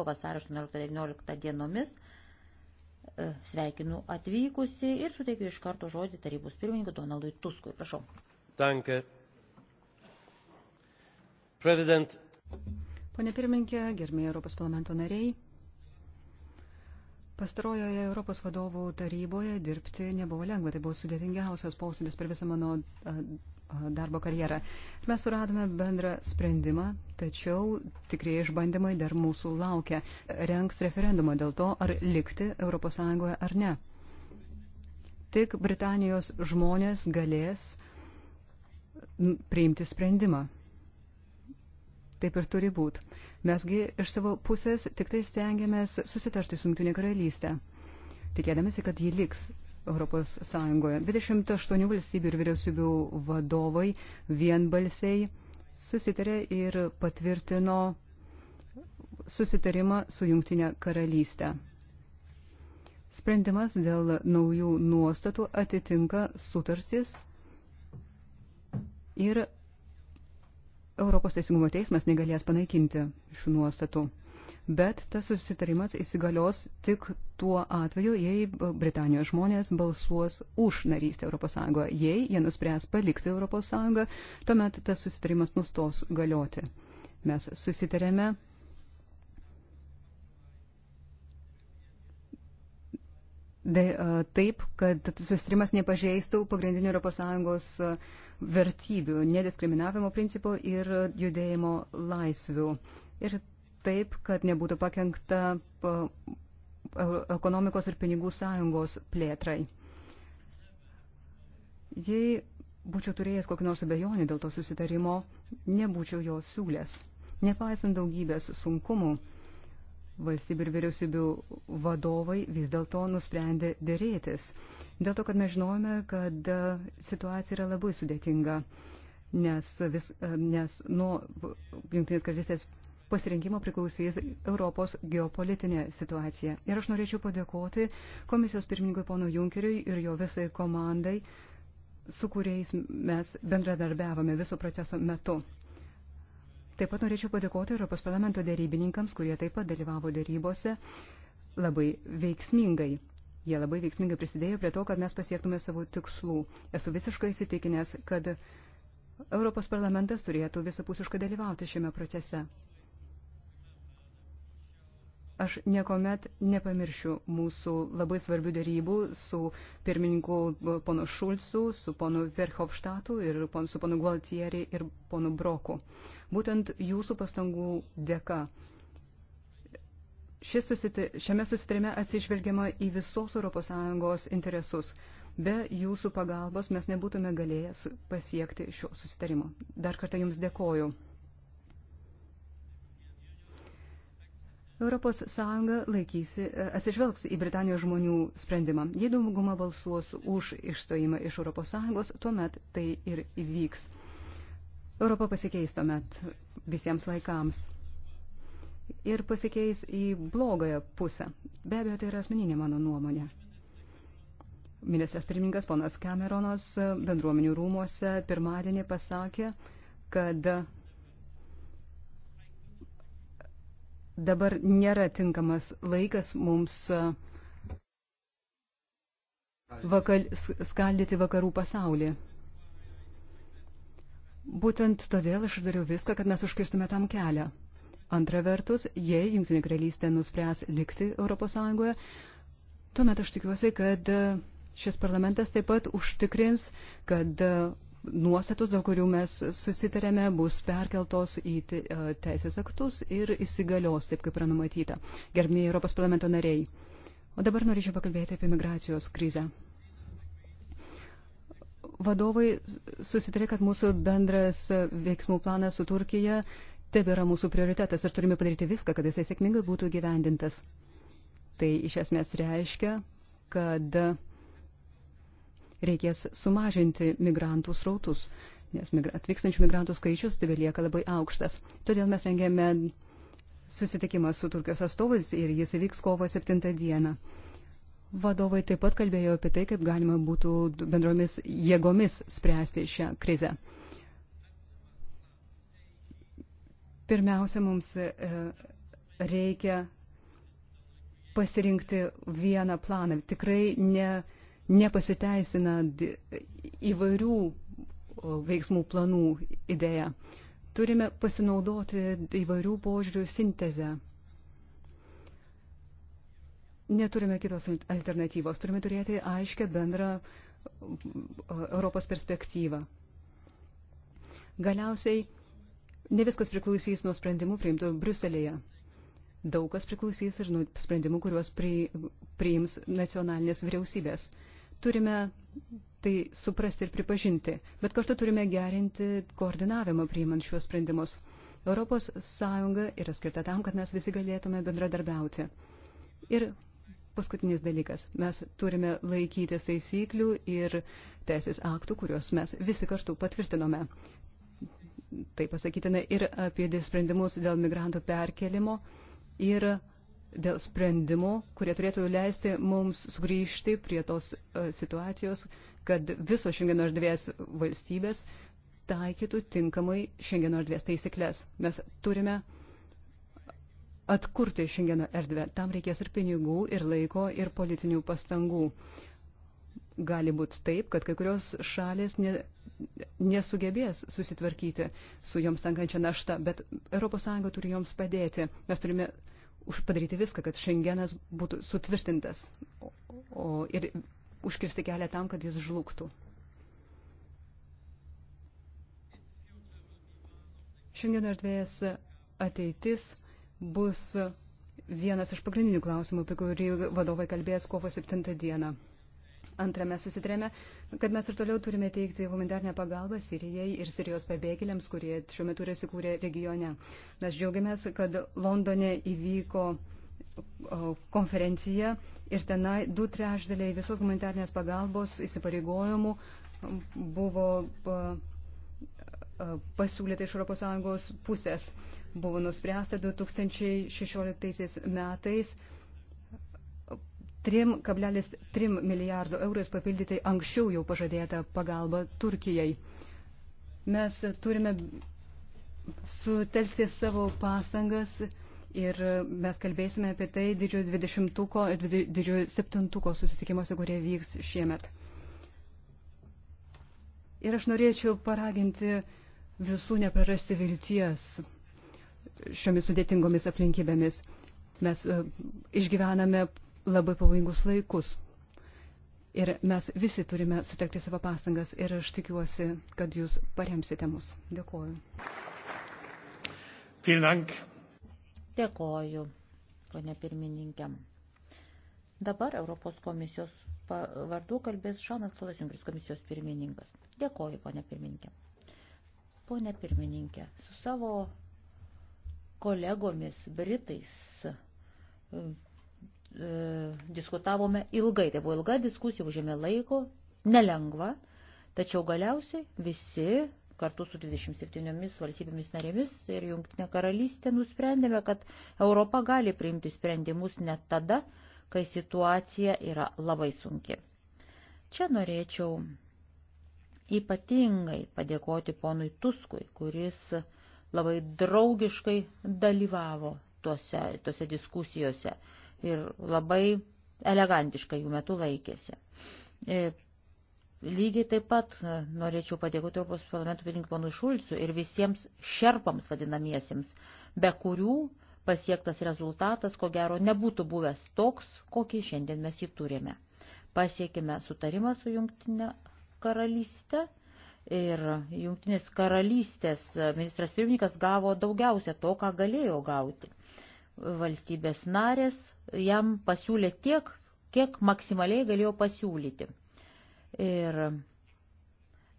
vasario 18-19 dienomis. E, sveikinu atvykusi ir suteikiu iš karto žodį tarybos pirmininkui Donaldui Tuskui. Prašau. Danke. President. Pone pirmininkė, gerbėjai Europos parlamento nariai. Pastarojoje Europos vadovų taryboje dirbti nebuvo lengva, tai buvo sudėtingiausias posėdis per visą mano darbo karjerą. Mes suradome bendrą sprendimą, tačiau tikrai išbandymai dar mūsų laukia. Renks referendumą dėl to, ar likti ES ar ne. Tik Britanijos žmonės galės priimti sprendimą. Taip ir turi būti. Mesgi iš savo pusės tik tai stengiamės susitarti su Junktinė karalystė, tikėdamėsi, kad ji liks Europos Sąjungoje. 28 valstybių ir vyriausybių vadovai vienbalsiai susitarė ir patvirtino susitarimą su Junktinė karalystė. Sprendimas dėl naujų nuostatų atitinka sutartis ir Europos Teisingumo teismas negalės panaikinti šių nuostatų. Bet tas susitarimas įsigalios tik tuo atveju, jei Britanijos žmonės balsuos už narystę ES. Jei jie nuspręs palikti ES, tuomet tas susitarimas nustos galioti. Mes susitarėme De, a, taip, kad susitarimas nepažeistų pagrindinių ES vertybių, nediskriminavimo principų ir judėjimo laisvių. Ir taip, kad nebūtų pakengta e, ekonomikos ir pinigų sąjungos plėtrai. Jei būčiau turėjęs kokį nors abejonį dėl to susitarimo, nebūčiau jo siūlęs. Nepaisant daugybės sunkumų, valstybių ir vyriausybių vadovai vis dėlto nusprendė dėrėtis. Dėl to, kad mes žinojame, kad e, situacija yra labai sudėtinga, nes, vis, e, nes nuo Junktinės karalystės pasirinkimo priklausys Europos geopolitinė situacija. Ir aš norėčiau padėkoti komisijos pirmininkui pono Junkeriui ir jo visai komandai, su kuriais mes bendradarbiavome viso proceso metu. Taip pat norėčiau padėkoti Europos parlamento dėrybininkams, kurie taip pat dalyvavo dėrybose labai veiksmingai. Jie labai veiksmingai prisidėjo prie to, kad mes pasiektume savo tikslų. Esu visiškai įsitikinęs, kad Europos parlamentas turėtų visapusiškai dalyvauti šiame procese. Aš niekuomet nepamiršiu mūsų labai svarbių darybų su pirmininku ponu Šulcu, su ponu Verhofštatu ir pon, su ponu Gualtieri ir ponu Broku. Būtent jūsų pastangų dėka. Susitė, šiame susitarime atsižvelgiama į visos ES interesus. Be jūsų pagalbos mes nebūtume galėję pasiekti šio susitarimo. Dar kartą Jums dėkoju. ES laikysi, e, atsižvelgs į Britanijos žmonių sprendimą. Jei dauguma balsuos už išstojimą iš ES, tuomet tai ir įvyks. Europa pasikeis tuomet visiems laikams ir pasikeis į blogąją pusę. Be abejo, tai yra asmeninė mano nuomonė. Ministras pirmininkas ponas Cameronas e, bendruomenių rūmose pirmadienį pasakė, kad dabar nėra tinkamas laikas mums vakal, skaldyti vakarų pasaulį. Būtent todėl aš dariau viską, kad mes užkirstume tam kelią. Antra vertus, jei Junktinė karalystė nuspręs likti ES, tuomet aš tikiuosi, kad šis parlamentas taip pat užtikrins, kad nuostatos, dėl kurių mes susitarėme, bus perkeltos į e, teisės aktus ir įsigalios taip, kaip yra numatyta. Gerbėjai Europos parlamento nariai. O dabar norėčiau pakalbėti apie migracijos krizę. Vadovai susitarė, kad mūsų bendras veiksmų planas su Turkija tebėra mūsų prioritetas ir turime padaryti viską, kad jisai sėkmingai būtų gyvendintas. Tai iš esmės reiškia, kad uh, reikės sumažinti migrantų srautus, nes atvykstančių migrantų skaičius tai lieka labai aukštas. Todėl mes rengėme susitikimą su Turkijos atstovais ir jis įvyks kovo 7 dieną. Vadovai taip pat kalbėjo apie tai, kaip galima būtų bendromis jėgomis spręsti šią krizę. Pirmiausia, mums e, reikia pasirinkti vieną planą. Tikrai ne nepasiteisina įvairių veiksmų planų idėja. Turime pasinaudoti įvairių požiūrių sintezę. Neturime kitos alternatyvos, turime turėti aiškę bendrą Europos perspektyvą. Galiausiai ne viskas priklausys nuo sprendimų priimtų Bruselėje. Daug kas priklausys ir nuo sprendimų, kuriuos pri, priims nacionalinės vyriausybės. Turime tai suprasti ir pripažinti, bet kartu turime gerinti koordinavimą priimant šiuos sprendimus. Europos Sąjunga yra skirta tam, kad mes visi galėtume bendradarbiauti. Ir paskutinis dalykas. Mes turime laikytis taisyklių ir teisės aktų, kuriuos mes visi kartu patvirtinome. Tai pasakytina ir apie sprendimus dėl migrantų perkelimo ir dėl sprendimų, kurie turėtų leisti mums sugrįžti prie tos e, situacijos, kad visos šiandieno erdvės valstybės taikytų tinkamai šiandieno erdvės taisyklės. Mes turime atkurti šiandieno erdvę. Tam reikės ir pinigų, ir laiko, ir politinių pastangų. Gali būti taip, kad kai kurios šalės ne, nesugebės susitvarkyti su joms tenkančia našta, bet ES turi joms padėti. Mes turime padaryti viską, kad Šengenas būtų sutvirtintas o, o, ir užkirsti kelią tam, kad jis žlugtų. Šengeno erdvės ateitis bus vienas iš pagrindinių klausimų, apie kurį vadovai kalbės kovo 7 dieną. Antra, mes susitrėme, kad mes ir toliau turime teikti humanitarnę pagalbą Sirijai ir Sirijos pabėgėliams, kurie šiuo metu yra įsikūrę regione. Mes džiaugiamės, kad Londone įvyko konferencija ir tenai du trešdaliai visos humanitarnės pagalbos įsipareigojimų buvo pasiūlyta iš ES pusės. Buvo nuspręsta 2016 metais 3,3 milijardo eurais papildyti anksčiau jau pažadėtą pagalbą Turkijai. Mes turime sutelkti savo pastangas ir mes kalbėsime apie tai didžiojo 20-ko ir didžiojo 7-ko susitikimuose, kurie vyks šiemet. Ir aš norėčiau paraginti visų neprarasti vilties šiomis sudėtingomis aplinkybėmis. Mes e, išgyvename labai pavojingus laikus. Ir mes visi turime sutelkti savo pastangas ir aš tikiuosi, kad jūs paremsite mus. Dėkuoju. Dėkuoju, ponė pirmininkė. Dabar Europos komisijos vardu kalbės Šanas Klaudas Jumbris, komisijos pirmininkas. Dėkuoju, ponė pirmininkė. Pone pirmininkė, su savo kolegomis Britais E, diskutavome ilgai. Tai buvo ilga diskusija, užėmė laiko, nelengva, tačiau galiausiai visi kartu su 27 valstybėmis narėmis ir Jungtinė karalystė nusprendėme, kad Europa gali priimti sprendimus net tada, kai situacija yra labai sunki. Čia norėčiau ypatingai padėkoti ponui Tuskui, kuris labai draugiškai dalyvavo tose, tose diskusijose ir labai elegantiškai jų metu laikėsi. E, lygiai taip pat e, norėčiau padėkoti Europos parlamento pirmininkui ponui Šulcui ir visiems šerpams vadinamiesiems, be kurių pasiektas rezultatas, ko gero, nebūtų buvęs toks, kokį šiandien mes jį turime. Pasiekime sutarimą su jungtinė karalystė ir jungtinės karalystės ministras pirmininkas gavo daugiausia to, ką galėjo gauti. Valstybės narės jam pasiūlė tiek, kiek maksimaliai galėjo pasiūlyti. Ir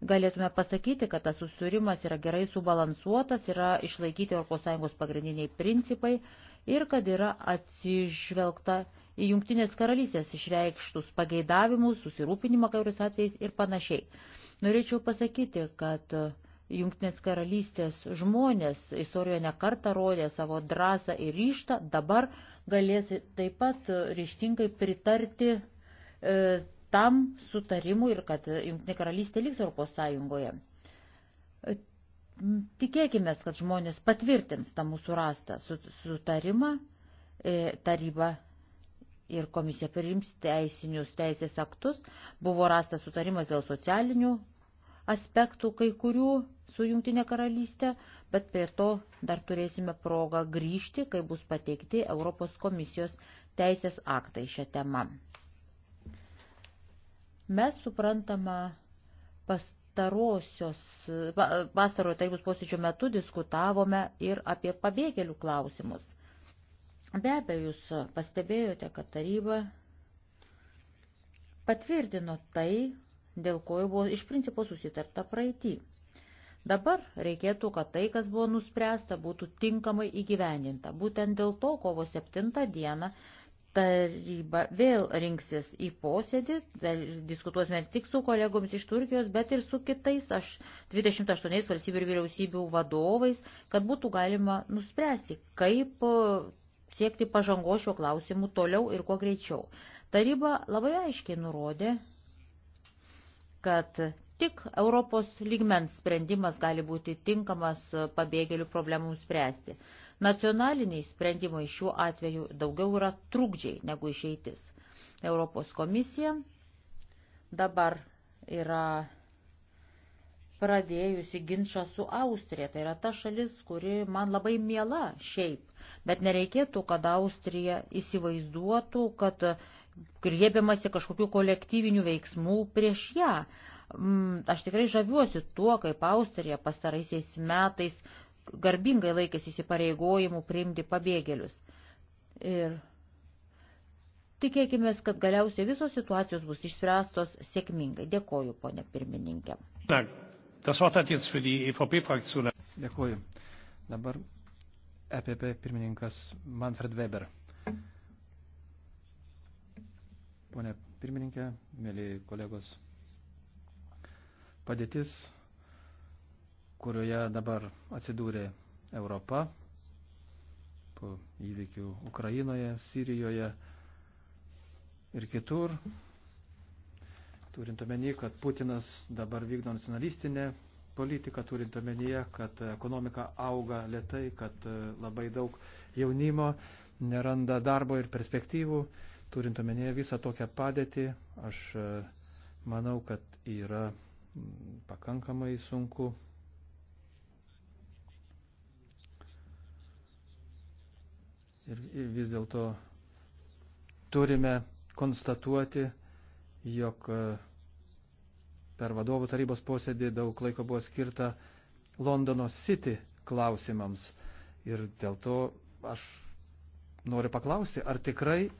galėtume pasakyti, kad tas susitarimas yra gerai subalansuotas, yra išlaikyti ES pagrindiniai principai ir kad yra atsižvelgta į Junktinės karalystės išreikštus pageidavimus, susirūpinimą kairius atvejais ir panašiai. Norėčiau pasakyti, kad Junktinės karalystės žmonės istorijoje nekarta rodė savo drąsą ir ryštą, dabar galės taip pat e, ryštingai pritarti e, tam sutarimui ir kad Junktinė karalystė liks Europos Sąjungoje. E, tikėkime, kad žmonės patvirtins tą mūsų rastą sutarimą, taryba ir komisija priims teisinius teisės aktus, buvo rastas sutarimas dėl socialinių aspektų kai kurių su Jungtinė karalystė, bet prie to dar turėsime progą grįžti, kai bus pateikti Europos komisijos teisės aktai šią temą. Mes suprantama pastarosios, pastarojo tarybos posėdžio metu diskutavome ir apie pabėgėlių klausimus. Be abejo, jūs pastebėjote, kad taryba patvirtino tai, dėl ko jau buvo iš principo susitarta praeitį. Dabar reikėtų, kad tai, kas buvo nuspręsta, būtų tinkamai įgyvendinta. Būtent dėl to kovo 7 dieną taryba vėl rinksis į posėdį, diskutuosime tik su kolegomis iš Turkijos, bet ir su kitais aš 28 valstybių ir vyriausybių vadovais, kad būtų galima nuspręsti, kaip e, siekti pažango šio klausimu toliau ir kuo greičiau. Taryba labai aiškiai nurodė, kad Tik Europos lygmens sprendimas gali būti tinkamas pabėgėlių problemams spręsti. Nacionaliniai sprendimai šiuo atveju daugiau yra trukdžiai negu išeitis. Europos komisija dabar yra pradėjusi ginčą su Austrija. Tai yra ta šalis, kuri man labai miela šiaip. Bet nereikėtų, kad Austrija įsivaizduotų, kad griebiamasi kažkokių kolektyvinių veiksmų prieš ją. Mm, aš tikrai žaviuosi tuo, kaip Austrija pastaraisiais metais garbingai laikėsi įsipareigojimų priimti pabėgėlius. Ir tikėkime, kad galiausiai visos situacijos bus išspręstos sėkmingai. Dėkoju, ponė pirmininkė. E Dėkoju. Dabar EPP pirmininkas Manfred Weber. Pone pirmininkė, mėly kolegos Padėtis, kurioje dabar atsidūrė Europa po įvykių Ukrainoje, Sirijoje ir kitur, turint omeny, kad Putinas dabar vykdo nacionalistinę politiką, turint omenyje, kad ekonomika auga lietai, kad e, labai daug jaunimo neranda darbo ir perspektyvų, turint omenyje visą tokią padėtį, aš e, manau, kad yra pakankamai sunku. Ir, ir vis dėlto turime konstatuoti, jog e, per vadovų tarybos posėdį daug laiko buvo skirta Londono City klausimams. Ir dėl to aš noriu paklausti, ar tikrai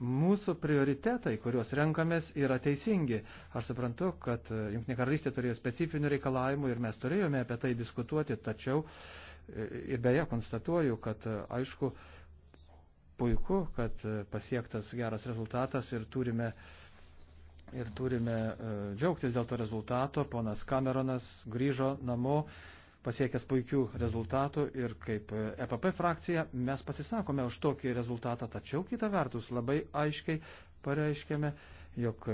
mūsų prioritetai, kuriuos renkamės, yra teisingi. Aš suprantu, kad e, Junktinė karalystė turėjo specifinių reikalavimų ir mes turėjome apie tai diskutuoti, tačiau e, ir beje konstatuoju, kad e, aišku, puiku, kad pasiektas geras rezultatas ir turime, ir turime džiaugtis dėl to rezultato. Ponas Cameronas grįžo namo pasiekęs puikių rezultatų ir kaip EPP frakcija mes pasisakome už tokį rezultatą, tačiau kita vertus labai aiškiai pareiškėme, jog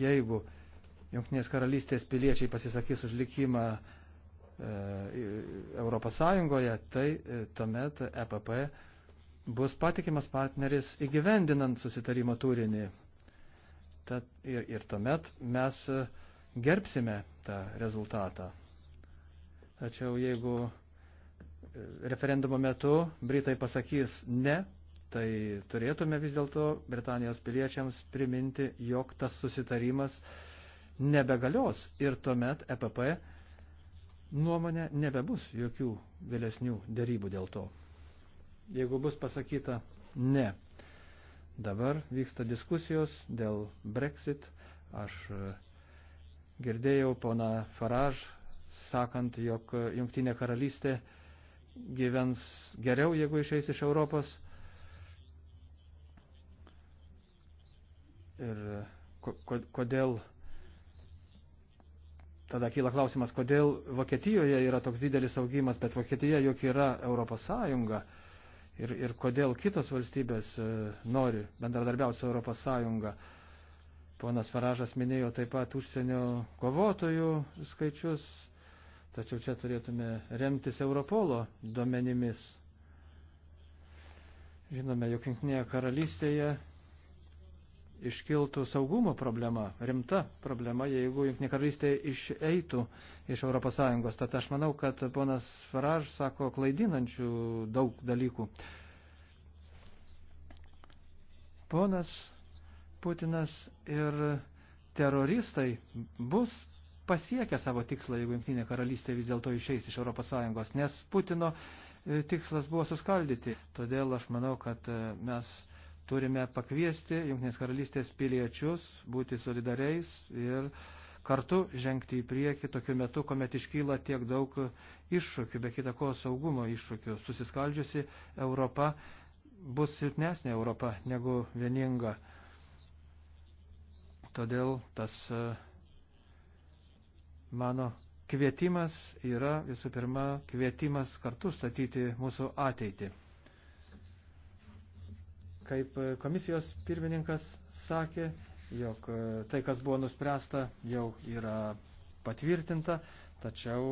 jeigu Junktinės karalystės piliečiai pasisakys už likimą e, Europos Sąjungoje, tai e, tuomet EPP bus patikimas partneris įgyvendinant susitarimo turinį. Tad ir, ir tuomet mes e, gerbsime tą rezultatą. Tačiau jeigu e, referendumo metu Britai pasakys ne, tai turėtume vis dėlto Britanijos piliečiams priminti, jog tas susitarimas nebegalios ir tuomet EPP nuomonė nebebus jokių vėlesnių dėrybų dėl to. Jeigu bus pasakyta ne. Dabar vyksta diskusijos dėl Brexit. Aš e, girdėjau pona Farage sakant, jog Junktinė karalystė gyvens geriau, jeigu išeis iš Europos. Ir kodėl, tada kyla klausimas, kodėl Vokietijoje yra toks didelis augimas, bet Vokietija juk yra Europos Sąjunga. Ir, ir kodėl kitos valstybės e, nori bendradarbiauti su Europos Sąjunga. Ponas Faražas minėjo taip pat užsienio kovotojų skaičius, Tačiau čia turėtume remtis Europolo duomenimis. Žinome, jog Junktinėje karalystėje iškiltų saugumo problema, rimta problema, jeigu Junktinė karalystė išeitų iš ES. Tad aš manau, kad ponas Farage sako klaidinančių daug dalykų. Ponas Putinas ir teroristai bus pasiekę savo tikslą, jeigu Junktinė karalystė vis dėlto išeis iš ES, nes Putino e, tikslas buvo suskaldyti. Todėl aš manau, kad e, mes turime pakviesti Junktinės karalystės piliečius būti solidariais ir kartu žengti į priekį tokiu metu, kuomet iškyla tiek daug iššūkių, be kitako saugumo iššūkių. Susiskaldžiusi Europa bus silpnesnė Europa negu vieninga. Todėl tas uh, Mano kvietimas yra visų pirma kvietimas kartu statyti mūsų ateitį. Kaip komisijos pirmininkas sakė, jog tai, kas buvo nuspręsta, jau yra patvirtinta, tačiau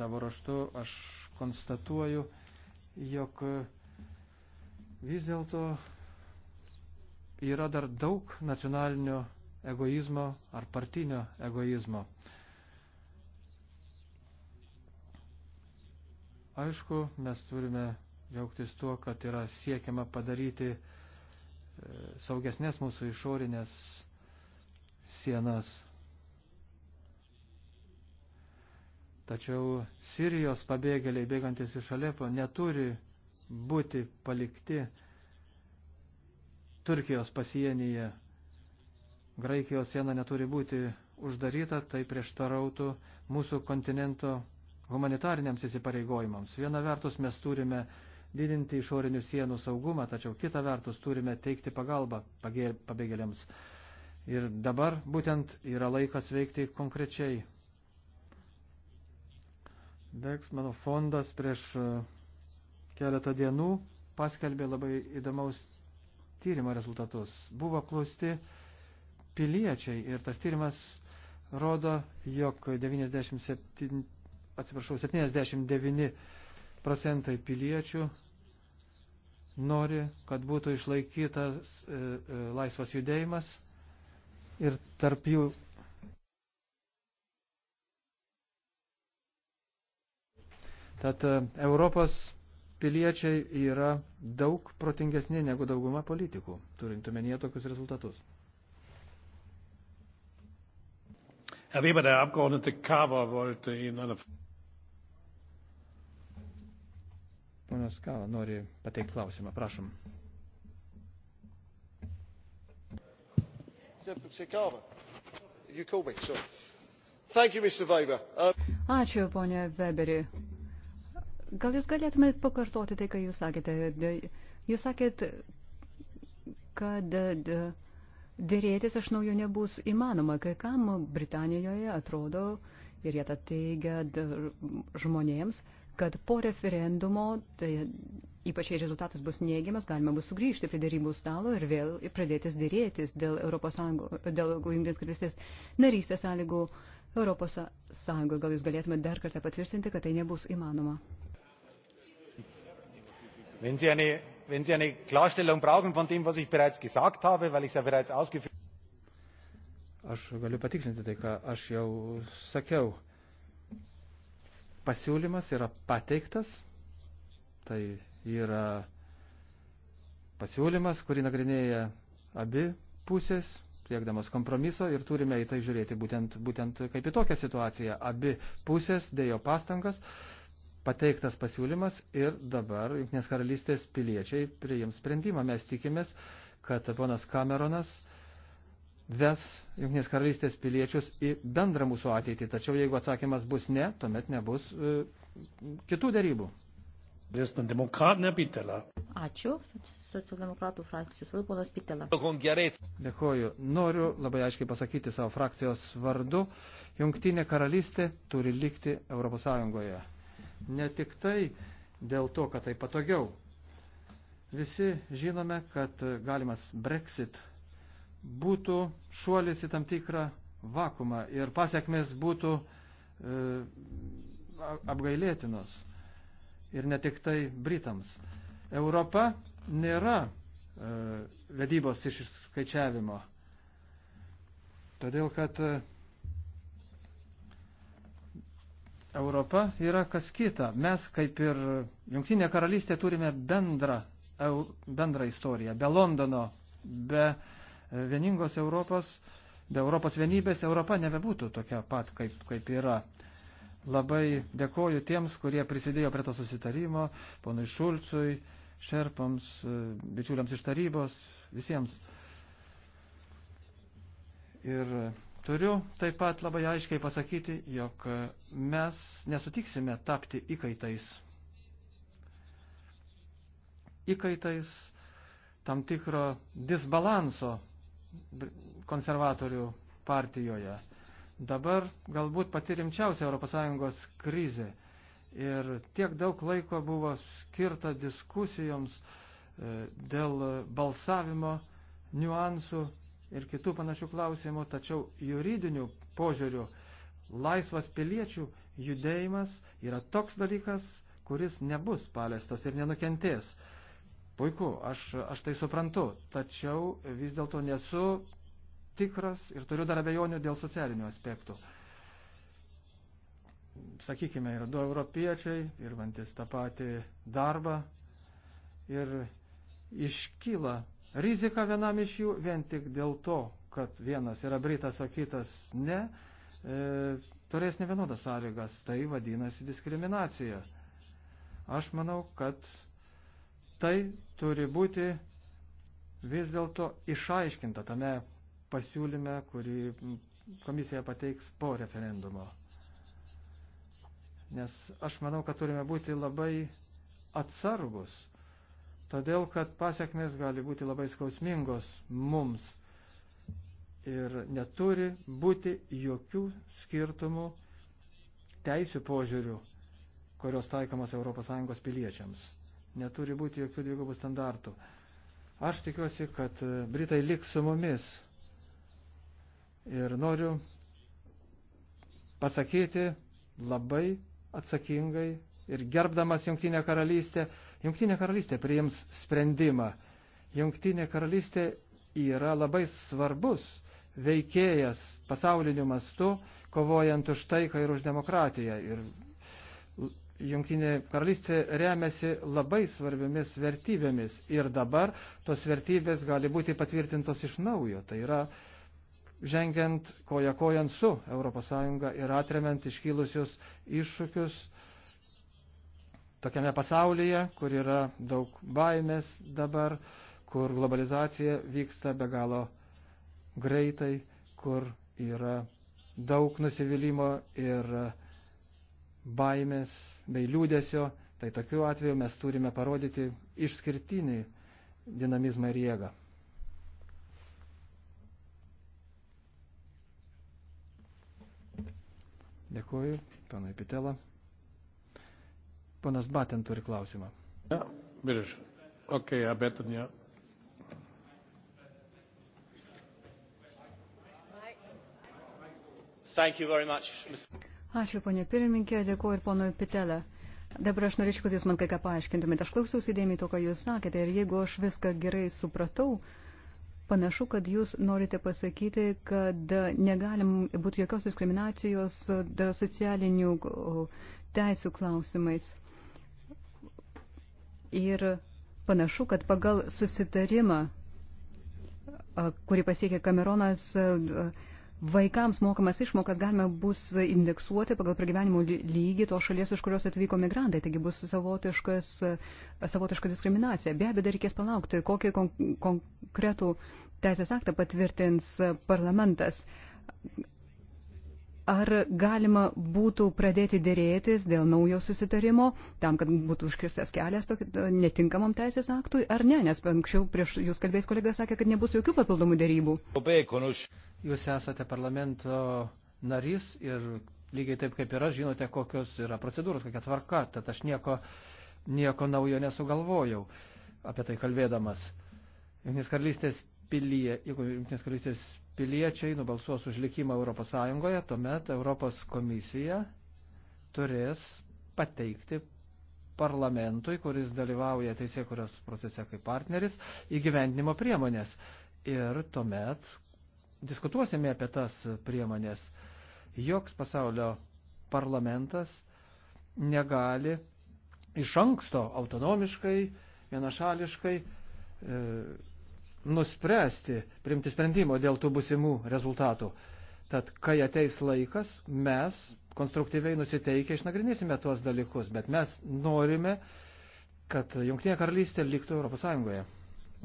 savo raštu aš konstatuoju, jog vis dėlto yra dar daug nacionalinio egoizmo ar partinio egoizmo. Aišku, mes turime džiaugtis tuo, kad yra siekiama padaryti e, saugesnės mūsų išorinės sienas. Tačiau Sirijos pabėgėliai bėgantis iš Alepo neturi būti palikti Turkijos pasienyje. Graikijos siena neturi būti uždaryta, tai prieštarautų mūsų kontinento humanitariniams įsipareigojimams. Viena vertus mes turime didinti išorinių sienų saugumą, tačiau kita vertus turime teikti pagalbą pabėgėliams. Ir dabar būtent yra laikas veikti konkrečiai. Deks mano fondas prieš e, keletą dienų paskelbė labai įdomaus tyrimo rezultatus. Buvo apklausti piliečiai ir tas tyrimas rodo, jog 97 atsiprašau, 79 procentai piliečių nori, kad būtų išlaikytas e, e, laisvas judėjimas ir tarp jų Tad e, Europos piliečiai yra daug protingesni negu dauguma politikų, turintumėnie tokius rezultatus. Herr Weber, der Abgeordnete Carver wollte Ihnen eine Ponas Kala nori pateikti klausimą, prašom. Ačiū, ponė Weberi. Gal jūs galėtumėt pakartoti tai, ką jūs sakėte? Jūs sakėt, kad dėrėtis iš naujo nebus įmanoma, kai kam Britanijoje atrodo, ir jie tą teigia žmonėms, kad po referendumo, tai ypač jei rezultatas bus neigiamas, galima bus sugrįžti prie darybų stalo ir vėl pradėtis dėrėtis dėl Junktinės karalystės narystės sąlygų Europos Sąjungoje. Gal jūs galėtumėte dar kartą patvirtinti, kad tai nebus įmanoma? Wenn Sie eine, wenn Sie eine Klarstellung brauchen von dem, was ich bereits gesagt habe, weil ich es ja bereits ausgeführt habe. Aš galiu patikslinti tai, ką aš jau sakiau pasiūlymas yra pateiktas, tai yra pasiūlymas, kurį nagrinėja abi pusės, siekdamas kompromiso ir turime į tai žiūrėti būtent, būtent kaip į tokią situaciją. Abi pusės dėjo pastangas, pateiktas pasiūlymas ir dabar Junktinės karalystės piliečiai priims sprendimą. Mes tikimės, kad ponas Cameronas uh, ves Junktinės karalystės piliečius į bendrą mūsų ateitį. Tačiau jeigu atsakymas bus ne, tuomet nebus e, kitų darybų. Ačiū. Socialdemokratų frakcijos vadovas ponas Pitela. Dėkoju. Noriu labai aiškiai pasakyti savo frakcijos vardu. Jungtinė karalystė turi likti Europos Sąjungoje. Ne tik tai dėl to, kad tai patogiau. Visi žinome, kad galimas Brexit būtų šuolis į tam tikrą vakumą ir pasiekmes būtų e, apgailėtinos. Ir ne tik tai Britams. Europa nėra e, vedybos iš išskaičiavimo. Todėl, kad e, Europa yra kas kita. Mes, kaip ir Junktinė karalystė, turime bendrą, bendrą istoriją. Be Londono, be e, E, vieningos Europos, be Europos vienybės Europa nebebūtų tokia pat, kaip, kaip yra. Labai dėkoju tiems, kurie prisidėjo prie to susitarimo, ponui Šulcui, šerpams, e, bičiuliams iš tarybos, visiems. Ir turiu taip pat labai aiškiai pasakyti, jog mes nesutiksime tapti įkaitais. Įkaitais tam tikro disbalanso konservatorių partijoje. Dabar galbūt pati rimčiausia ES krizė. Ir tiek daug laiko buvo skirta diskusijoms e, dėl balsavimo niuansų ir kitų panašių klausimų, tačiau juridinių požiūrių laisvas piliečių judėjimas yra toks dalykas, kuris nebus paliestas ir nenukentės. Puiku, aš, aš tai suprantu, tačiau vis dėlto nesu tikras ir turiu dar abejonių dėl socialinių aspektų. Sakykime, yra du europiečiai, dirbantis tą patį darbą ir iškyla rizika vienam iš jų vien tik dėl to, kad vienas yra britas, o kitas ne, e, turės ne vienodas sąlygas, tai vadinasi diskriminacija. Aš manau, kad tai turi būti vis dėlto išaiškinta tame pasiūlyme, kurį komisija pateiks po referendumo. Nes aš manau, kad turime būti labai atsargus, todėl kad pasiekmes gali būti labai skausmingos mums ir neturi būti jokių skirtumų teisių požiūrių, kurios taikomos ES piliečiams neturi būti jokių dvigubų standartų. Aš tikiuosi, kad e, Britai liks su mumis ir noriu pasakyti labai atsakingai ir gerbdamas Junktinę karalystę. Junktinė karalystė priims sprendimą. Junktinė karalystė yra labai svarbus veikėjas pasauliniu mastu, kovojant už taiką ir už demokratiją. Ir Junktinė karalystė remiasi labai svarbiomis vertybėmis ir dabar tos vertybės gali būti patvirtintos iš naujo. Tai yra žengiant koja kojant su ES ir atremiant iškilusius iššūkius tokiame pasaulyje, kur yra daug baimės dabar, kur globalizacija vyksta be galo greitai, kur yra daug nusivylimų ir uh, baimės bei liūdėsio, tai tokiu atveju mes turime parodyti išskirtinį dinamizmą ir jėgą. Dėkuoju, panai Pitela. Ponas Batin turi klausimą. Ja, virš. Ok, abetin, ja. Thank you very much, Mr. Ačiū, ponė pirmininkė, dėkuoju ir ponui Pitelė. Dabar aš norėčiau, kad jūs man kai ką paaiškintumėte. Aš klausiausi įdėmiai to, ką jūs sakėte ir jeigu aš viską gerai supratau, Panašu, kad jūs norite pasakyti, kad negalim būti jokios diskriminacijos socialinių teisų klausimais. Ir panašu, kad pagal susitarimą, kurį pasiekė Kameronas, vaikams mokamas išmokas galima bus indeksuoti pagal pragyvenimo lygį to šalies, iš kurios atvyko migrantai. Taigi bus savotiškas, savotiška diskriminacija. Be abejo, dar reikės palaukti, kokį kon konkretų teisės aktą patvirtins parlamentas ar galima būtų pradėti dėrėtis dėl naujo susitarimo, tam, kad būtų užkirstas kelias tokį, e, netinkamam teisės aktui, ar ne, nes anksčiau prieš jūs kalbės kolega sakė, kad nebus jokių papildomų dėrybų. Jūs esate parlamento narys ir lygiai taip kaip ir aš žinote, kokios yra procedūros, kokia tvarka, tad aš nieko, nieko naujo nesugalvojau apie tai kalbėdamas. Jungtinės karalystės pilyje, jeigu Jungtinės karalystės piliečiai nubalsuos už likimą Europos Sąjungoje, tuomet Europos komisija turės pateikti parlamentui, kuris dalyvauja teisėkuros procese kaip partneris, įgyvendinimo priemonės. Ir tuomet diskutuosime apie tas priemonės. Joks pasaulio parlamentas negali iš anksto autonomiškai, vienašališkai e, nuspręsti, primti sprendimo dėl tų busimų rezultatų. Tad, kai ateis laikas, mes konstruktyviai nusiteikę išnagrinėsime tuos dalykus, bet mes norime, kad Junktinė karalystė liktų Europos Sąjungoje.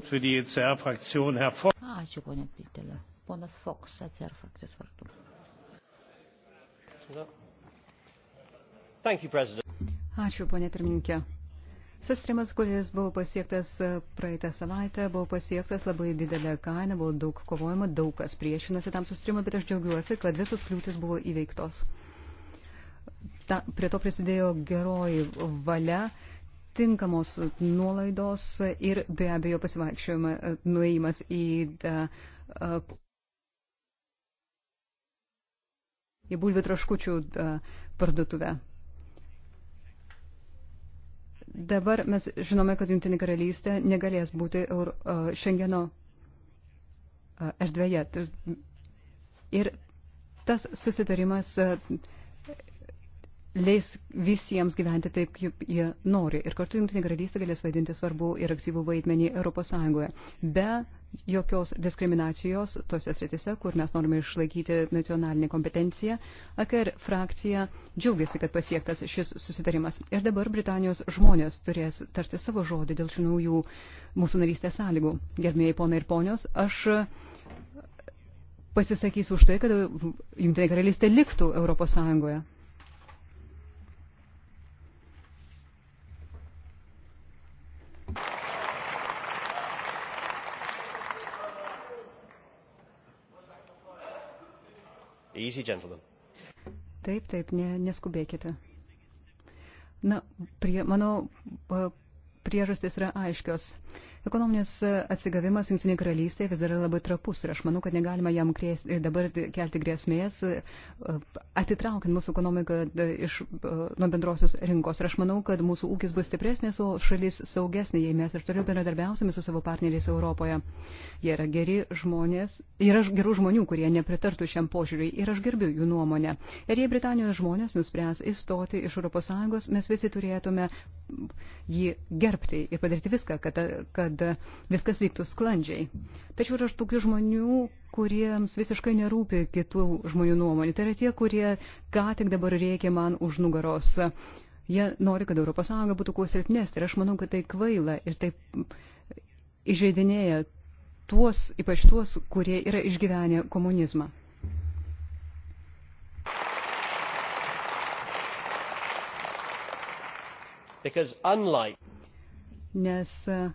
E Ačiū, ponė Pitelė. Ponas Fox, atsir e frakcijos vardu. Ačiū, ponė pirmininkė. Sustrimas, kuris buvo pasiektas e, praeitą savaitę, buvo pasiektas labai didelė kaina, buvo daug kovojama, daug kas priešinosi tam sustrimui, bet aš džiaugiuosi, kad visos kliūtis buvo įveiktos. Ta, prie to prisidėjo geroji valia, tinkamos nuolaidos ir be abejo pasivaikščiojama e, nuėjimas į, da, e, į bulvių traškučių da, parduotuvę. Dabar mes žinome, kad Junktinė karalystė negalės būti Euro, uh, Šengeno uh, erdvėje. Ir tas susitarimas uh, leis visiems gyventi taip, kaip jie nori. Ir kartu Junktinė karalystė galės vaidinti svarbu ir aktyvų vaidmenį Europos Sąjungoje. Be jokios diskriminacijos tose sritise, kur mes norime išlaikyti nacionalinį kompetenciją. AKR frakcija džiaugiasi, kad pasiektas šis susitarimas. Ir dabar Britanijos žmonės turės tarti savo žodį dėl šių naujų mūsų narystės sąlygų. Gerbėjai ponai ir ponios, aš pasisakysiu už tai, kad Junktinė karalystė liktų Europos Sąjungoje. Easy, gentlemen. Taip, taip, ne, neskubėkite. Na, prie, mano priežastys yra aiškios. Uh, Ekonominis atsigavimas Junktinė karalystė vis dar yra labai trapus ir aš manau, kad negalima jam krės, dabar kelti grėsmės, e, atitraukiant mūsų ekonomiką e, iš, e, nuo bendrosios rinkos. Ir aš manau, kad mūsų ūkis bus stipresnis, o šalis saugesnė, jei mes ir toliau bendradarbiausime su savo partneriais Europoje. Jie yra geri žmonės, yra gerų žmonių, kurie nepritartų šiam požiūriui ir aš gerbiu jų nuomonę. Ir jei Britanijos žmonės nuspręs įstoti iš ES, mes visi turėtume jį gerbti ir padaryti viską, kad, kad kad viskas vyktų sklandžiai. Tačiau yra tokių žmonių, kuriems visiškai nerūpi kitų žmonių nuomonė. Tai yra tie, kurie ką tik dabar reikia man už nugaros. Jie nori, kad ES būtų kuo silpnesnė ir aš manau, kad tai kvaila ir taip įžeidinėja tuos, ypač tuos, kurie yra išgyvenę komunizmą. Because unlike... Nes uh,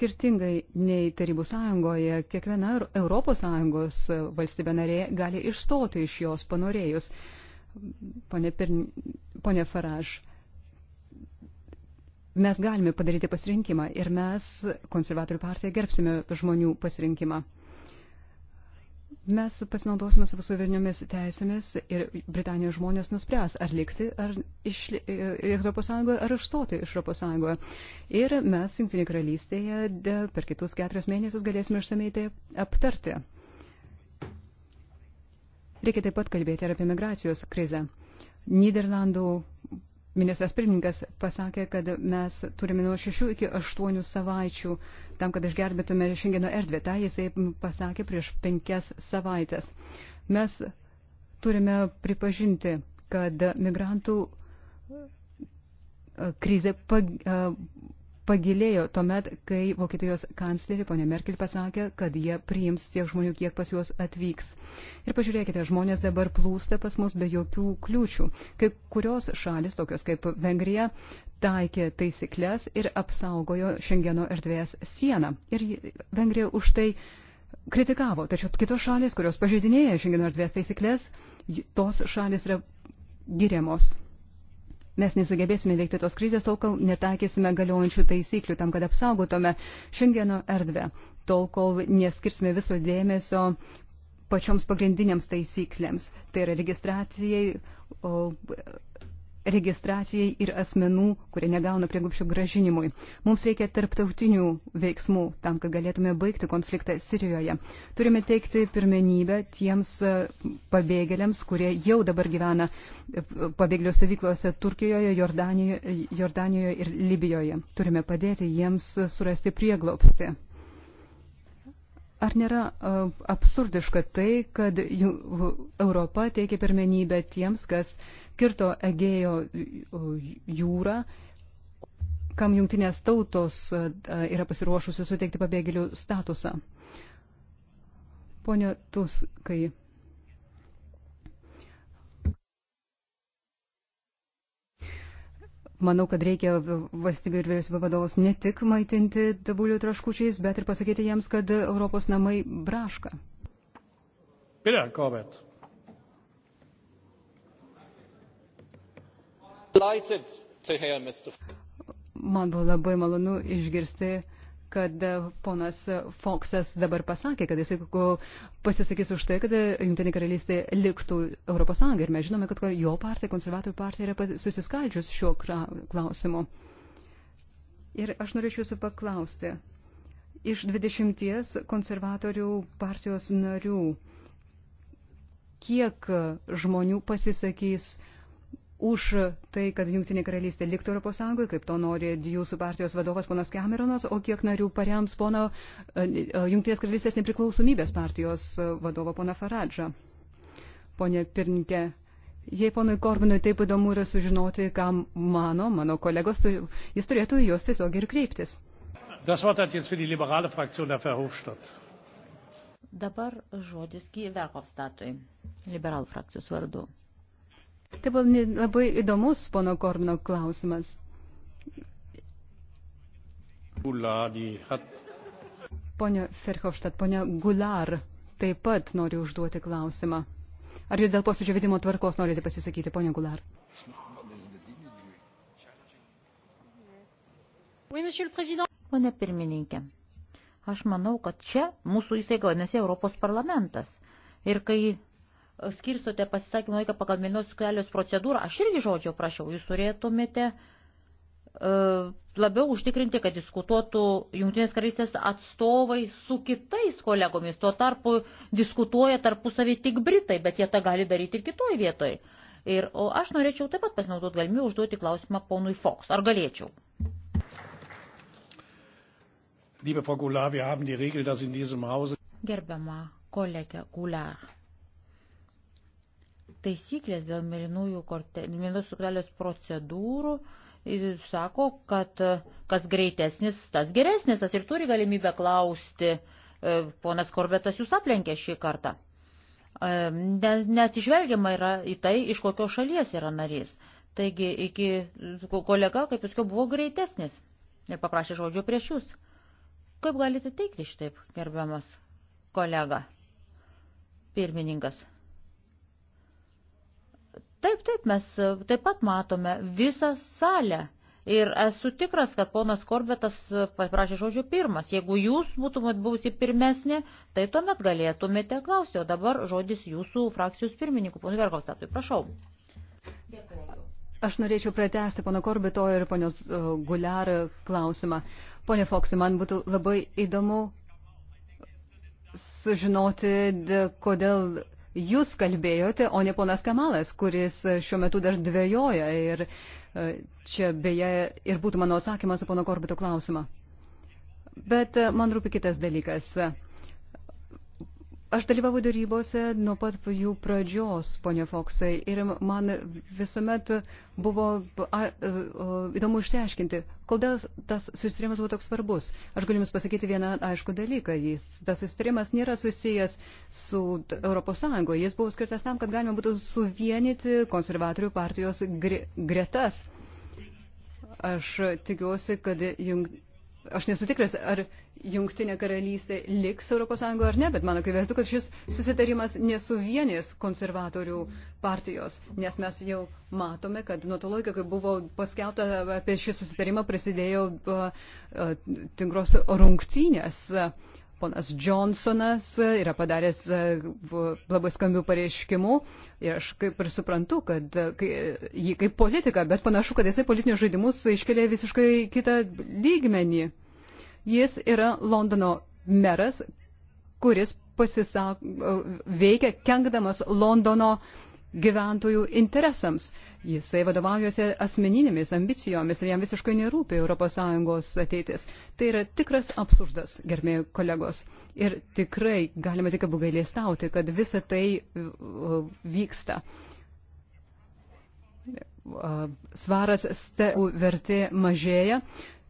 skirtingai nei Tarybų sąjungoje, kiekviena Europos sąjungos valstybė narė gali išstoti iš jos panorėjus. Pone, Pirn... Pone Faraž, mes galime padaryti pasirinkimą ir mes, konservatorių partija, gerbsime žmonių pasirinkimą. Mes pasinaudosime savo suvereniomis teisėmis ir Britanijos žmonės nuspręs, ar likti ar iš Europos Sąjungoje, ar išstoti iš Europos Sąjungoje. Ir mes Junktinė karalystėje de, per kitus keturis mėnesius galėsime išsamei tai aptarti. Reikia taip pat kalbėti ir apie migracijos krizę. Niderlandų ministras pirmininkas pasakė, kad mes turime nuo 6 iki 8 savaičių tam, kad išgelbėtume šiandieno erdvę. Ta jisai pasakė prieš 5 savaitės. Mes turime pripažinti, kad migrantų krizė pagilėjo tuomet, kai Vokietijos kanclerė ponė Merkel pasakė, kad jie priims tiek žmonių, kiek pas juos atvyks. Ir pažiūrėkite, žmonės dabar plūsta pas mus be jokių kliūčių. Kai kurios šalis, tokios kaip Vengrija, taikė taisyklės ir apsaugojo Šengeno erdvės sieną. Ir Vengrija už tai kritikavo. Tačiau kitos šalis, kurios pažeidinėja Šengeno erdvės taisyklės, tos šalis yra giriamos. Mes nesugebėsime veikti tos krizės, tol kol netakysime galiojančių taisyklių tam, kad apsaugotume šiandieno erdvę, tol kol neskirsime viso dėmesio pačioms pagrindiniams taisyklėms, tai yra registracijai, registracijai ir asmenų, kurie negauna prieglupščių gražinimui. Mums reikia tarptautinių veiksmų tam, kad galėtume baigti konfliktą Sirijoje. Turime teikti pirmenybę tiems e, pabėgėliams, kurie jau dabar gyvena e, pabėgėlių stovyklose Turkijoje, Jordanijoje, Jordanijoje ir Libijoje. Turime padėti jiems e, surasti prieglopstį. Ar nėra absurdiška tai, kad Europa teikia pirmenybę tiems, kas kirto Egėjo jūrą, kam jungtinės tautos yra pasiruošusios suteikti pabėgėlių statusą. Pone Tuskai. Manau, kad reikia valstybių ir vyriausybių vadovus ne tik maitinti dabulių traškučiais, bet ir pasakyti jiems, kad Europos namai braška. Pirė, Kovet. Man buvo labai malonu išgirsti, kad e, ponas Foksas dabar pasakė, kad jis pasisakys už tai, kad e, Junktinė karalystė liktų Europos Sąjungai. Ir mes žinome, kad jo partija, konservatorių partija, yra susiskaldžius šiuo klausimu. Ir aš norėčiau jūsų paklausti. Iš 20 konservatorių partijos narių, kiek žmonių pasisakys uh, už tai, kad Junktinė karalystė liktų Europos Sąjungoje, kaip to nori jūsų partijos vadovas ponas Cameronas, o kiek narių parems pono e, e, Junktinės karalystės nepriklausomybės partijos vadovo pona Faradžą. Pone pirmininkė, jei ponui Korbinui taip įdomu yra sužinoti, ką mano, mano kolegos, jis turėtų juos tiesiog ir kreiptis. Das Wort hat jetzt für die liberale Fraktion Herr Verhofstadt. Dabar žodis Kyverhofstatui, liberalų frakcijos vardu. Tai buvo labai įdomus pono Kormino klausimas. Pone Ferhofštat, pone Gular taip pat nori užduoti klausimą. Ar jūs dėl posėdžio vedimo tvarkos norite pasisakyti, pone Gular? Pone pirmininkė, aš manau, kad čia mūsų įstaiga vadinasi Europos parlamentas. Ir kai skirstote pasisakymą laiką pagal mėnesių kelios procedūrą, aš irgi žodžio prašiau, jūs turėtumėte e, labiau užtikrinti, kad diskutuotų Junktinės karalystės atstovai su kitais kolegomis. Tuo tarpu diskutuoja tarpusavį tik Britai, bet jie tą gali daryti ir kitoj vietoj. Ir, o aš norėčiau taip pat pasinaudoti galimybę užduoti klausimą ponui Fox. Ar galėčiau? Liebe Frau Goulart, wir haben die Regel, dass in diesem Hause. Gerbiama kolegė Goulart. Taisyklės dėl mėlynųjų kortelės procedūrų sako, kad e, kas greitesnis, tas geresnis, tas ir turi galimybę klausti. E, ponas Korbetas jūs aplenkė šį kartą. E, neatsižvelgiama yra į tai, iš kokios šalies yra narys. Taigi iki kolega, kaip jūs jau buvo greitesnis ir paprašė žodžio prieš jūs. Kaip galite teikti šitaip, gerbiamas kolega? Pirmininkas. Taip, taip, mes e, taip pat matome visą salę. Ir esu tikras, kad ponas Korbetas e, paprašė žodžio pirmas. Jeigu jūs būtumėt buvusi pirmesnė, tai tuomet galėtumėte klausti. O dabar žodis jūsų frakcijos pirmininkų, ponui Verkostatui. Prašau. Dėkuoju. Aš norėčiau pratesti pono Korbito ir ponios e, Guliar klausimą. Pone Foksai, man būtų labai įdomu sužinoti, kodėl jūs kalbėjote, o ne ponas Kamalas, kuris šiuo metu dar dvėjoja. Ir e, čia beje ir būtų mano atsakymas į pono Korbito klausimą. Bet e, man rūpi kitas dalykas. Aš dalyvavau darybose nuo pat jų pradžios, ponia Foksai, ir man visuomet buvo a, a, e, įdomu išsiaiškinti, kodėl tas susitarimas buvo toks svarbus. Aš galiu Jums pasakyti vieną aišku dalyką. Jis, tas susitarimas nėra susijęs su ES, jis buvo skirtas tam, kad galima būtų suvienyti konservatorių partijos gre, gretas. Aš tikiuosi, kad jungtinė Aš nesu tikras, ar jungtinė karalystė liks ES ar ne, bet man akivaizdu, kad šis susitarimas nesuvienės konservatorių partijos, nes mes jau matome, kad nuo to laiko, kai buvo paskelbta apie šį susitarimą, prasidėjo tinkros rungtynės. Uh, Ponas Johnsonas e, yra padaręs e, labai skambių pareiškimų ir aš kaip ir suprantu, kad e, jį kaip politika, bet panašu, kad jisai politinius žaidimus iškelia visiškai kitą lygmenį. Jis yra Londono meras, kuris pasisako, veikia kenkdamas Londono uh, gyventojų interesams. Jisai vadovaujasi asmeninėmis ambicijomis ir jam visiškai nerūpi ES ateitis. Tai yra tikras absurdas, gerbėjai kolegos. Ir tikrai galime tik apgailėstauti, kad visa tai uh, uh, vyksta. Uh, svaras stebų vertė mažėja,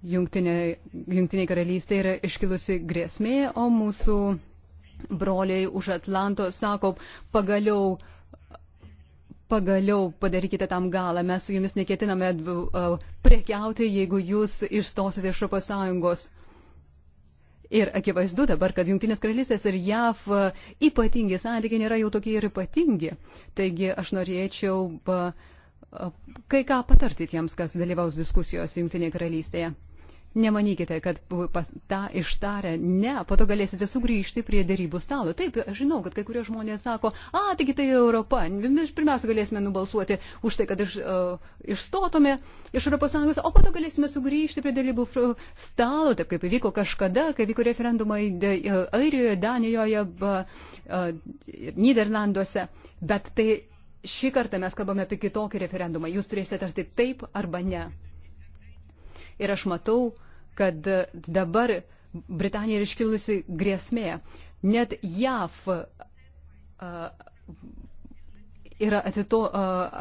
jungtiniai, jungtiniai karalystė yra iškilusi grėsmė, o mūsų broliai už Atlanto sako, pagaliau pagaliau padarykite tam galą. Mes su jumis neketiname prekiauti, jeigu jūs išstosite iš Europos Sąjungos. Ir akivaizdu dabar, kad Junktinės karalystės ir JAV ypatingi santykiai nėra jau tokie ir ypatingi. Taigi aš norėčiau kai ką patarti tiems, kas dalyvaus diskusijos Junktinėje karalystėje. Nemanykite, kad tą ištarę ne, po to galėsite sugrįžti prie dėrybų stalo. Taip, aš žinau, kad kai kurie žmonės sako, a, taigi tai Europa, mes pirmiausia galėsime nubalsuoti už tai, kad iš, uh, e, išstotume iš Europos Sąjungos, o po to galėsime sugrįžti prie dėrybų stalo, taip kaip įvyko kažkada, kai vyko referendumai e, Airijoje, Danijoje, uh, e, Niderlanduose. Bet tai šį kartą mes kalbame apie kitokį referendumą. Jūs turėsite tarti taip arba ne. Ir aš matau, kad dabar Britanija yra iškilusi grėsmė. Net JAV yra atito,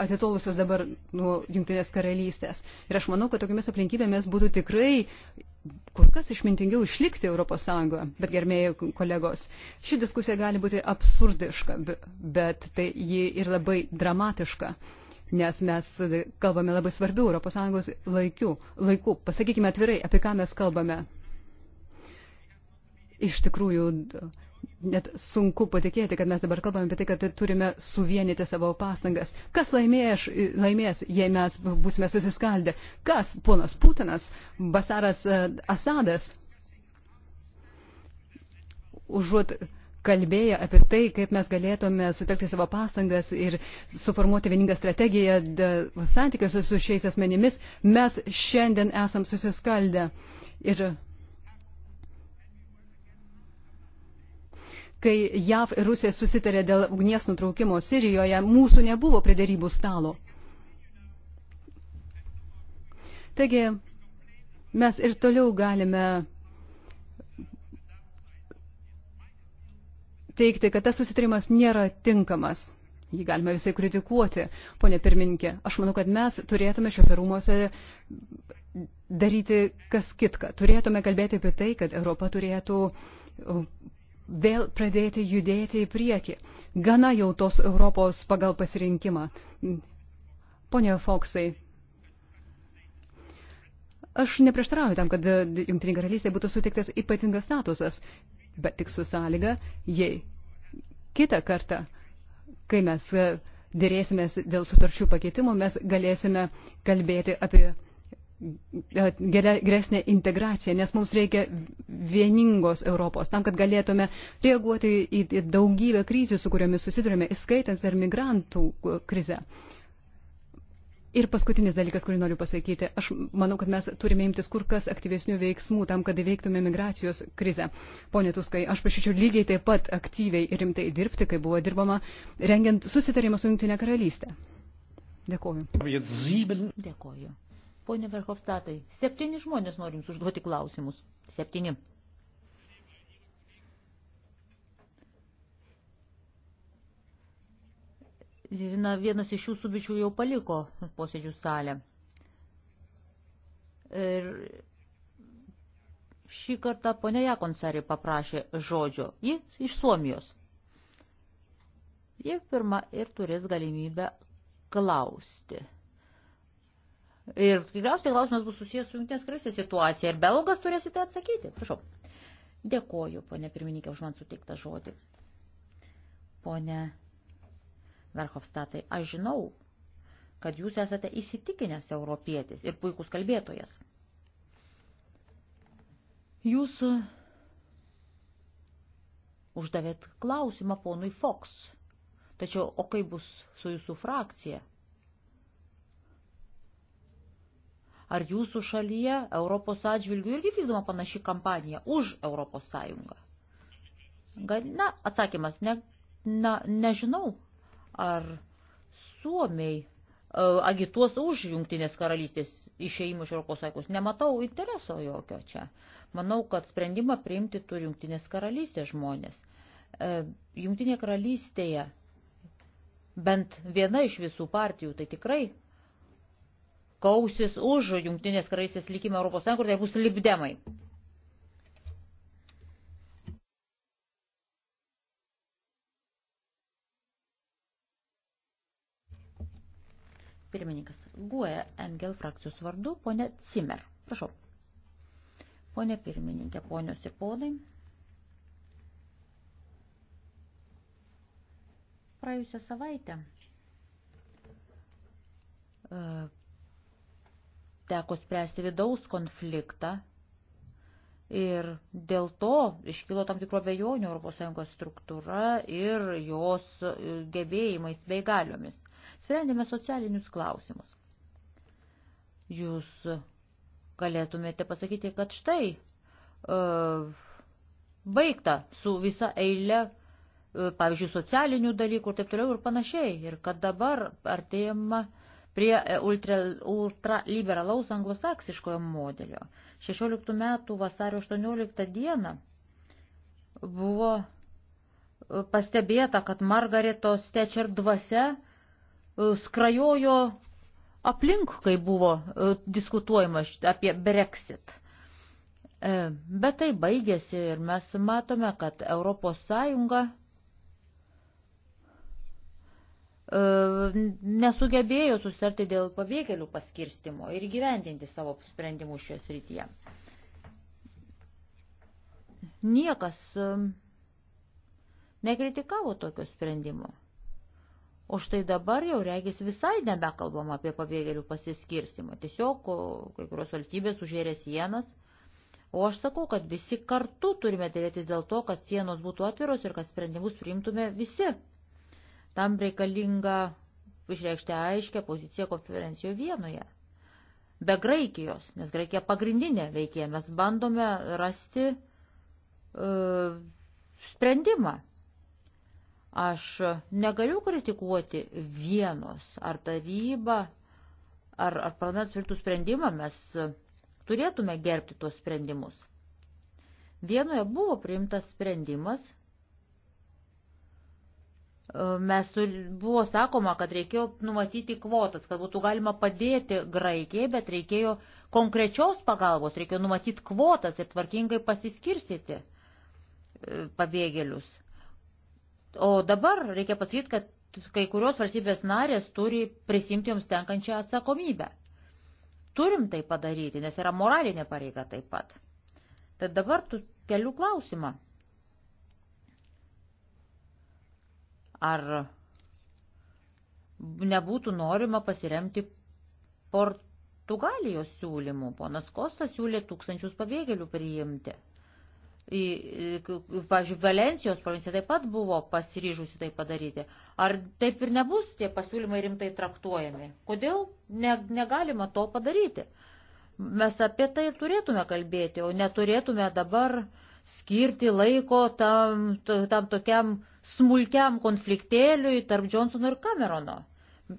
atitolusios dabar nuo Junktinės karalystės. Ir aš manau, kad tokiamis aplinkybėmis būtų tikrai kur kas išmintingiau išlikti Europos Sąjungoje. Bet gerbėjai kolegos, ši diskusija gali būti absurdiška, bet tai ji ir labai dramatiška. Uh, nes mes kalbame labai svarbių ES laikių, laikų. Pasakykime atvirai, apie ką mes kalbame. Iš tikrųjų, net sunku patikėti, kad mes dabar kalbame apie tai, kad turime suvienyti savo pastangas. Kas laimės, laimės jei mes būsime susiskaldę? Kas, ponas Putinas, Basaras e, Asadas? Užuot kalbėję apie tai, kaip mes galėtume sutelkti savo pastangas ir suformuoti vieningą strategiją santykiuose su šiais asmenimis, mes šiandien esam susiskaldę. Ir kai JAV ir Rusija susitarė dėl ugnies nutraukimo Sirijoje, mūsų nebuvo prie darybų stalo. Taigi, mes ir toliau galime teikti, kad tas susitarimas nėra tinkamas. Jį galime visai kritikuoti, ponė pirmininkė. Aš manau, kad mes turėtume šiuose rūmose daryti kas kitką. Turėtume kalbėti apie tai, kad Europa turėtų uh, vėl pradėti judėti į priekį. Gana jau tos Europos pagal pasirinkimą. Pone Foksai, aš neprieštarauju tam, kad Junktinė karalystė būtų suteiktas ypatingas statusas bet tik su sąlyga, jei kitą kartą, kai mes e, dėrėsimės dėl sutarčių pakeitimų, mes galėsime kalbėti apie e, geresnė integracija, nes mums reikia vieningos Europos, tam, kad galėtume reaguoti į daugybę kryzių, su kuriomis susidurime, įskaitant ir migrantų e, krizę. Uh, Ir paskutinis dalykas, kurį noriu pasakyti, aš manau, kad mes turime imtis kur kas aktyvesnių veiksmų tam, kad įveiktume migracijos krizę. Pone Tuskai, aš prašyčiau lygiai taip pat aktyviai ir rimtai dirbti, kai buvo dirbama, rengiant susitarimą su Junktinė karalystė. Dėkoju. Dėkoju. Pone Verhofstatai, septyni žmonės norim užduoti klausimus. Septyni. Na, vienas iš jūsų bičių jau paliko posėdžių salę. Ir šį kartą ponia Jakonsari paprašė žodžio. Ji iš Suomijos. Ji pirma ir turės galimybę klausti. Ir tikriausiai klausimas bus susijęs su jungtinės kristės situacija. Ir belgas turėsite atsakyti. Prašau. Dėkoju, ponė pirmininkė, už man suteiktą žodį. Ponė Verhofstatai, aš žinau, kad jūs esate įsitikinęs europietis ir puikus kalbėtojas. Jūs e, uždavėt klausimą ponui Fox. Tačiau, o kaip bus su jūsų frakcija? Ar jūsų šalyje Europos atžvilgių irgi vykdoma panaši kampanija už Europos Sąjungą? Gal, na, atsakymas, ne, na, nežinau ar Suomiai e, agituos už jungtinės karalystės išėjimų iš Europos Sąjungos. Nematau intereso jokio čia. Manau, kad sprendimą priimti turi jungtinės karalystės žmonės. E, Jungtinė karalystėje bent viena iš visų partijų, tai tikrai kausis už jungtinės karalystės likimą Europos Sąjungoje, tai bus libdemai. Pirmininkas guoja Engel frakcijos vardu ponė Cimer. Prašau. Pone pirmininkė, ponios ir ponai. Praėjusią savaitę e, teko spręsti vidaus konfliktą ir dėl to iškilo tam tikro bejonių ES struktūra ir jos e, gebėjimais bei galiomis. Sprendėme socialinius klausimus. Jūs galėtumėte pasakyti, kad štai uh, baigta su visa eile, uh, pavyzdžiui, socialinių dalykų ir taip toliau ir panašiai. Ir kad dabar artėjama prie e, ultraliberalaus ultra anglosaksiškojo modelio. 16 metų vasario 18 dieną buvo pastebėta, kad Margaretos Tečer dvasia E, skrajojo aplink, kai buvo e, diskutuojama apie Brexit. E, bet tai baigėsi ir mes matome, kad ES nesugebėjo susitarti dėl pabėgėlių paskirstimo ir gyvendinti savo sprendimus šioje srityje. Niekas nekritikavo tokio sprendimo. O štai dabar jau regis visai nebekalbam apie pabėgėlių pasiskirstimą. Tiesiog kai kurios valstybės užėrė sienas. O aš sakau, kad visi kartu turime dėlėtis dėl to, kad sienos būtų atviros ir kad sprendimus priimtume visi. Tam reikalinga išreikšti aiškę poziciją konferencijoje vienoje. Be Graikijos, nes Graikija pagrindinė veikėja, mes bandome rasti e, sprendimą. Aš negaliu kritikuoti vienos ar tarybą, ar, ar parlamentas tvirtų sprendimą, mes turėtume gerbti tuos sprendimus. Vienoje buvo priimtas sprendimas. Mes buvo sakoma, kad reikėjo numatyti kvotas, kad būtų galima padėti Graikijai, bet reikėjo konkrečios pagalbos, reikėjo numatyti kvotas ir tvarkingai pasiskirstyti e, pabėgėlius. O dabar reikia pasakyti, kad kai kurios valstybės narės turi prisimti joms tenkančią atsakomybę. Turim tai padaryti, nes yra moralinė pareiga taip pat. Tad dabar tu keliu klausimą. Ar nebūtų norima pasiremti Portugalijos siūlymų? Ponas Kostas siūlė tūkstančius pabėgėlių priimti pavyzdžiui, Valencijos provincija taip pat buvo pasiryžusi tai padaryti. Ar taip ir nebus tie pasiūlymai rimtai traktuojami? Kodėl ne, negalima to padaryti? Mes apie tai turėtume kalbėti, o neturėtume dabar skirti laiko tam, tam tokiam smulkiam konfliktėliui tarp Johnsono ir Camerono.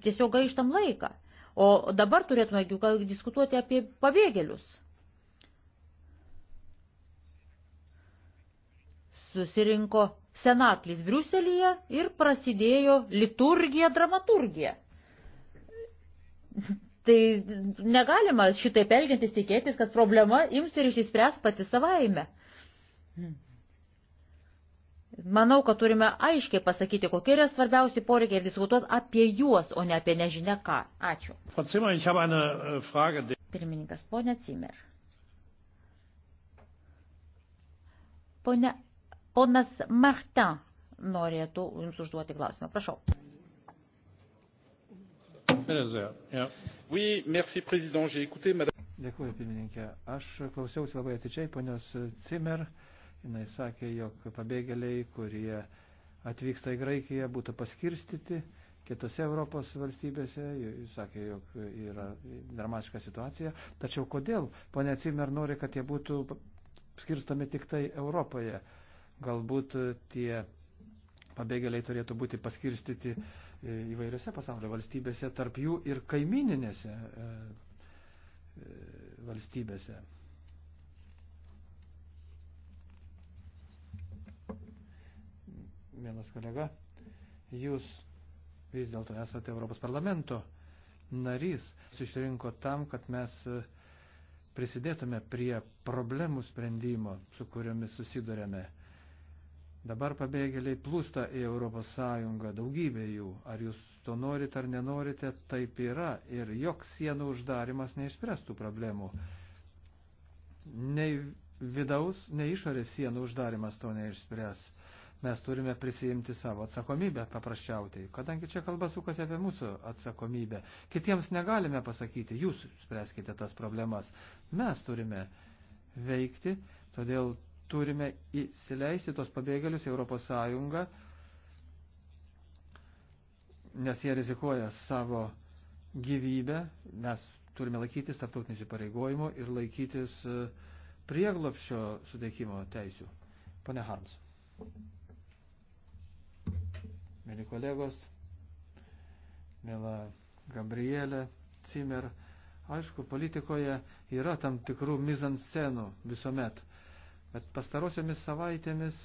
Tiesiog gaištam laiką. O dabar turėtume diskutuoti apie pabėgėlius susirinko senatlis Briuselyje ir prasidėjo liturgija, dramaturgija. Tai negalima šitaip elgiantis tikėtis, kad problema ims ir išsispręs pati savaime. Manau, kad turime aiškiai pasakyti, kokie yra svarbiausi poreikiai ir diskutuoti apie juos, o ne apie nežinia ką. Ačiū. Äh, Pirmininkas, ponė Cimer. Pone Ponas Marta norėtų Jums užduoti klausimą. Prašau. Dėkuoju, pirmininkė. Aš klausiausi labai atičiai ponios Cimer. Jis sakė, jog pabėgėliai, kurie atvyksta į Graikiją, būtų paskirstyti kitose Europos valstybėse, jis sakė, jog yra dramatiška situacija. Tačiau kodėl ponia Cimer nori, kad jie būtų skirstomi tik tai Europoje? Galbūt e, tie pabėgėliai turėtų būti paskirstyti e, įvairiose pasaulio valstybėse, tarp jų ir kaimininėse e, valstybėse. Mielas kolega, jūs vis dėlto esate Europos parlamento narys. Jūs išrinko tam, kad mes prisidėtume prie problemų sprendimo, su kuriomis susidurėme. Dabar pabėgėliai plūsta į Europos Sąjungą, daugybė jų. Ar jūs to norite ar nenorite, taip yra. Ir joks sienų uždarimas neišspręstų problemų. Nei vidaus, nei išorės sienų uždarimas to neišspręs. Mes turime prisijimti savo atsakomybę paprasčiausiai, kadangi čia kalba sukasi apie mūsų atsakomybę. Kitiems negalime pasakyti, jūs spręskite tas problemas. Mes turime veikti, todėl turime įsileisti tos pabėgėlius į Europos Sąjungą, nes jie rizikuoja savo gyvybę, mes turime laikytis tarptautinių įsipareigojimų ir laikytis e, prieglopščio suteikimo teisių. Pane Harms. Mėly kolegos, mėla Gabrielė, Cimer, aišku, politikoje yra tam tikrų mizansenų visuomet. Bet pastarosiomis savaitėmis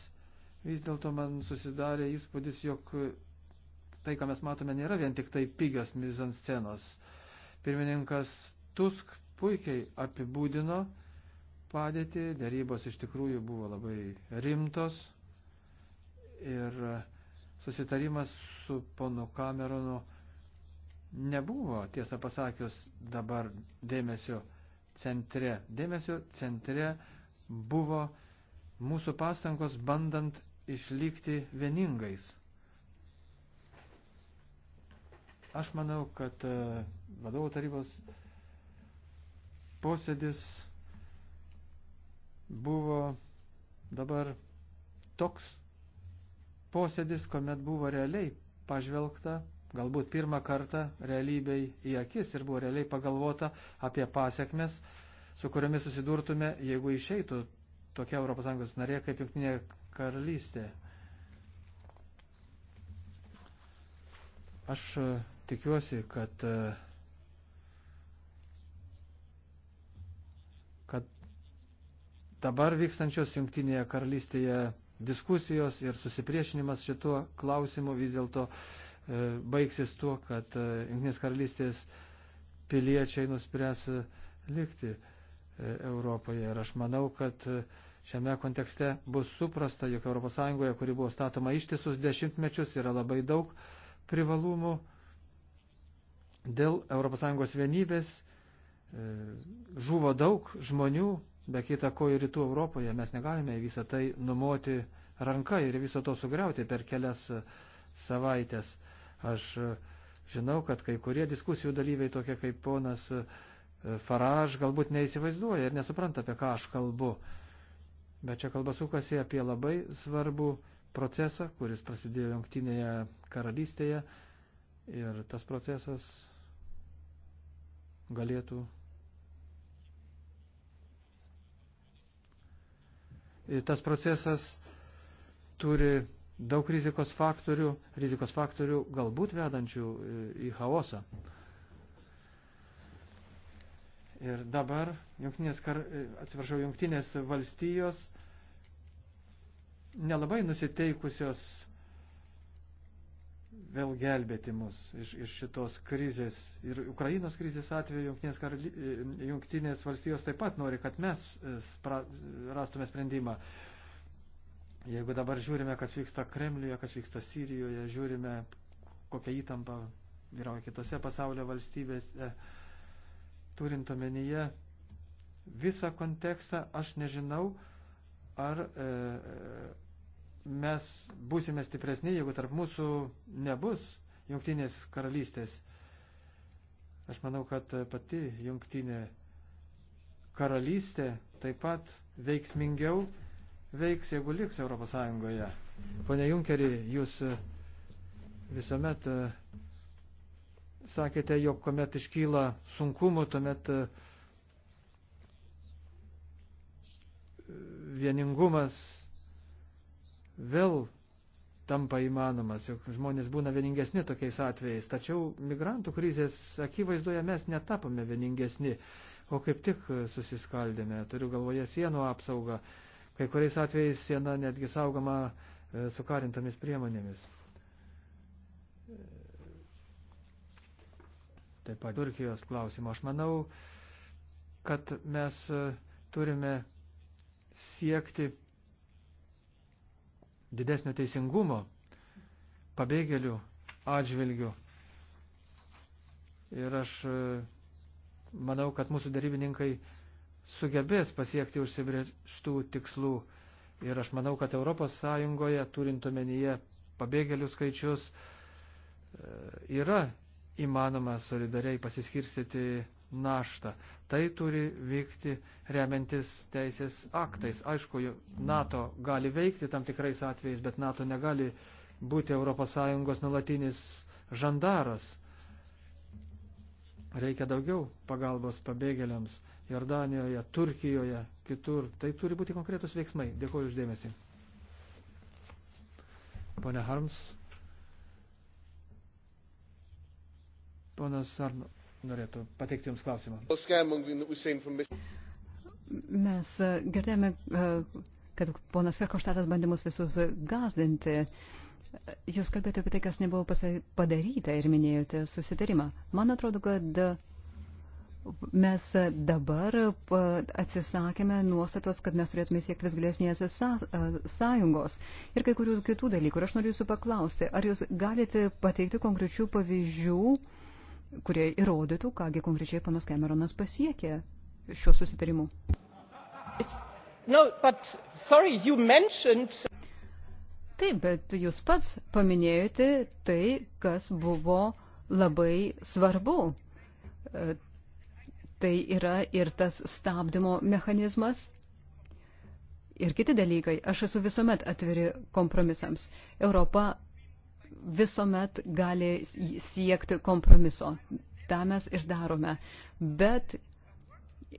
vis dėlto man susidarė įspūdis, jog tai, ką mes matome, nėra vien tik tai pigios mizanscenos. Pirmininkas Tusk puikiai apibūdino padėtį, darybos iš tikrųjų buvo labai rimtos ir susitarimas su ponu Kameronu nebuvo, tiesą pasakius, dabar dėmesio centre. Dėmesio centre buvo mūsų pastangos bandant išlikti vieningais. Aš manau, kad e, vadovų tarybos posėdis buvo dabar toks posėdis, kuomet buvo realiai pažvelgta, galbūt pirmą kartą realybei į akis ir buvo realiai pagalvota apie pasiekmes, su kuriomis susidurtume, jeigu išeitų tokia ES narė kaip Junktinė karalystė. Aš e, tikiuosi, kad, e, kad dabar vykstančios Junktinėje karalystėje diskusijos ir susipriešinimas šituo klausimu vis dėlto e, baigsis tuo, kad Junktinės karalystės piliečiai nuspręs likti. E, Europoje. Ir aš manau, kad e, šiame kontekste bus suprasta, jog ES, kuri buvo statoma ištisus dešimtmečius, yra labai daug privalumų dėl ES vienybės. E, žuvo daug žmonių, be kita ko ir rytų Europoje. Mes negalime visą tai numoti ranka ir viso to sugriauti per kelias savaitės. Aš žinau, kad kai kurie diskusijų dalyviai, tokie kaip ponas Faraž galbūt neįsivaizduoja ir nesupranta, apie ką aš kalbu. Bet čia kalba sukasi apie labai svarbų procesą, kuris prasidėjo jungtinėje karalystėje ir tas procesas galėtų ir tas procesas turi daug rizikos faktorių, rizikos faktorių galbūt vedančių į chaosą. Ir dabar jungtinės, kar... atsiprašau, jungtinės valstijos nelabai nusiteikusios vėl gelbėti mus iš, iš šitos krizės. Ir Ukrainos krizės atveju jungtinės, karali... jungtinės valstijos taip pat nori, kad mes e, spra... rastume sprendimą. Jeigu dabar žiūrime, kas vyksta Kremliuje, kas vyksta Sirijoje, žiūrime, kokia įtampa vyrauja kitose pasaulio valstybėse. E turint omenyje visą kontekstą, aš nežinau, ar e, mes būsime stipresni, jeigu tarp mūsų nebus jungtinės karalystės. Aš manau, kad pati jungtinė karalystė taip pat veiksmingiau veiks, jeigu liks Europos Sąjungoje. Pone Junkeri, jūs visuomet sakėte, jog kuomet iškyla sunkumų, tuomet e, vieningumas vėl tampa įmanomas, juk žmonės būna vieningesni tokiais atvejais. Tačiau migrantų krizės akivaizdoje mes netapome vieningesni, o kaip tik susiskaldėme. Turiu galvoje sienų apsaugą. Kai kuriais atvejais siena netgi saugoma e, sukarintomis priemonėmis taip pat Turkijos klausimo. Aš manau, kad mes e, turime siekti didesnio teisingumo pabėgėlių atžvilgių. Ir aš e, manau, kad mūsų darybininkai sugebės pasiekti užsibrieštų tikslų. Ir aš manau, kad Europos Sąjungoje, turint omenyje pabėgėlių skaičius, e, yra įmanoma solidariai pasiskirstyti naštą. Tai turi vykti remiantis teisės aktais. Aišku, NATO gali veikti tam tikrais atvejais, bet NATO negali būti ES nulatinis žandaras. Reikia daugiau pagalbos pabėgėliams Jordanijoje, Turkijoje, kitur. Tai turi būti konkretus veiksmai. Dėkuoju uždėmesi. Pone Harms. Ponas Arno norėtų pateikti Jums klausimą. Mes e, girdėjome, e, kad ponas Verkoštatas bandė mus visus gazdinti. Jūs kalbėjote apie tai, kas nebuvo padaryta ir minėjote susitarimą. Man atrodo, kad mes dabar e, atsisakėme nuostatos, kad mes turėtume siekti vis gilesnės sąjungos ir kai kurių kitų dalykų. Ir aš noriu jūsų paklausti, ar jūs galite pateikti konkrečių pavyzdžių, kurie įrodytų, kągi konkrečiai panas Cameronas pasiekė šiuo susitarimu. No, but, sorry, you mentioned... Taip, bet jūs pats paminėjote tai, kas buvo labai svarbu. E, tai yra ir tas stabdymo mechanizmas, ir kiti dalykai. Aš esu visuomet atviri kompromisams. Europa visuomet gali siekti kompromiso. Ta mes ir darome. Bet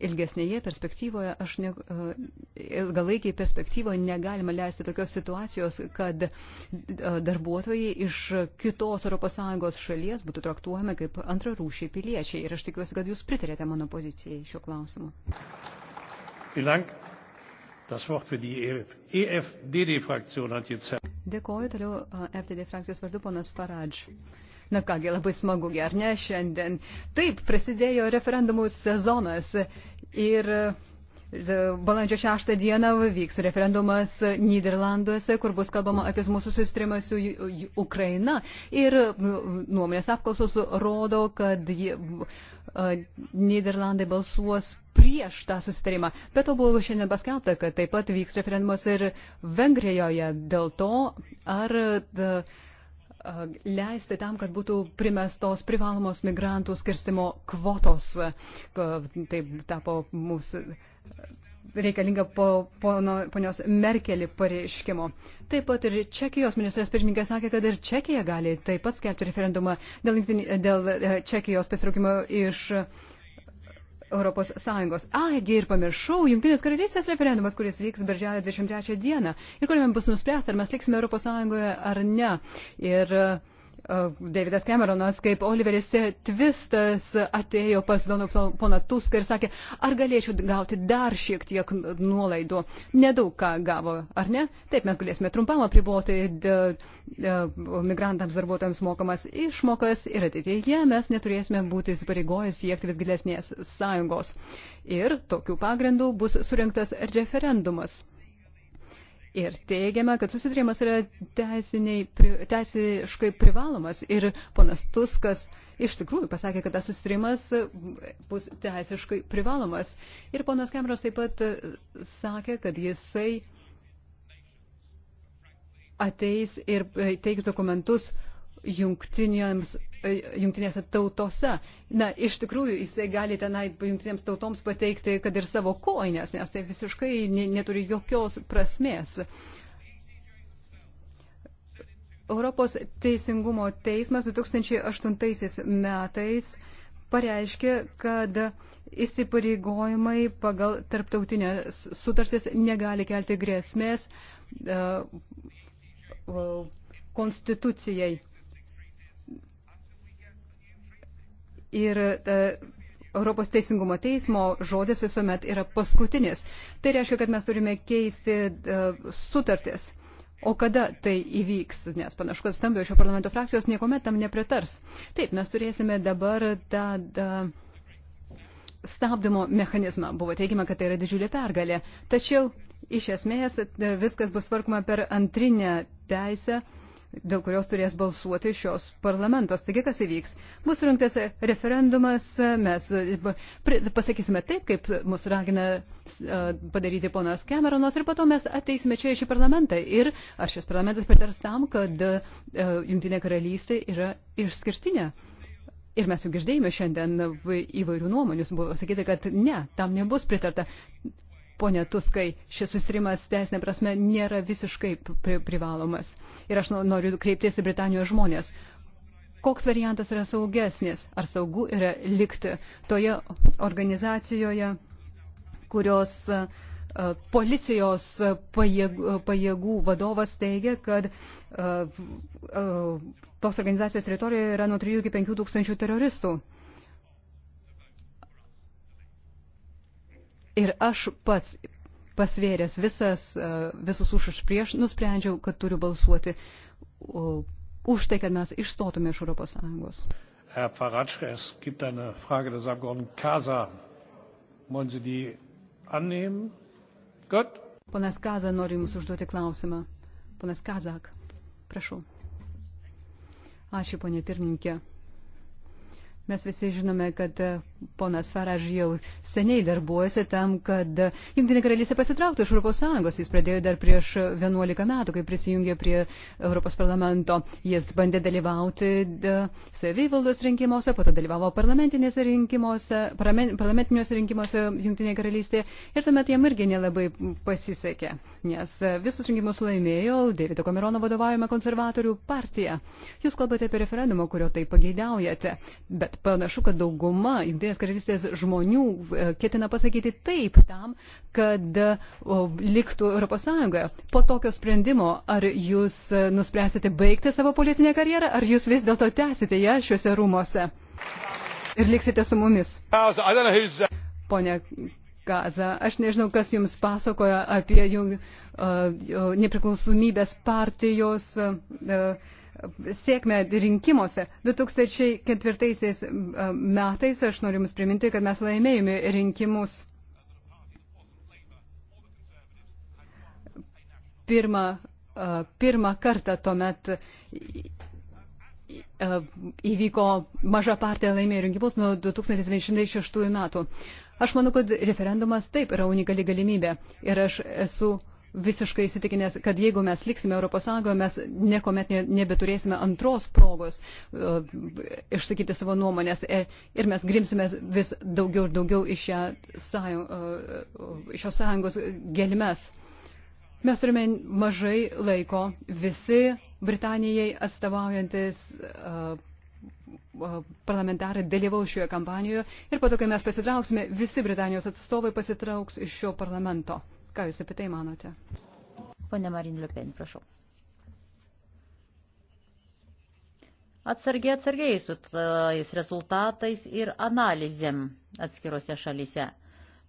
ilgesnėje perspektyvoje, aš ne, e, ilgalaikiai perspektyvoje negalima leisti tokios situacijos, kad e, darbuotojai iš kitos ES šalies būtų traktuojami kaip antrarūšiai piliečiai. Ir aš tikiuosi, kad jūs pritarėte mano pozicijai šiuo klausimu. Vielen Dank. E e Dėkoju toliau e, FDD frakcijos vardu ponas Faradž. Na kągi, labai smagu, ar ne, šiandien. Taip, prasidėjo referendumų sezonas ir uh, Balandžio 6 dieną vyks referendumas Niderlanduose, kur bus kalbama apie mūsų susitrimą su Ukraina. Ir nu, nuomonės apklausos rodo, kad Niderlandai balsuos prieš tą susitarimą. Bet to buvo šiandien paskelbta, kad taip pat vyks referendumas ir Vengrijoje dėl to, ar leisti tam, kad būtų primestos privalomos migrantų skirstimo kvotos. Taip tapo mūsų reikalinga po, pono, ponios Merkelį pareiškimo. Taip pat ir Čekijos ministras pirmininkas sakė, kad ir Čekija gali taip pat skelbti referendumą dėl, dėl e, Čekijos pasitraukimo iš Europos Sąjungos. Agi ir pamiršau, Junktinės karalystės referendumas, kuris vyks birželio 23 dieną ir kuriame bus nuspręsta, ar mes liksime Europos Sąjungoje ar ne. Ir uh, E, Davidas Cameronas, kaip Oliveris Tvistas atėjo pas poną Tuską ir sakė, ar galėčiau gauti dar šiek tiek nuolaidų. Nedaug ką gavo, ar ne? Taip mes galėsime trumpam apriboti e, migrantams darbuotojams mokamas išmokas ir ateityje mes neturėsime būti įsipareigoję siekti vis gilesnės sąjungos. Ir tokiu pagrindu bus surinktas referendumas. Ir teigiama, kad susitarimas yra pri, teisiškai privalomas. Ir ponas Tuskas iš tikrųjų pasakė, kad tas susitarimas bus teisiškai privalomas. Ir ponas Kemras taip pat sakė, kad jisai ateis ir teiks dokumentus E, jungtinėse tautose. Na, iš tikrųjų, jisai gali tenai jungtinėms tautoms pateikti, kad ir savo koinės, nes tai visiškai neturi jokios prasmės. Europos teisingumo teismas 2008 metais pareiškė, kad įsipareigojimai pagal tarptautinės sutartis negali kelti grėsmės uh, konstitucijai. ir e, Europos teisingumo teismo žodis visuomet yra paskutinis. Tai reiškia, kad mes turime keisti e, sutartis. O kada tai įvyks, nes panašu, kad stambio šio parlamento frakcijos niekuomet tam nepritars. Taip, mes turėsime dabar tą, tą stabdymo mechanizmą. Buvo teigiama, kad tai yra didžiulė pergalė. Tačiau iš esmės viskas bus tvarkoma per antrinę teisę. Uh, dėl kurios turės balsuoti šios parlamentos. Taigi, kas įvyks? Bus rinktas referendumas, mes pasakysime taip, kaip mus ragina padaryti ponas Cameronas ir po to mes ateisime čia į šį parlamentą. Ir ar šis parlamentas pritars tam, kad Junktinė karalystė yra išskirtinė? Ir mes jau girdėjome šiandien įvairių nuomonių, buvo sakyti, kad ne, tam nebus pritarta. Pone Tuskai, šis susirimas teisinė prasme nėra visiškai privalomas. Ir aš noriu kreiptis į Britanijos žmonės. Koks variantas yra saugesnis? Ar saugu yra likti toje organizacijoje, kurios uh, policijos pajėgų vadovas teigia, kad tos organizacijos teritorijoje yra nuo 3 iki 5 tūkstančių teroristų. Ir aš pats pasvėręs visas, e, visus už ir prieš, nusprendžiau, kad turiu balsuoti už tai, kad mes išstotume iš Europos Sąjungos. Herr Farage, es gibt eine Frage des Abgeordneten Kaza. Wollen Sie die annehmen? Gut. Ponas Kaza nori Jums užduoti klausimą. Ponas Kazak, prašau. Ačiū, ponė pirmininkė. Mes visi žinome, kad e, ponas Faraž jau seniai darbuojasi tam, kad Junktinė karalystė pasitrauktų iš Europos Sąjungos. Jis pradėjo dar prieš 11 metų, kai prisijungė prie Europos parlamento. Jis bandė dalyvauti e, savivaldos rinkimuose, po to dalyvavo parlamentinėse rinkimuose, parlamentiniuose rinkimuose Junktinėje karalystėje ir tuomet jam irgi nelabai pasisekė, nes visus rinkimus laimėjo Davido Kamerono vadovaujama konservatorių partija. Jūs kalbate apie referendumą, kurio tai pageidaujate, bet panašu, kad dauguma Junktinėje Junktinės karalystės žmonių e, ketina pasakyti taip tam, kad e, liktų ES. Po tokio sprendimo, ar jūs e, nuspręsite baigti savo politinę karjerą, ar jūs vis dėlto tęsite ją šiuose rūmose ir liksite su mumis? Uh, Pone Gaza. Aš nežinau, kas jums pasakoja apie jų uh, nepriklausomybės partijos uh, sėkmę rinkimuose. 2004 metais, aš noriu Jums priminti, kad mes laimėjome rinkimus. Pirmą, pirmą kartą tuomet įvyko maža partija laimėjo rinkimus nuo 1996 metų. Aš manau, kad referendumas taip yra unikali galimybė ir aš esu visiškai įsitikinęs, kad jeigu mes liksime Europos Sąjungoje, mes niekuomet nebeturėsime antros progos uh, išsakyti savo nuomonės ir, e, ir mes grimsime vis daugiau ir daugiau iš uh, uh, šios sąjungos gelmes. Mes turime mažai laiko visi Britanijai atstovaujantis uh, uh, parlamentarai dalyvaus šioje kampanijoje ir po to, kai mes pasitrauksime, visi Britanijos atstovai pasitrauks iš šio parlamento. Ką Jūs apie tai manote? Pone Marin Liupen, prašau. Atsargiai, atsargiai su tais rezultatais ir analizėm atskirose šalyse.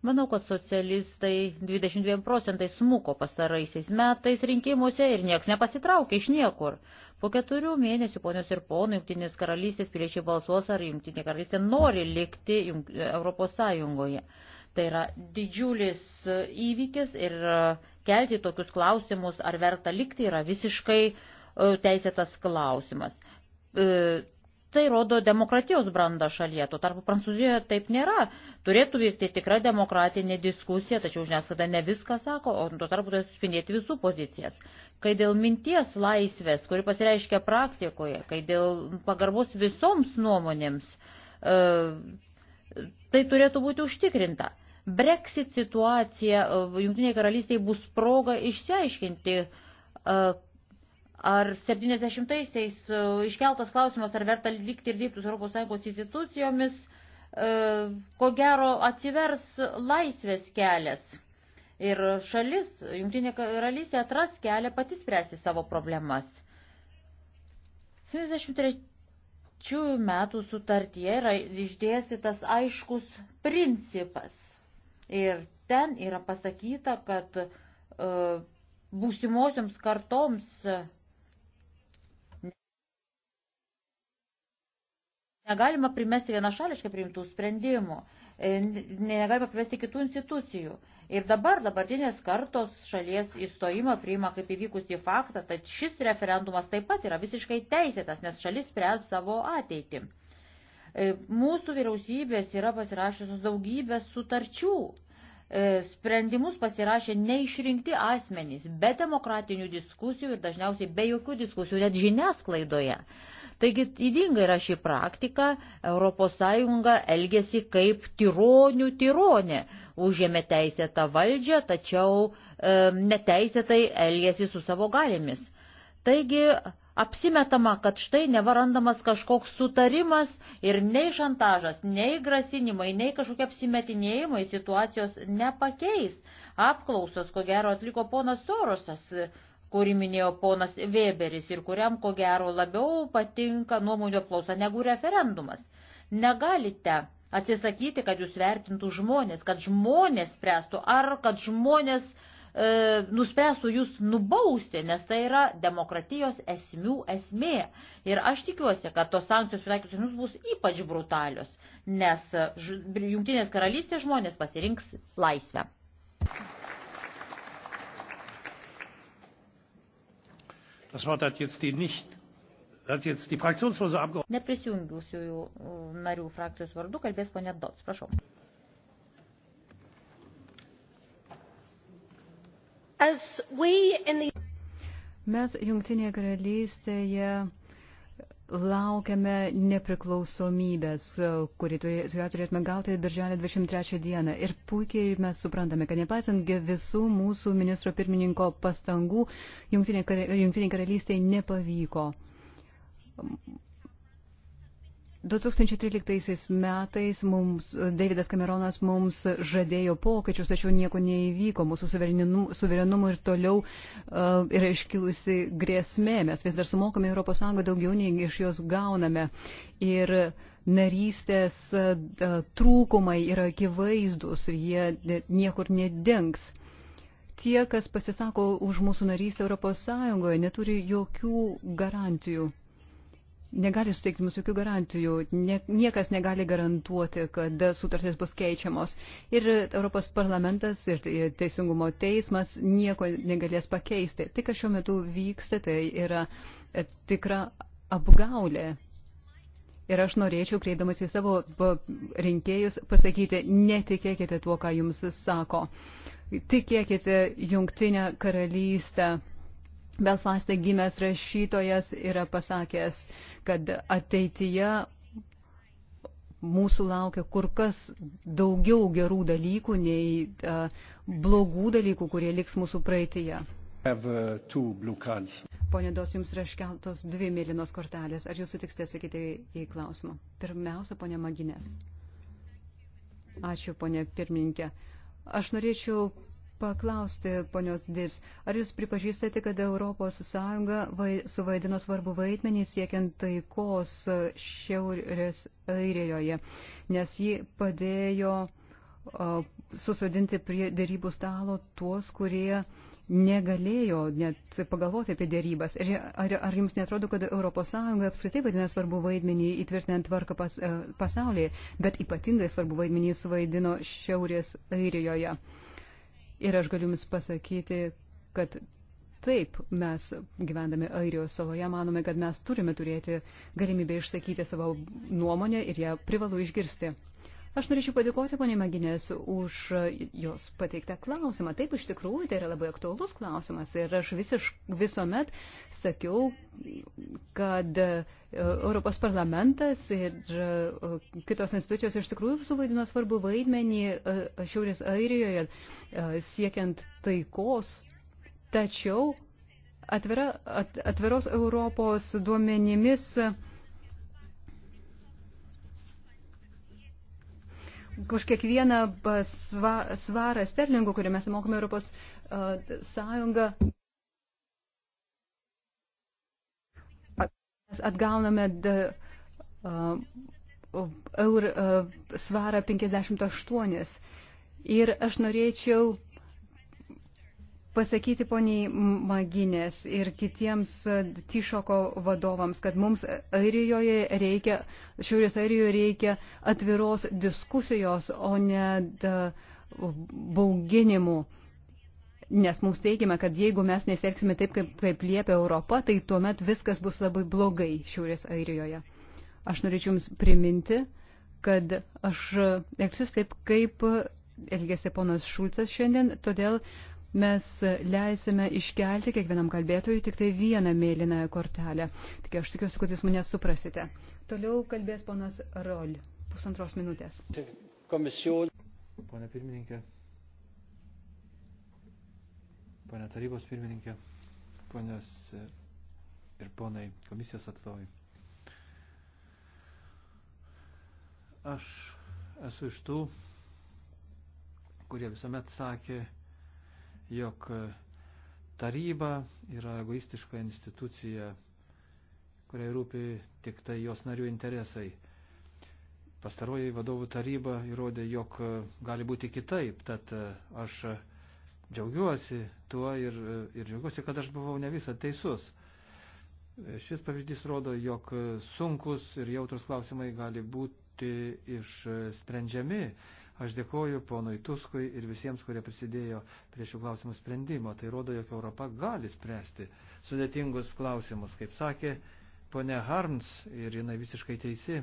Manau, kad socialistai 22 procentai smuko pastaraisiais metais rinkimuose ir nieks nepasitraukė iš niekur. Po keturių mėnesių, ponios ir ponų, Junktinės karalystės piliečiai balsuos, ar Junktinė karalystė nori likti Europos Sąjungoje. Tai yra didžiulis e, įvykis ir e, kelti tokius klausimus, ar verta likti, yra visiškai e, teisėtas klausimas. Tai rodo demokratijos brandą šalyje, tuo tarpu Prancūzijoje taip nėra. Turėtų vykti tikra demokratinė diskusija, tačiau žiniasklaida ne viską sako, o tuo tarpu turėtų spindėti visų pozicijas. Kai dėl minties laisvės, kuri pasireiškia praktikoje, kai dėl pagarbos visoms nuomonėms, tai turėtų būti užtikrinta. Brexit situacija e, Junktinėje karalystėje bus proga išsiaiškinti, e, ar 70-aisiais e, iškeltas klausimas, ar verta likti ir dirbti su ES institucijomis, ko gero atsivers laisvės kelias. Ir šalis, Junktinė karalystė atras kelią pati spręsti savo problemas. 73 metų sutartyje yra išdėstytas aiškus principas – Ir ten yra pasakyta, kad e, būsimosioms kartoms negalima primesti vienašališkai priimtų sprendimų, e, negalima primesti kitų institucijų. Ir dabar dabartinės kartos šalies įstojimą priima kaip įvykusį faktą, tad šis referendumas taip pat yra visiškai teisėtas, nes šalis spręs savo ateitį. E, mūsų vyriausybės yra pasirašusios daugybę sutarčių. E, sprendimus pasirašė neišrinkti asmenys, be demokratinių diskusijų ir dažniausiai be jokių diskusijų, net žiniasklaidoje. Taigi įdinga yra ši praktika, ES elgesi kaip tyronių tyronė, užėmė teisėtą valdžią, tačiau e, neteisėtai elgesi su savo galėmis. Taigi apsimetama, kad štai nevarandamas kažkoks sutarimas ir nei šantažas, nei grasinimai, nei kažkokie apsimetinėjimai situacijos nepakeis. Apklausos, ko gero, atliko ponas Sorosas, kurį minėjo ponas Weberis ir kuriam, ko gero, labiau patinka nuomonio apklausa negu referendumas. Negalite atsisakyti, kad jūs vertintų žmonės, kad žmonės spręstų, ar kad žmonės uh, e, nuspręstų jūs nubausti, nes tai yra demokratijos esmių esmė. Ir aš tikiuosi, kad tos sankcijos pritaikytos jums bus ypač brutalios, nes e, Junktinės karalystės žmonės pasirinks laisvę. Das Wort hat jetzt die nicht Neprisijungusiųjų narių frakcijos vardu kalbės ponė Dots. Prašau. The... Mes Junktinėje karalystėje laukiame nepriklausomybės, kurį turėtume gauti birželio 23 dieną. Ir puikiai mes suprantame, kad nepaisant visų mūsų ministro pirmininko pastangų, Junktinė, Junktinė karalystė nepavyko 2013 metais mums, Davidas Cameronas mums žadėjo pokyčius, tačiau nieko neįvyko. Mūsų suverenumu ir toliau uh, yra iškilusi grėsmė. Mes vis dar sumokame ES daugiau nei iš jos gauname. Ir narystės uh, trūkumai yra akivaizdus ir jie niekur nedings. Tie, kas pasisako už mūsų narystę ES, neturi jokių garantijų negali suteikti mums jokių garantijų, ne, niekas negali garantuoti, kad sutartys bus keičiamos. Ir Europos parlamentas ir Teisingumo teismas nieko negalės pakeisti. Tai, kas šiuo metu vyksta, tai yra e, tikra apgaulė. Ir aš norėčiau, kreidamas į savo rinkėjus, pasakyti, netikėkite tuo, ką jums sako. Tikėkite jungtinę karalystę Belfaste gimęs rašytojas yra pasakęs, kad ateityje mūsų laukia kur kas daugiau gerų dalykų nei uh, blogų dalykų, kurie liks mūsų praeitėje. Pone Dos, jums yra iškeltos dvi mėlynos kortelės. Ar jūs sutiksite atsakyti į klausimą? Pirmiausia, ponė Maginės. Ačiū, ponė pirmininkė. Aš norėčiau paklausti, ponios Dis, ar jūs pripažįstate, kad ES vai, suvaidino svarbu vaidmenį siekiant taikos Šiaurės Airijoje, nes ji padėjo o, susodinti prie dėrybų stalo tuos, kurie negalėjo net pagalvoti apie dėrybas. Ar, ar, ar jums netrodo, kad ES apskritai vadina svarbu vaidmenį įtvirtinant tvarką pas, e, pasaulyje, bet ypatingai svarbu vaidmenį suvaidino Šiaurės Airijoje? Ir aš galiu Jums pasakyti, kad taip mes gyvendami Airijos saloje manome, kad mes turime turėti galimybę išsakyti savo nuomonę ir ją privalu išgirsti. Aš norėčiau padėkoti ponė Maginės už jos pateiktą klausimą. Taip, iš tikrųjų, tai yra labai aktuolus klausimas ir aš visiš, visuomet sakiau, kad e, Europos parlamentas ir e, kitos institucijos iš tikrųjų suvaidino svarbu vaidmenį e, Šiaurės Airijoje siekiant taikos. Tačiau atvira, at, atviros Europos duomenimis už kiekvieną svarą sterlingų, kurį mes mokame Europos sąjungą, mes atgauname eur svarą 58. Ir aš norėčiau pasakyti poniai Maginės ir kitiems Tišoko vadovams, kad mums Airijoje reikia, Šiaurės Airijoje reikia atviros diskusijos, o ne bauginimų. Nes mums teigiame, kad jeigu mes nesielgsime taip, kaip, kaip liepia Europa, tai tuomet viskas bus labai blogai Šiaurės Airijoje. Aš norėčiau Jums priminti, kad aš elgsiu taip, kaip elgėsi ponas Šulcas šiandien, todėl mes leisime iškelti kiekvienam kalbėtojui tik tai vieną mėlyną kortelę. Tik aš tikiuosi, kad jūs mane suprasite. Toliau kalbės ponas Rol, pusantros minutės. Komisijos. Pone pirmininkė, pone tarybos pirmininkė, ponios e, ir ponai komisijos atstovai. Aš esu iš tų, kurie visuomet sakė, jog e, taryba yra egoistiška institucija, kuriai rūpi tik tai jos narių interesai. Pastaroji vadovų taryba įrodė, jog e, gali būti kitaip, tad e, aš džiaugiuosi tuo ir, ir džiaugiuosi, kad aš buvau ne visą teisus. Šis pavyzdys rodo, jog sunkus ir jautrus klausimai gali būti išsprendžiami Aš dėkoju ponui Tuskui ir visiems, kurie prisidėjo prie šių klausimų sprendimo. Tai rodo, jog Europa gali spręsti sudėtingus klausimus, kaip sakė ponė Harms ir jinai visiškai teisi.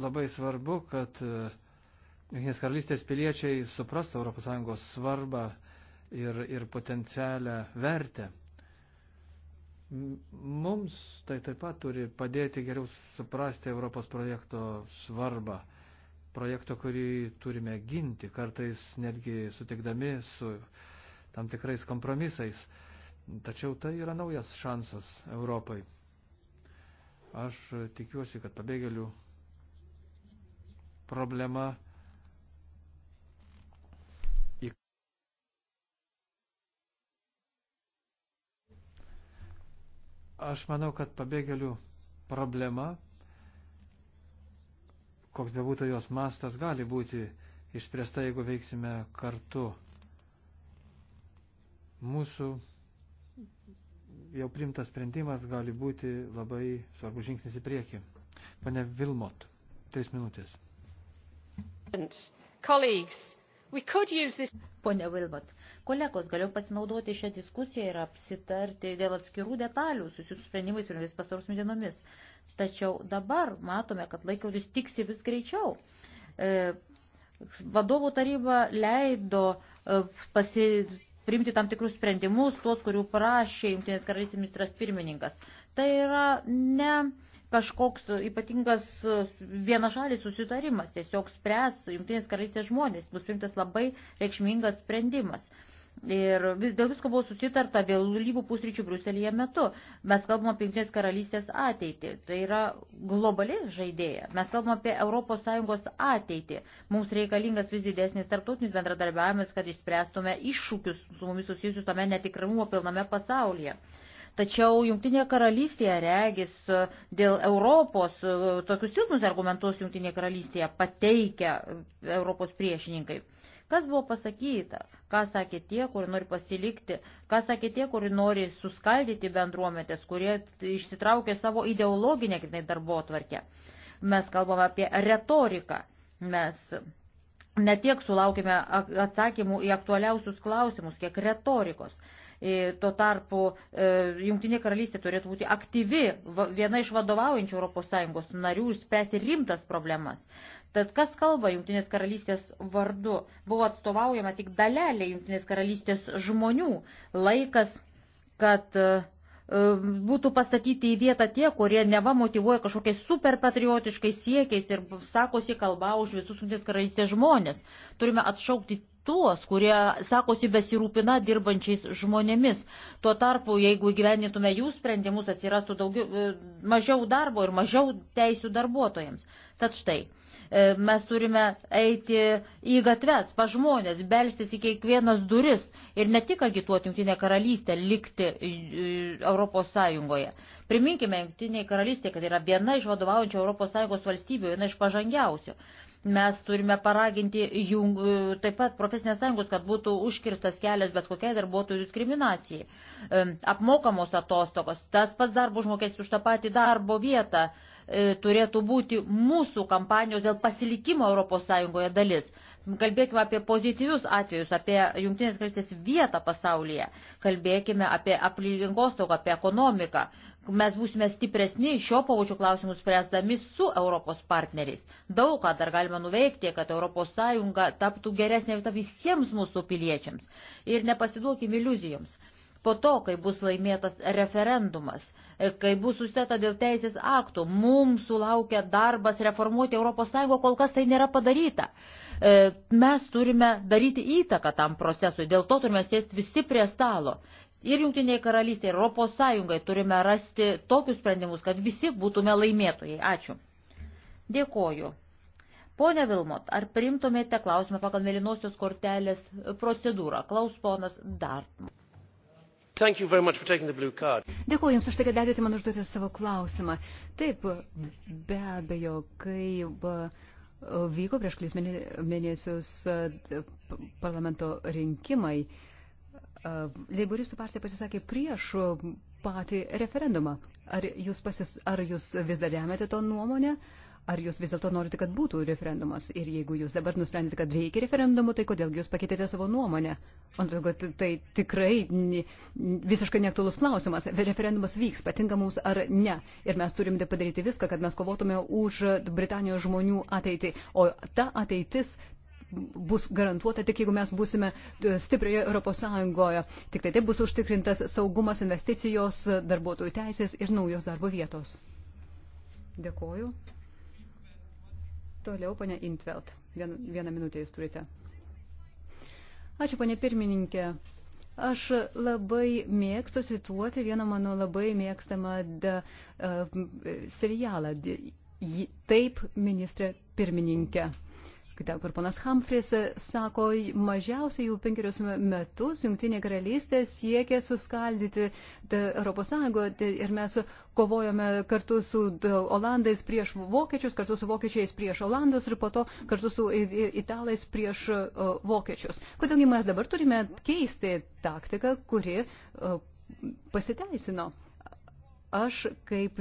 Labai svarbu, kad e, Jungtinės karalystės piliečiai suprastų ES svarbą ir, ir potencialią vertę. Mums tai taip pat turi padėti geriau suprasti Europos projekto svarbą, projekto, kurį turime ginti, kartais netgi sutikdami su tam tikrais kompromisais. Tačiau tai yra naujas šansas Europai. Aš tikiuosi, kad pabėgėlių problema Aš manau, kad pabėgėlių problema, koks be būtų jos mastas, gali būti išspręsta, jeigu veiksime kartu. Mūsų jau primtas sprendimas gali būti labai svarbus žingsnis į priekį. Pane Vilmot, tris minutės. Colleagues, This... Pone Vilbot, kolegos, galiu pasinaudoti šią diskusiją ir apsitarti dėl atskirų detalių susijusių sprendimais pirmomis pastarosius dienomis. Tačiau dabar matome, kad laikrodis tiksi vis greičiau. E, vadovų taryba leido e, pasi, priimti tam tikrus sprendimus, tuos, kurių prašė Junktinės karalystės ministras pirmininkas. E, Tai yra ne kažkoks ypatingas vienašalis susitarimas, tiesiog spręs Junktinės karalystės žmonės, bus priimtas labai reikšmingas sprendimas. Ir vis, dėl visko buvo susitarta vėlyvų pusryčių Bruselėje metu. Mes kalbam apie Junktinės karalystės ateitį. Tai yra globali žaidėja. Mes kalbam apie ES ateitį. Mums reikalingas vis didesnis tarptautinis bendradarbiavimas, kad išspręstume iššūkius su mumis susijusius tame netikrimumo pilname pasaulyje. Tačiau Junktinėje karalystėje regis e, dėl Europos e, tokius silpnus argumentus Junktinėje karalystėje pateikia e, Europos priešininkai. Kas buvo pasakyta, ką sakė tie, kurie nori pasilikti, ką sakė tie, kurie nori suskaldyti bendruometės, kurie išsitraukė savo ideologinę kitai darbo tvarkę. Mes kalbame apie retoriką. Mes netiek sulaukime atsakymų į aktualiausius klausimus, kiek retorikos. Tuo tarpu e, Junktinė karalystė turėtų būti aktyvi, viena iš vadovaujančių ES narių ir spręsti rimtas problemas. Tad kas kalba Junktinės karalystės vardu? Buvo atstovaujama tik dalelė Junktinės karalystės žmonių. Laikas, kad e, e, būtų pastatyti į vietą tie, kurie neva motivuoja kažkokiais superpatriotiškais siekiais ir sakosi kalba už visus Junktinės karalystės žmonės. Turime atšaukti tuos, kurie sakosi besirūpina dirbančiais žmonėmis. Tuo tarpu, jeigu gyvenintume jų sprendimus, atsirastų daugiau, e, mažiau darbo ir mažiau teisių darbuotojams. Tad štai e, mes turime eiti į gatves, pa žmonės, belstis į kiekvienas duris ir ne tik agituoti Junktinę karalystę likti e, Europos Sąjungoje. Priminkime Junktiniai karalystė, kad yra viena iš vadovaujančių Europos Sąjungos valstybių, viena iš pažangiausių. Mes turime paraginti jung, e, taip pat profesinės sąjungos, kad būtų užkirstas kelias bet kokiai darbuotojų diskriminacijai. E, apmokamos atostogos, tas pats darbo užmokestis už tą patį darbo vietą e, turėtų būti mūsų kampanijos dėl pasilikimo ES dalis. Kalbėkime apie pozityvius atvejus, apie jungtinės karalystės vietą pasaulyje. Kalbėkime apie aplinkos saugą, apie ekonomiką mes būsime stipresni šio paučio klausimus spręsdami su Europos partneriais. Daug ką dar galima nuveikti, kad ES taptų geresnė vieta visiems mūsų piliečiams. Ir nepasiduokim iliuzijoms. Po to, kai bus laimėtas referendumas, kai bus susiteta dėl teisės aktų, mums sulaukia darbas reformuoti ES, kol kas tai nėra padaryta. E, mes turime daryti įtaką tam procesui, dėl to turime sėsti visi prie stalo ir Junktiniai karalystė, ir Europos Sąjungai turime rasti tokius sprendimus, kad visi būtume laimėtojai. Ačiū. Dėkoju. Pone Vilmot, ar primtumėte klausimą pagal mėlynosios kortelės procedūrą? Klaus ponas Dartmut. Dėkuoju Jums už tai, kad davėte man užduoti savo klausimą. Taip, be abejo, kai vyko prieš kelis mėnesius parlamento rinkimai, uh, Leiboristų partija pasisakė prieš patį referendumą. Ar jūs, pasis, ar jūs vis dar remiate to nuomonę, ar jūs vis dėlto norite, kad būtų referendumas? Ir jeigu jūs dabar nusprendėte, kad reikia referendumų, tai kodėl jūs pakeitėte savo nuomonę? Antroju, kad tai tikrai visiškai neaktuolus klausimas. Referendumas vyks, patinka mums ar ne. Ir mes turime padaryti viską, kad mes kovotume už Britanijos žmonių ateitį. O ta ateitis bus garantuota tik jeigu mes būsime e, stiprioje Europos Sąjungoje. Tik tai taip bus užtikrintas saugumas, investicijos, darbuotojų teisės ir naujos darbo vietos. Dėkoju. Toliau, ponia Intveld. Vien, vieną minutę jūs turite. Ačiū, ponia pirmininkė. Aš labai mėgstu cituoti vieną mano labai mėgstamą da, uh, serialą. Taip, ministrė pirmininkė. Uh, ten, kur ponas Hamfris e, sako, mažiausiai jau penkerius metus Junktinė karalystė siekė suskaldyti Europos Sąjungoje ir mes kovojome kartu su Olandais prieš Vokiečius, kartu su Vokiečiais prieš Olandus ir po to kartu su Italais prieš e, Vokiečius. Kodėlgi mes dabar turime keisti taktiką, kuri e, pasiteisino. Aš kaip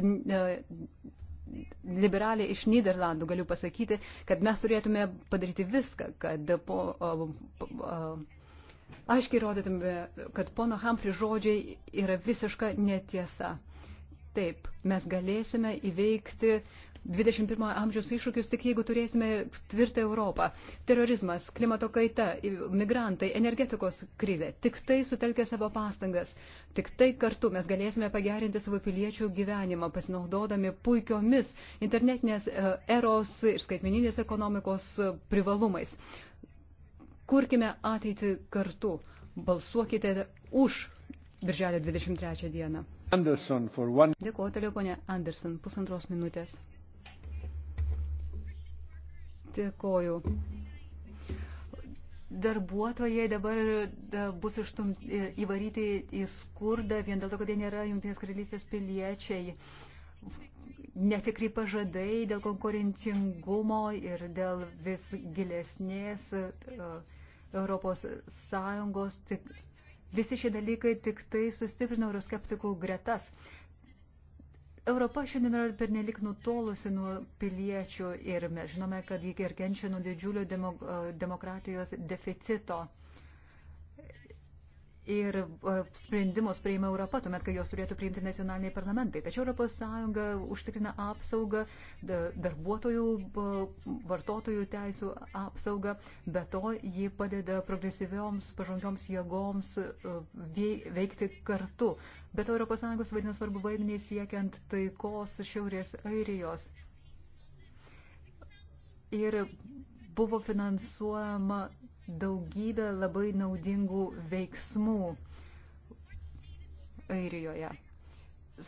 liberalė iš Niderlandų galiu pasakyti, kad mes turėtume padaryti viską, kad po, o, o, aiškiai rodytume, kad pono Humphrey žodžiai yra visiška netiesa. Taip, mes galėsime įveikti uh, 21 amžiaus iššūkius tik jeigu turėsime tvirtą Europą. Terorizmas, klimato kaita, migrantai, energetikos krizė. Tik tai sutelkę savo pastangas, tik tai kartu mes galėsime pagerinti savo piliečių gyvenimą, pasinaudodami puikiomis internetinės e, eros ir skaitmeninės ekonomikos e, privalumais. Kurkime ateitį kartu. Balsuokite už Birželio 23 dieną. Anderson, one... Dėkuoju toliau, ponė Anderson, pusantros minutės. Dėkoju. Darbuotojai dabar e, bus ištum e, įvaryti į skurdą vien dėl to, kad jie nėra Junktinės karalystės piliečiai. Netikri pažadai dėl konkurencingumo ir dėl vis gilesnės e, Europos Sąjungos. Tik, visi šie dalykai tik tai sustiprino euroskeptikų gretas. Europa šiandien yra pernelik nutolusi nuo piliečių ir mes žinome, kad jie ir kenčia nuo didžiulio demok demokratijos deficito ir e, sprendimus priima Europa, tuomet, kai jos turėtų priimti nacionaliniai parlamentai. Tačiau ES užtikrina apsaugą darbuotojų, e, vartotojų teisų apsaugą, be to ji padeda progresyvioms, pažangioms jėgoms e, veikti kartu. Be to ES vaidina svarbu vaidmenį siekiant taikos Šiaurės Airijos. Ir buvo finansuojama daugybę labai naudingų veiksmų Airijoje.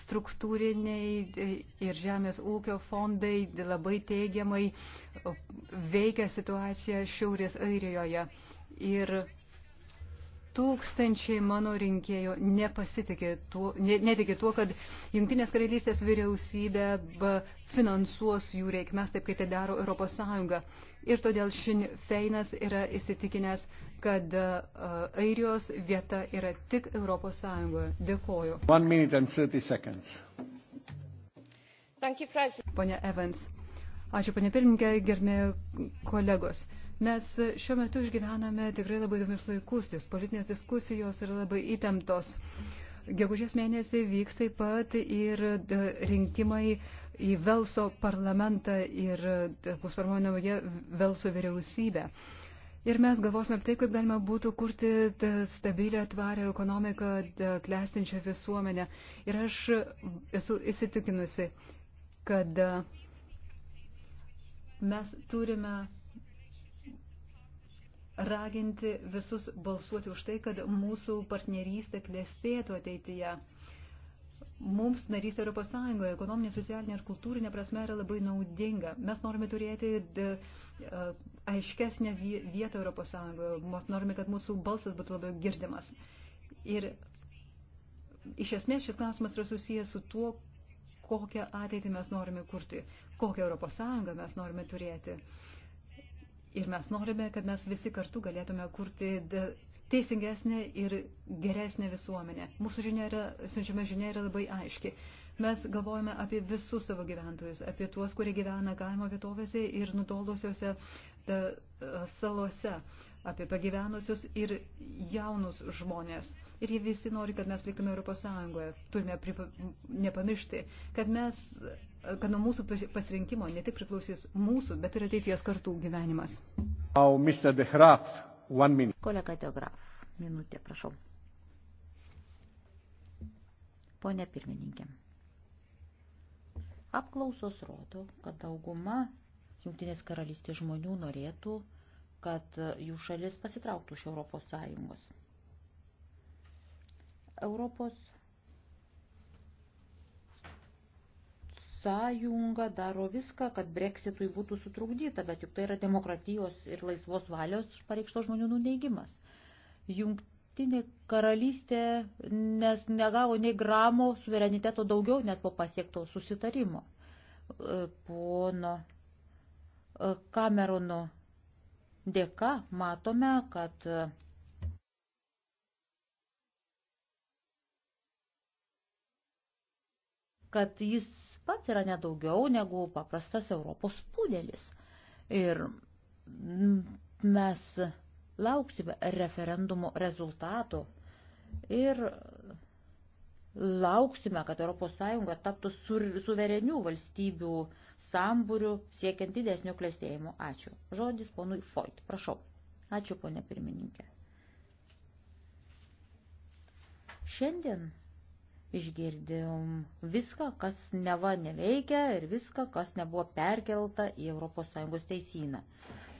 Struktūriniai e, ir žemės ūkio fondai labai teigiamai veikia situaciją Šiaurės Airijoje. Ir tūkstančiai mano rinkėjų nepasitikė tuo, netikė tuo, kad Junktinės karalystės vyriausybė finansuos jų reikmes taip, kaip tai daro Europos Sąjunga. Ir todėl Šin Feinas yra įsitikinęs, kad uh, Airijos vieta yra tik Europos Sąjungoje. Dėkoju. You, Pone Evans. Ačiū, ponė pirmininkė, gerbėjai kolegos. Uh, Mes šiuo metu išgyvename tikrai labai įdomius laikus, nes politinės diskusijos yra labai įtemptos. Gegužės mėnesį vyks taip pat ir e, rinkimai į Velso parlamentą ir e, bus formuojama Velso vyriausybė. Ir mes galvosime apie tai, kaip galima būtų kurti e, stabilę, tvarę ekonomiką, klestinčią visuomenę. Ir aš esu įsitikinusi, kad mes turime raginti visus balsuoti už tai, kad mūsų partnerystė klestėtų ateityje. Mums narystė Europos Sąjungoje ekonominė, socialinė ir kultūrinė prasme yra labai naudinga. Mes norime turėti e, e, aiškesnę vietą Europos Sąjungoje. Mes norime, kad mūsų balsas būtų labiau girdimas. Ir iš esmės šis klausimas yra susijęs su tuo, kokią ateitį mes norime kurti, kokią Europos Sąjungą mes norime turėti. Uh, Ir mes norime, kad mes visi kartu galėtume kurti teisingesnė ir geresnė visuomenė. Mūsų žinia yra, siunčiama žinia yra labai aiški. Mes galvojame apie visus savo gyventojus, apie tuos, kurie gyvena kaimo vietovėse ir nutoldusiuose e, salose, apie pagyvenusius ir jaunus žmonės. Ir jie visi nori, kad mes liktume Europos Sąjungoje. Turime pripa, nepamiršti, kad mes kad nuo mūsų pasirinkimo ne tik priklausys mūsų, bet ir ateities kartų gyvenimas. Now, Mr. De Graaf, one minute. Kolega De Graaf, minutė, prašau. Pone pirmininkė. Apklausos rodo, kad dauguma Junktinės karalystės žmonių norėtų, kad jų šalis pasitrauktų iš Europos Sąjungos. Europos Sąjunga daro viską, kad breksitui būtų sutrukdyta, bet juk tai yra demokratijos ir laisvos valios pareikšto žmonių nuneigimas. Jungt Jungtinė karalystė nes negavo nei gramo suvereniteto daugiau net po pasiekto susitarimo. E, pono Kamerono e, dėka matome, kad e, kad jis pats yra nedaugiau negu paprastas Europos pūdėlis. Ir mes Lauksime referendumo rezultato ir lauksime, kad ES taptų suverenių valstybių sambūrių siekiant didesnio klėstėjimo. Ačiū. Žodis ponui Foyt. Prašau. Ačiū, ponė pirmininkė. Šiandien išgirdėm viską, kas neva neveikia ir viską, kas nebuvo perkelta į ES teisyną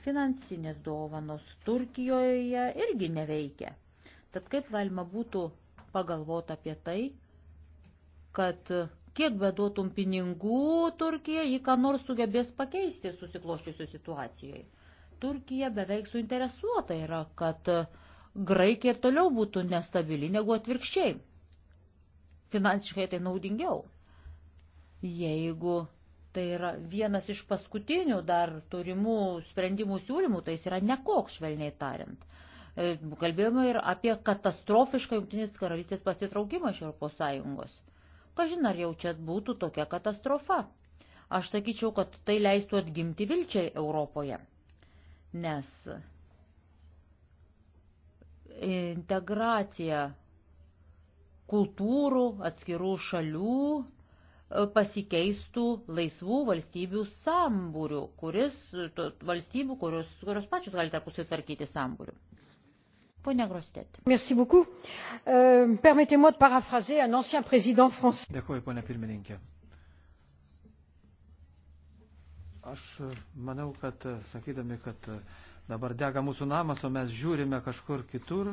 finansinės dovanos Turkijoje irgi neveikia. Tad kaip galima būtų pagalvoti apie tai, kad kiek beduotum pinigų Turkija, jį ką nors sugebės pakeisti susikloščiusiu situacijoje. Turkija beveik suinteresuota yra, kad Graikija ir toliau būtų nestabili negu atvirkščiai. Finansiškai tai naudingiau. Jeigu Tai yra vienas iš paskutinių dar turimų sprendimų siūlymų, tai jis yra nekoks, švelniai tariant. E, kalbėjome ir apie katastrofišką Junktinės karalystės pasitraukimą iš Europos Sąjungos. Kažin ar jau čia būtų tokia katastrofa? Aš sakyčiau, kad tai leistų atgimti vilčiai Europoje. Nes integracija kultūrų, atskirų šalių, pasikeistų laisvų valstybių sambūrių, kuris, to, valstybių, kurios, kurios pačios gali tarpusai tvarkyti sambūrių. Pone Grostet. Merci beaucoup. Euh, Permettez-moi de paraphraser un ancien président français. Dėkuoju, pone pirmininkė. Aš e, manau, kad e, sakydami, kad e, dabar dega mūsų namas, o mes žiūrime kažkur kitur,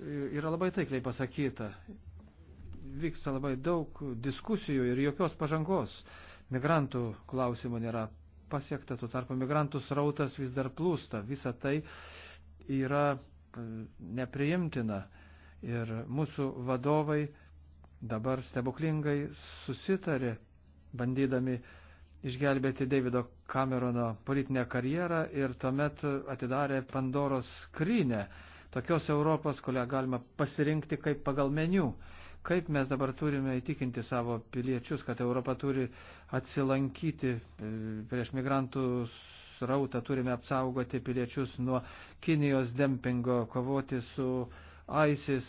yra labai taikliai pasakyta vyksta labai daug diskusijų ir jokios pažangos. Migrantų klausimo nėra pasiekta, tuo tarpu migrantų srautas vis dar plūsta. Visa tai yra e, nepriimtina. Ir mūsų vadovai dabar stebuklingai susitarė, bandydami išgelbėti Davido Camerono politinę karjerą ir tuomet atidarė Pandoros skrynę tokios Europos, kurią galima pasirinkti kaip pagal meniu. Kaip mes dabar turime įtikinti savo piliečius, kad Europa turi atsilankyti e, prieš migrantų srautą, turime apsaugoti piliečius nuo Kinijos dempingo, kovoti su ISIS,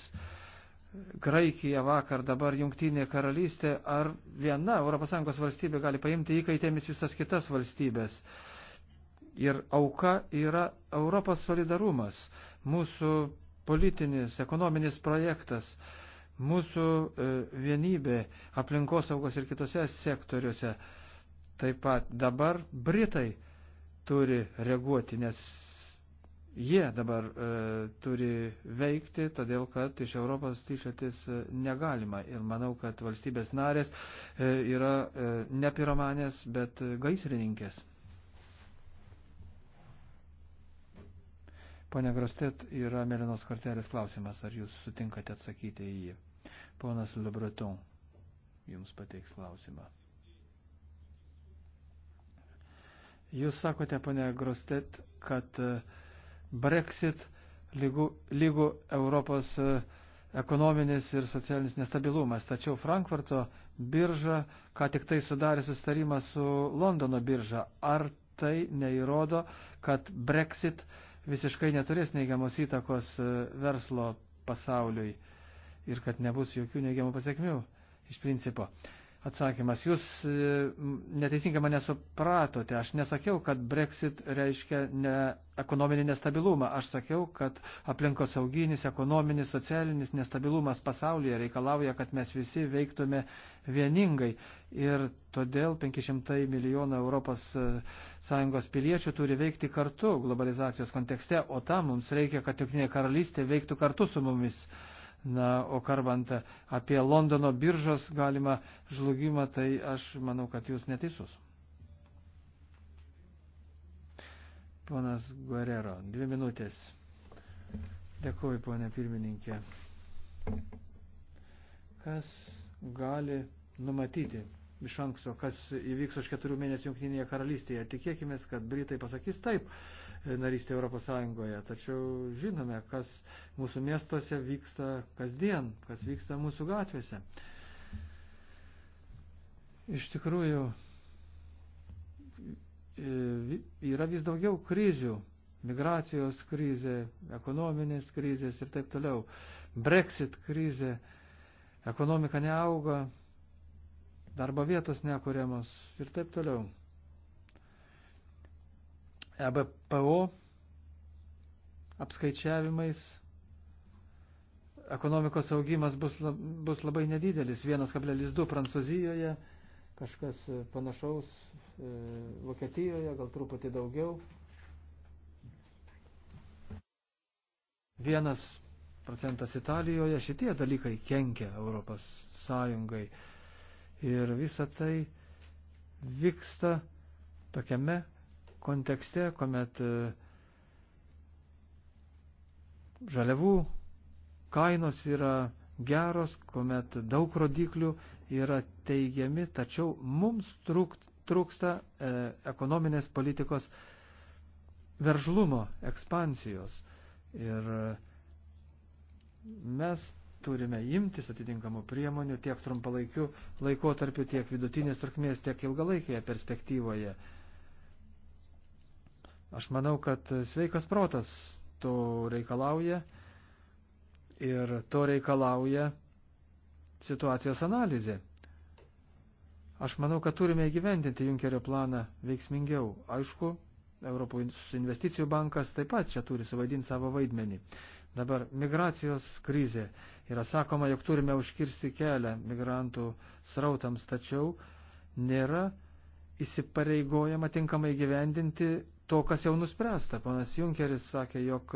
Graikija vakar, dabar Jungtinė karalystė, ar viena ES valstybė gali paimti įkaitėmis visas kitas valstybės. Ir auka yra Europos solidarumas, mūsų politinis, ekonominis projektas Mūsų e, vienybė aplinkosaugos ir kitose sektoriuose taip pat dabar Britai turi reaguoti, nes jie dabar e, turi veikti, todėl kad iš Europos tyšėtis e, negalima. Ir manau, kad valstybės narės e, yra e, ne piromanės, bet e, gaisrininkės. Pone Grostet, yra Melinos kortelės klausimas, ar jūs sutinkate atsakyti į jį. Ponas Lebreton jums pateiks klausimą. Jūs sakote, ponė Grostet, kad e, Brexit lygu, lygu Europos e, ekonominis ir socialinis nestabilumas. Tačiau Frankfurto birža, ką tik tai sudarė sustarimą su Londono birža, ar tai neįrodo, kad Brexit uh, visiškai neturės neigiamos įtakos e, verslo pasauliui ir kad nebus jokių neigiamų pasiekmių iš principo atsakymas. Jūs e, neteisingai mane supratote. Aš nesakiau, kad Brexit reiškia ne ekonominį nestabilumą. Aš sakiau, kad aplinkos sauginis, ekonominis, socialinis nestabilumas pasaulyje reikalauja, kad mes visi veiktume vieningai. Ir todėl 500 milijonų ES e, piliečių turi veikti kartu globalizacijos kontekste, o tam mums reikia, kad Junktinė karalystė veiktų kartu su mumis. Na, o kalbant apie Londono biržos galimą žlugimą, tai aš manau, kad jūs neteisus. Ponas Guerrero, dvi minutės. Dėkuoju, ponė pirmininkė. Kas gali numatyti iš anksto, kas įvyks už keturių mėnesių Junktinėje karalystėje? Tikėkime, kad Britai pasakys taip. Uh, narystė Europos Sąjungoje. Tačiau žinome, kas mūsų miestuose vyksta kasdien, kas vyksta mūsų gatvėse. Iš tikrųjų, e, yra vis daugiau krizių. Migracijos krizė, ekonominės krizės ir taip toliau. Brexit krizė, ekonomika neauga, darbo vietos nekuriamos ir taip toliau. EBPO apskaičiavimais ekonomikos augimas bus, bus labai nedidelis, 1,2 Prancūzijoje, kažkas e, panašaus e, Vokietijoje, gal truputį daugiau. Vienas procentas Italijoje, šitie dalykai kenkia Europos Sąjungai. Ir visa tai vyksta tokiame kontekste, kuomet e, žaliavų kainos yra geros, kuomet daug rodiklių yra teigiami, tačiau mums trūk, trūksta e, ekonominės politikos veržlumo, ekspansijos. Ir e, mes turime imtis atitinkamų priemonių tiek trumpalaikiu laikotarpiu, tiek vidutinės trukmės, tiek ilgalaikėje perspektyvoje. Aš manau, kad sveikas protas to reikalauja ir to reikalauja situacijos analizė. Aš manau, kad turime įgyvendinti Junkerio planą veiksmingiau. Aišku, Europos investicijų bankas taip pat čia turi suvaidinti savo vaidmenį. Dabar migracijos krizė. Yra sakoma, jog turime užkirsti kelią migrantų srautams, tačiau nėra įsipareigojama tinkamai gyvendinti to, kas jau nuspręsta. Panas Junkeris sakė, jog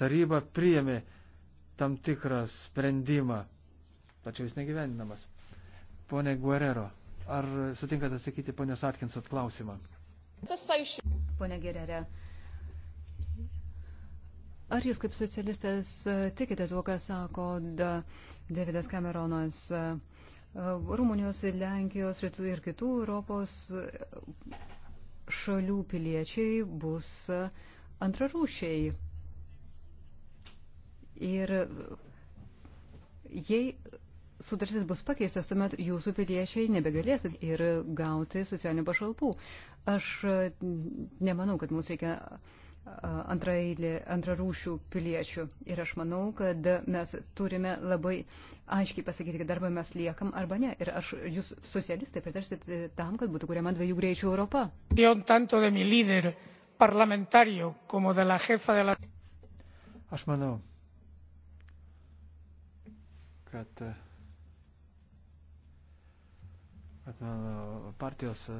taryba priėmė tam tikrą sprendimą, tačiau jis negyvendinamas. Pone Guerrero, ar sutinkate atsakyti ponios Atkinsot klausimą? Pone Gerere, ar jūs kaip socialistas tikite tuo, ką sako Davidas Cameronas? Rumunijos, Lenkijos, Rytų ir kitų Europos šalių piliečiai bus antrarūšiai. Ir jei sutartis bus pakeistas, tuomet jūsų piliečiai nebegalės ir gauti socialinių pašalpų. Aš nemanau, kad mums reikia antrarūšių piliečių. Ir aš manau, kad mes turime labai aiškiai pasakyti, kad darbą mes liekam arba ne. Ir aš, jūs socialistai pritarsit e, tam, kad būtų kuriama dviejų greičių Europa. Aš manau, kad, e, kad mano partijos e,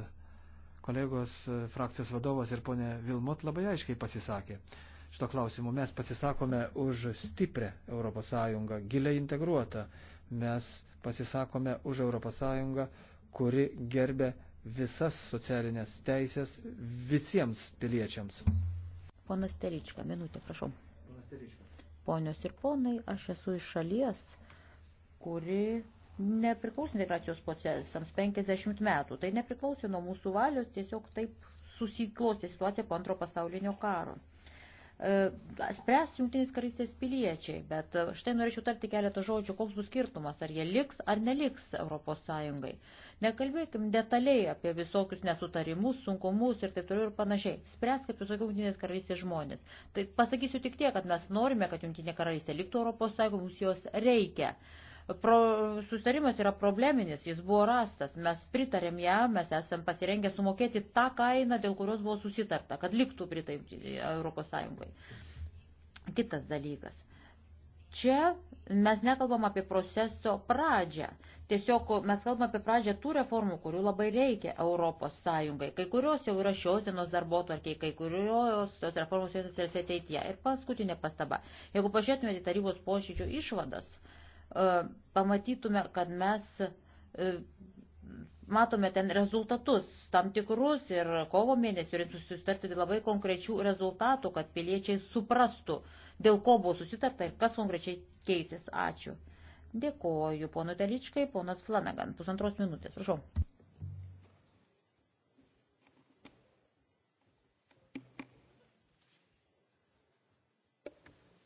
kolegos frakcijos vadovas ir ponė Vilmot labai aiškiai pasisakė. Uh, šito klausimu. Mes pasisakome už stiprią ES, giliai integruotą. Mes pasisakome už ES, kuri gerbė visas socialinės teisės visiems piliečiams. Ponas Terička, minutė, prašau. Ponas Terička. Ponios ir ponai, aš esu iš šalies, kuri nepriklausė integracijos procesams 50 metų. Tai nepriklausė nuo mūsų valios, tiesiog taip susiklostė situacija po antro pasaulinio karo. E, spręs jungtinės karalystės piliečiai, bet e, štai norėčiau tarti keletą žodžių, koks bus skirtumas, ar jie liks ar neliks Europos Sąjungai. Nekalbėkim detaliai apie visokius nesutarimus, sunkumus ir taip toliau ir panašiai. Spręs, kaip jūs sakiau, jungtinės karalystės žmonės. Tai pasakysiu tik tiek, kad mes norime, kad jungtinė karalystė liktų Europos Sąjungoje, mums jos reikia. Uh, Pro, sustarimas yra probleminis, jis buvo rastas, mes pritarėm ją, mes esam pasirengę sumokėti tą kainą, dėl kurios buvo susitarta, kad liktų Britai Europos Sąjungai. Kitas dalykas. Čia mes nekalbam apie proceso pradžią. Tiesiog mes kalbam apie pradžią tų reformų, kurių labai reikia Europos Sąjungai. Kai kurios jau yra šios dienos darbo tvarkiai, kai kurios tos reformos jos atsiras ateityje. Ir paskutinė pastaba. Jeigu pažiūrėtumėte tarybos posėdžių išvadas, uh, E, pamatytume, kad mes e, matome ten rezultatus tam tikrus ir kovo mėnesį turėtų susitarti labai konkrečių rezultatų, kad piliečiai suprastų, dėl ko buvo susitarta ir kas konkrečiai keisis. Ačiū. Dėkoju, ponu Teličkai, ponas Flanagan. Pusantros minutės, prašau.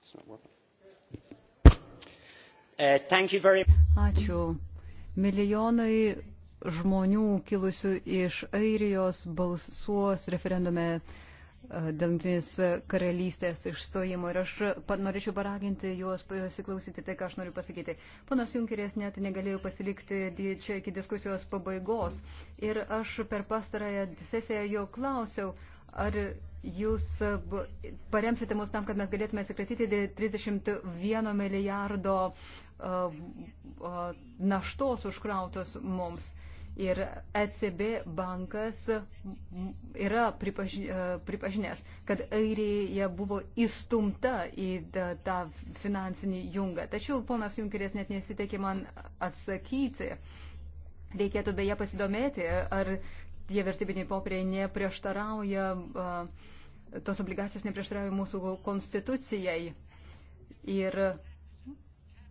It's not working. Uh, Ačiū. Milijonai žmonių kilusių iš Airijos balsuos referendume uh, dantis karalystės išstojimo. Ir aš pat norėčiau paraginti juos pasiklausyti tai, ką aš noriu pasakyti. Panas Junkeris net negalėjo pasilikti čia iki diskusijos pabaigos. Ir aš per pastarąją sesiją jo klausiau, ar jūs paremsite mus tam, kad mes galėtume atsikratyti 31 milijardo naštos užkrautos mums. Ir ECB bankas yra pripaži, pripažinęs, kad Airija buvo įstumta į tą finansinį jungą. Tačiau ponas Junkeris net nesitekė man atsakyti. Reikėtų beje pasidomėti, ar tie vertybiniai popieriai neprieštarauja, tos obligacijos neprieštarauja mūsų konstitucijai. Ir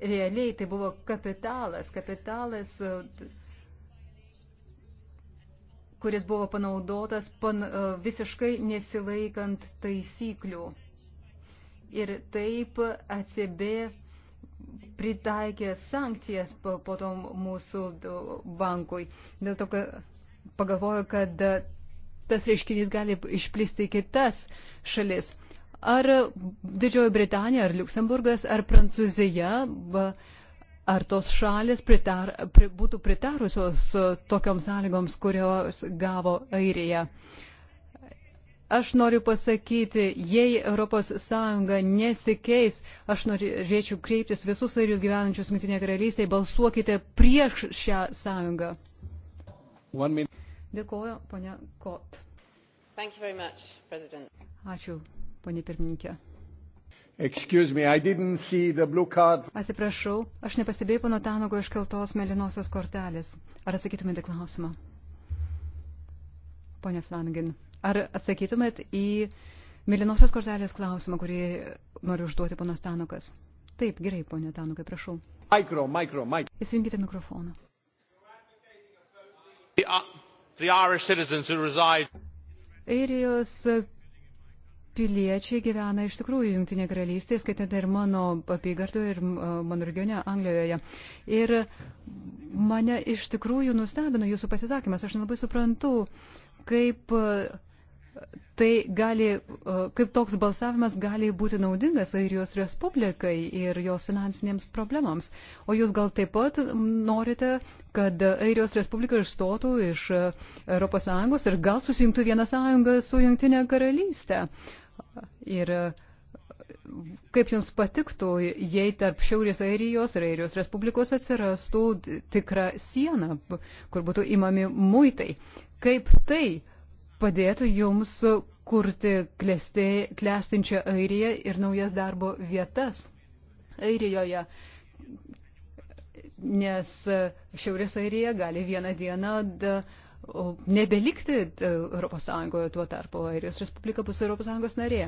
realiai tai buvo kapitalas, kapitalas, e, kuris buvo panaudotas pan, e, visiškai nesilaikant taisyklių. Ir taip atsibė pritaikė sankcijas po, po to mūsų bankui. Dėl to, kad pagalvojo, kad tas reiškinys gali išplisti kitas šalis. Ar Didžioji Britanija, ar Luksemburgas, ar Prancūzija, ar tos šalis pritar, pri, būtų pritarusios tokioms sąlygoms, kurios gavo Airija? Aš noriu pasakyti, jei ES nesikeis, aš norėčiau kreiptis visus airius gyvenančius Jungtinėje karalystėje, balsuokite prieš šią sąjungą. Dėkuoju, ponia Kot. Much, President. Ačiū, ponė pirmininkė. Me, Atsiprašau, aš nepastebėjau pono Tanogo iškeltos melinosios kortelės. Ar atsakytumėte klausimą? Pone Flangin, ar atsakytumėt į melinosios kortelės klausimą, kurį nori užduoti ponas Tanokas? Taip, gerai, ponė Tanokai, prašau. Mikro, mikro, mikro. Įsijungite mikrofoną. Uh, Airijos piliečiai gyvena iš tikrųjų Junktinė karalystė, skaitant ir mano apygardoje, ir e, mano regione Anglijoje. Ir mane iš tikrųjų nustebino jūsų pasisakymas. Aš nelabai suprantu, kaip e, tai gali, e, kaip toks balsavimas gali būti naudingas Airijos Respublikai ir jos finansinėms problemams. O jūs gal taip pat norite, kad Airijos Respublika išstotų iš ES ir gal susijungtų vieną sąjungą su Junktinė karalystė. Ir kaip jums patiktų, jei tarp Šiaurės Airijos ir Airijos Respublikos atsirastų tikra siena, kur būtų imami muitai? Kaip tai padėtų jums kurti klestė, klestinčią Airiją ir naujas darbo vietas Airijoje? Nes Šiaurės Airija gali vieną dieną da, uh, nebelikti ES tuo tarpu, Airijos Respublika bus ES narė.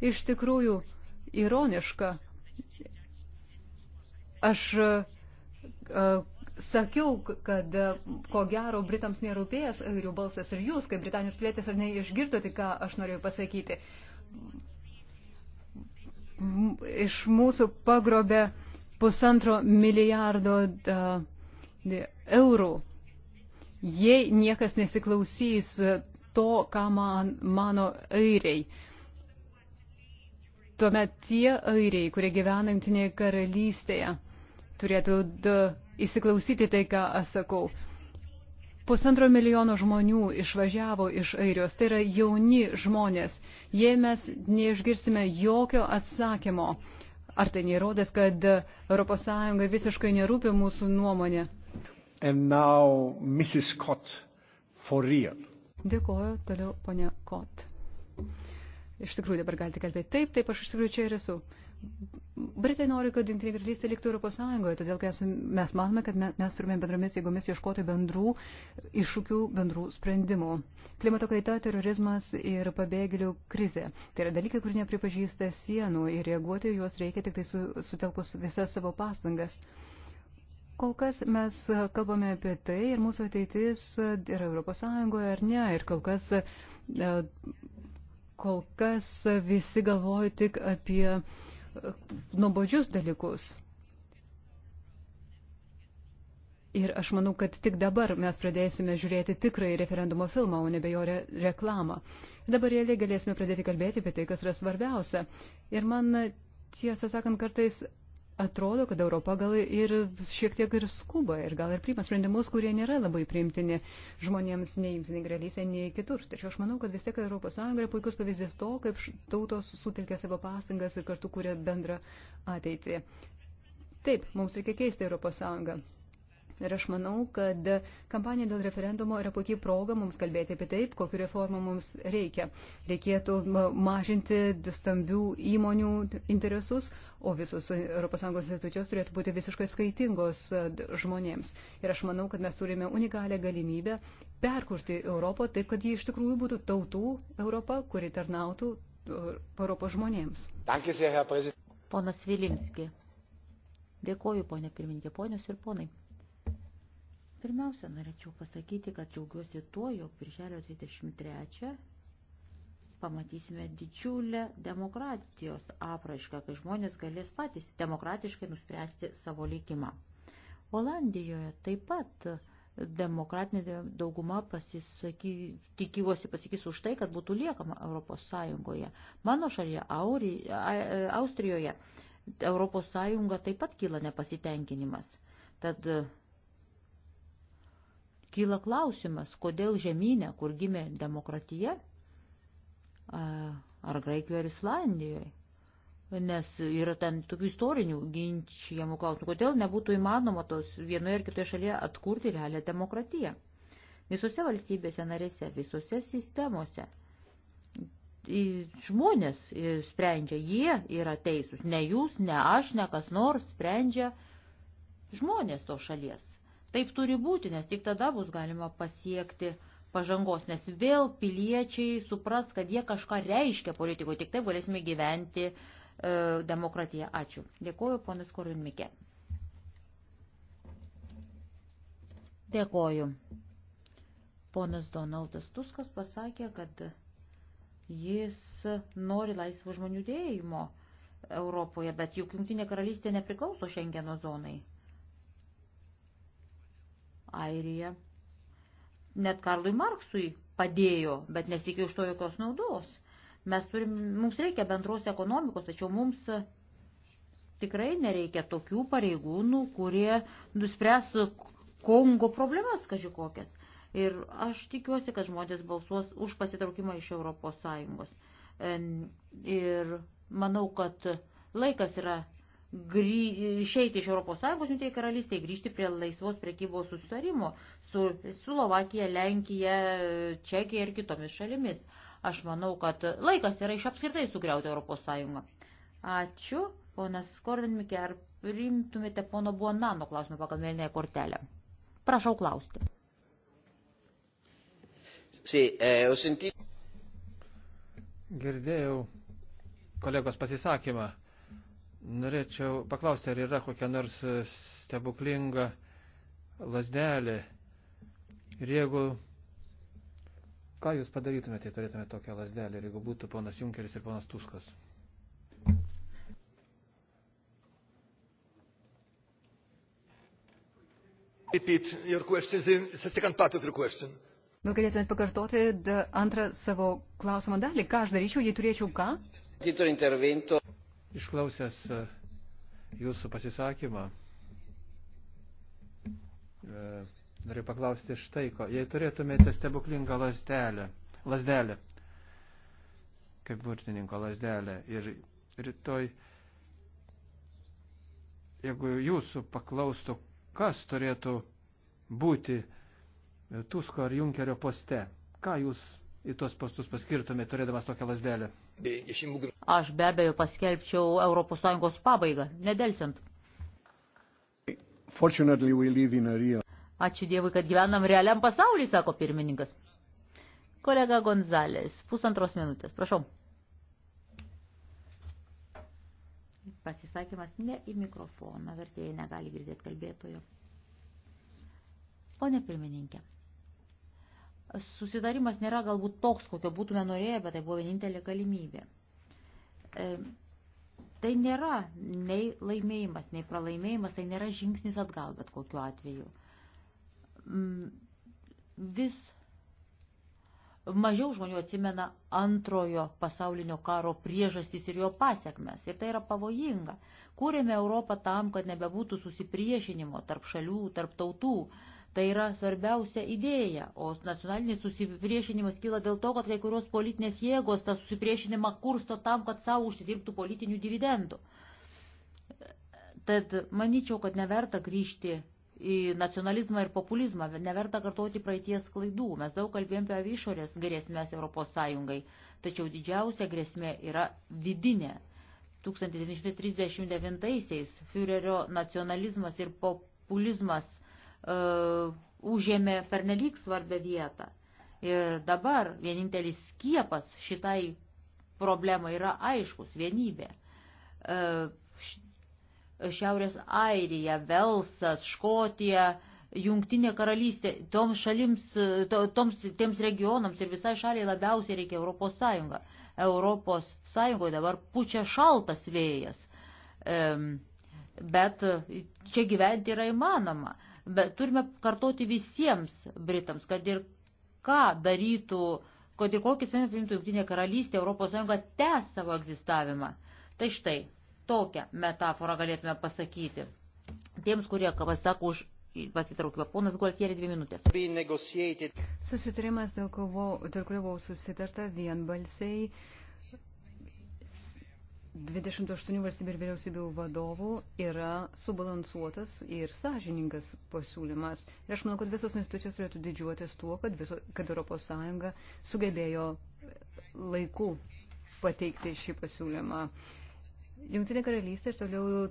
Iš tikrųjų, ironiška. Aš e, e, sakiau, kad e, ko gero Britams nerūpėjęs airių balsas ir jūs, kaip Britanijos pilietis, ar neišgirdote, ką aš norėjau pasakyti. Iš mūsų pagrobė pusantro milijardo eurų jei niekas nesiklausys to, ką man, mano airiai. Tuomet tie airiai, kurie gyvena Jungtinėje karalystėje, turėtų įsiklausyti tai, ką aš sakau. Pusantro milijono žmonių išvažiavo iš Airijos, tai yra jauni žmonės. Jei mes neišgirsime jokio atsakymo, ar tai neįrodės, kad ES visiškai nerūpi mūsų nuomonė, And now Mrs. Scott for real. Dėkuoju, toliau ponia Kot. Iš tikrųjų dabar galite kalbėti. Taip, taip, aš iš tikrųjų čia ir esu. Britai nori, kad Junktinė karalystė liktų Europos Sąjungoje, todėl mes manome, kad mes turime bendromis jėgomis ieškoti bendrų iššūkių, bendrų sprendimų. Klimato kaita, terorizmas ir pabėgėlių krizė. Tai yra dalykai, kur nepripažįsta sienų ir reaguoti juos reikia tik tai su, sutelkus visas savo pastangas. Uh, Kol kas mes kalbame apie tai ir mūsų ateitis yra Europos Sąjungoje ar ne. Ir kol kas, e, kol kas visi galvoja tik apie e, nuobodžius dalykus. Ir aš manau, kad tik dabar mes pradėsime žiūrėti tikrąjį referendumo filmą, o nebe jo re reklamą. Dabar realiai galėsime pradėti kalbėti apie tai, kas yra svarbiausia. Ir man, tiesą sakant, kartais atrodo, kad Europa gal ir šiek tiek ir skuba ir gal ir priima sprendimus, kurie nėra labai priimtini žmonėms nei Junktinė karalystė, nei kitur. Tačiau aš manau, kad vis tiek ES yra puikus pavyzdys to, kaip tautos sutelkia savo pastangas ir kartu kuria bendrą ateitį. Taip, mums reikia keisti ES. Ir aš manau, kad kampanija dėl referendumo yra puikiai proga mums kalbėti apie taip, kokiu reformu mums reikia. Reikėtų mažinti stambių įmonių interesus, o visos ES institucijos turėtų būti visiškai skaitingos žmonėms. Ir aš manau, kad mes turime unikalią galimybę perkurti Europą taip, kad ji iš tikrųjų būtų tautų Europa, kuri tarnautų Europos žmonėms. Ponas Vilinski. Dėkoju, ponė pirmininkė, ponios ir ponai. Pirmiausia, norėčiau pasakyti, kad džiaugiuosi tuo, jog birželio 23 pamatysime didžiulę demokratijos apraišką, kai žmonės galės patys demokratiškai nuspręsti savo likimą. Olandijoje taip pat demokratinė dauguma pasisaky, tikiuosi pasakys už tai, kad būtų liekama Europos Sąjungoje. Mano šalyje, Auri, Austrijoje, Europos Sąjunga taip pat kyla nepasitenkinimas. Tad kyla klausimas, kodėl žemynė, kur gimė demokratija, ar Graikijoje, ar Islandijoje, nes yra ten tokių istorinių ginčiamų klausimų, kodėl nebūtų įmanoma tos vienoje ar kitoje šalyje atkurti realią demokratiją. Visose valstybėse narėse, visose sistemose žmonės sprendžia, jie yra teisūs, ne jūs, ne aš, ne kas nors sprendžia žmonės to šalies. Taip turi būti, nes tik tada bus galima pasiekti pažangos, nes vėl piliečiai supras, kad jie kažką reiškia politikoje, tik taip galėsime gyventi e, demokratiją. Ačiū. Dėkuoju, ponas Korin Mikė. Dėkuoju. Ponas Donaldas Tuskas pasakė, kad jis nori laisvo žmonių dėjimo Europoje, bet juk Junktinė karalystė nepriklauso Šengeno zonai. Airija net Karlui Marksui padėjo, bet nesitikėjau iš to jokios naudos. Mes turim, mums reikia bendros ekonomikos, tačiau mums tikrai nereikia tokių pareigūnų, kurie nuspręs Kongo problemas kažkokias. Ir aš tikiuosi, kad žmonės balsuos už pasitraukimą iš Europos Sąjungos. Ir manau, kad laikas yra grį, išeiti iš ES, jungtiniai karalystėje, grįžti prie laisvos prekybos susitarimo su Slovakija, Lenkija, Čekija ir kitomis šalimis. Aš manau, kad laikas yra iš apskritai sugriauti ES. Ačiū, ponas Korvin Mikė, ar priimtumėte pono Buonano klausimą pagal mėlynąją kortelę? Prašau klausti. Sì, eh, ho sentito... Girdėjau kolegos pasisakymą Norėčiau paklausti, ar yra kokia nors stebuklinga lasdelė. Ir jeigu, ką jūs padarytumėte, jei turėtumėte tokią lasdelę, ir jeigu būtų ponas Junkeris ir ponas Tuskas? Gal galėtumėt pakartoti antrą savo klausimo dalį, ką aš daryčiau, jei turėčiau ką? Intervento Išklausęs e, jūsų pasisakymą, e, noriu paklausti štai ko. Jei turėtumėte stebuklingą lasdelę, lasdelę kaip burtininko lasdelę, ir rytoj, jeigu jūsų paklaustų, kas turėtų būti Tusko ar Junkerio poste, ką jūs į tos postus paskirtumė, turėdamas tokią lasdelę? Aš be abejo paskelbčiau ES pabaigą, nedelsiant. Ačiū Dievui, kad gyvenam realiam pasaulyje, sako pirmininkas. Kolega Gonzalės, pusantros minutės, prašau. Pasisakymas ne į mikrofoną, vertėjai negali girdėti kalbėtojo. Pone pirmininkė. Susitarimas nėra galbūt toks, kokio būtume norėję, bet tai buvo vienintelė galimybė. E, tai nėra nei laimėjimas, nei pralaimėjimas, tai nėra žingsnis atgal, bet kokiu atveju. Mm, vis mažiau žmonių atsimena antrojo pasaulinio karo priežastys ir jo pasiekmes. Ir tai yra pavojinga. Kūrėme Europą tam, kad nebebūtų susipriešinimo tarp šalių, tarp tautų. E, Tai yra svarbiausia idėja, o nacionalinis susipriešinimas kyla dėl to, kad kai kurios politinės jėgos tą susipriešinimą kursto tam, kad savo užsidirbtų politinių dividendų. Tad manyčiau, kad neverta grįžti į nacionalizmą ir populizmą, neverta kartoti praeities klaidų. Mes daug kalbėjom apie išorės grėsmės Europos Sąjungai, tačiau didžiausia grėsmė yra vidinė. 1939-aisiais Führerio nacionalizmas ir populizmas uh, užėmė pernelyg svarbę vietą. Ir dabar vienintelis skiepas šitai problemai yra aiškus - vienybė. Uh, Šiaurės Airija, Velsas, Škotija, Jungtinė karalystė, toms šalims, to, toms, tiems regionams ir visai šaliai labiausiai reikia Europos Sąjunga. Europos Sąjungoje dabar pučia šaltas vėjas, bet čia gyventi yra įmanoma. Bet turime kartoti visiems Britams, kad ir ką darytų, kad ir kokį sprendimą priimtų Junktinė karalystė, ES tęs savo egzistavimą. Tai štai, tokią metaforą galėtume pasakyti. Tiems, kurie pasako už pasitraukimą. Ponas Gualtieri, dvi minutės. Susitarimas, dėl, kovo, dėl kurio buvo susitarta vienbalsiai 28 valstybių ir vyriausybių vadovų yra subalansuotas ir sąžiningas pasiūlymas. Ir aš manau, kad visos institucijos turėtų didžiuotis tuo, kad, viso, kad ES sugebėjo laiku pateikti šį pasiūlymą. Jungtinė karalystė ir toliau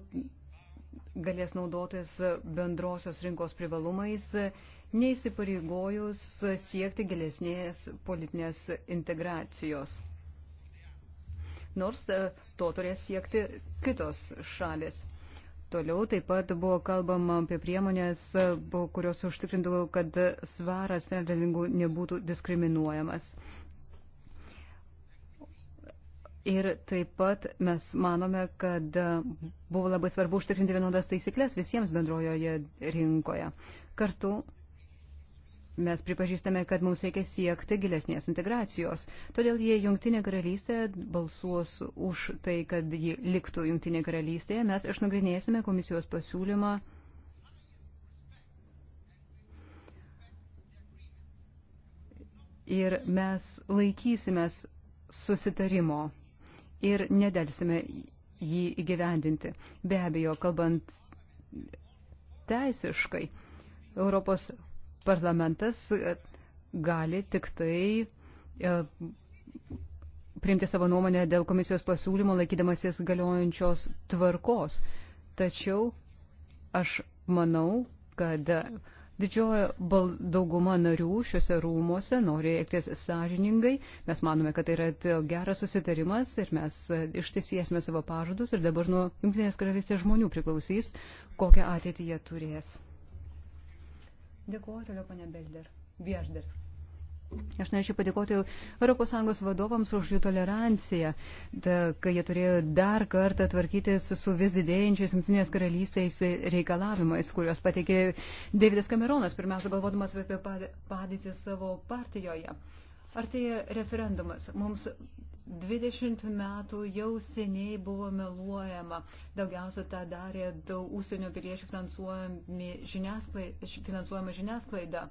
galės naudotis bendrosios rinkos privalumais, neįsipareigojus siekti gilesnės politinės integracijos nors e, to turės siekti kitos šalis. Toliau taip pat buvo kalbama apie priemonės, e, kurios užtikrintų, kad svaras nerdalingų nebūtų diskriminuojamas. Ir taip pat mes manome, kad e, buvo labai svarbu užtikrinti vienodas taisyklės visiems bendrojoje rinkoje. Kartu Mes pripažįstame, kad mums reikia siekti gilesnės integracijos. Todėl jei Junktinė karalystė balsuos už tai, kad ji liktų Junktinė karalystėje, mes išnagrinėsime komisijos pasiūlymą. Ir mes laikysimės susitarimo ir nedelsime jį įgyvendinti. Be abejo, kalbant teisiškai, Europos parlamentas e, gali tik tai e, priimti savo nuomonę dėl komisijos pasiūlymo laikydamasis galiojančios tvarkos. Tačiau aš manau, kad didžioji dauguma narių šiuose rūmose nori elgtis sąžiningai. Mes manome, kad tai yra geras susitarimas ir mes e, ištisiesime savo pažadus ir dabar nuo Junktinės karalystės žmonių priklausys, kokią ateitį jie turės. Dėkuoju toliau, ponė Belder. Biežder. Aš norėčiau padėkoti ES vadovams už jų toleranciją, da, kai jie turėjo dar kartą tvarkytis su vis didėjančiais Junktinės karalystės reikalavimais, kuriuos pateikė Davidas Cameronas, pirmiausia galvodamas apie padėtį savo partijoje. Uh, Ar tai referendumas? Mums 20 metų jau seniai buvo meluojama. Daugiausia tą darė daug užsienio piliečių finansuojama žiniasklaida.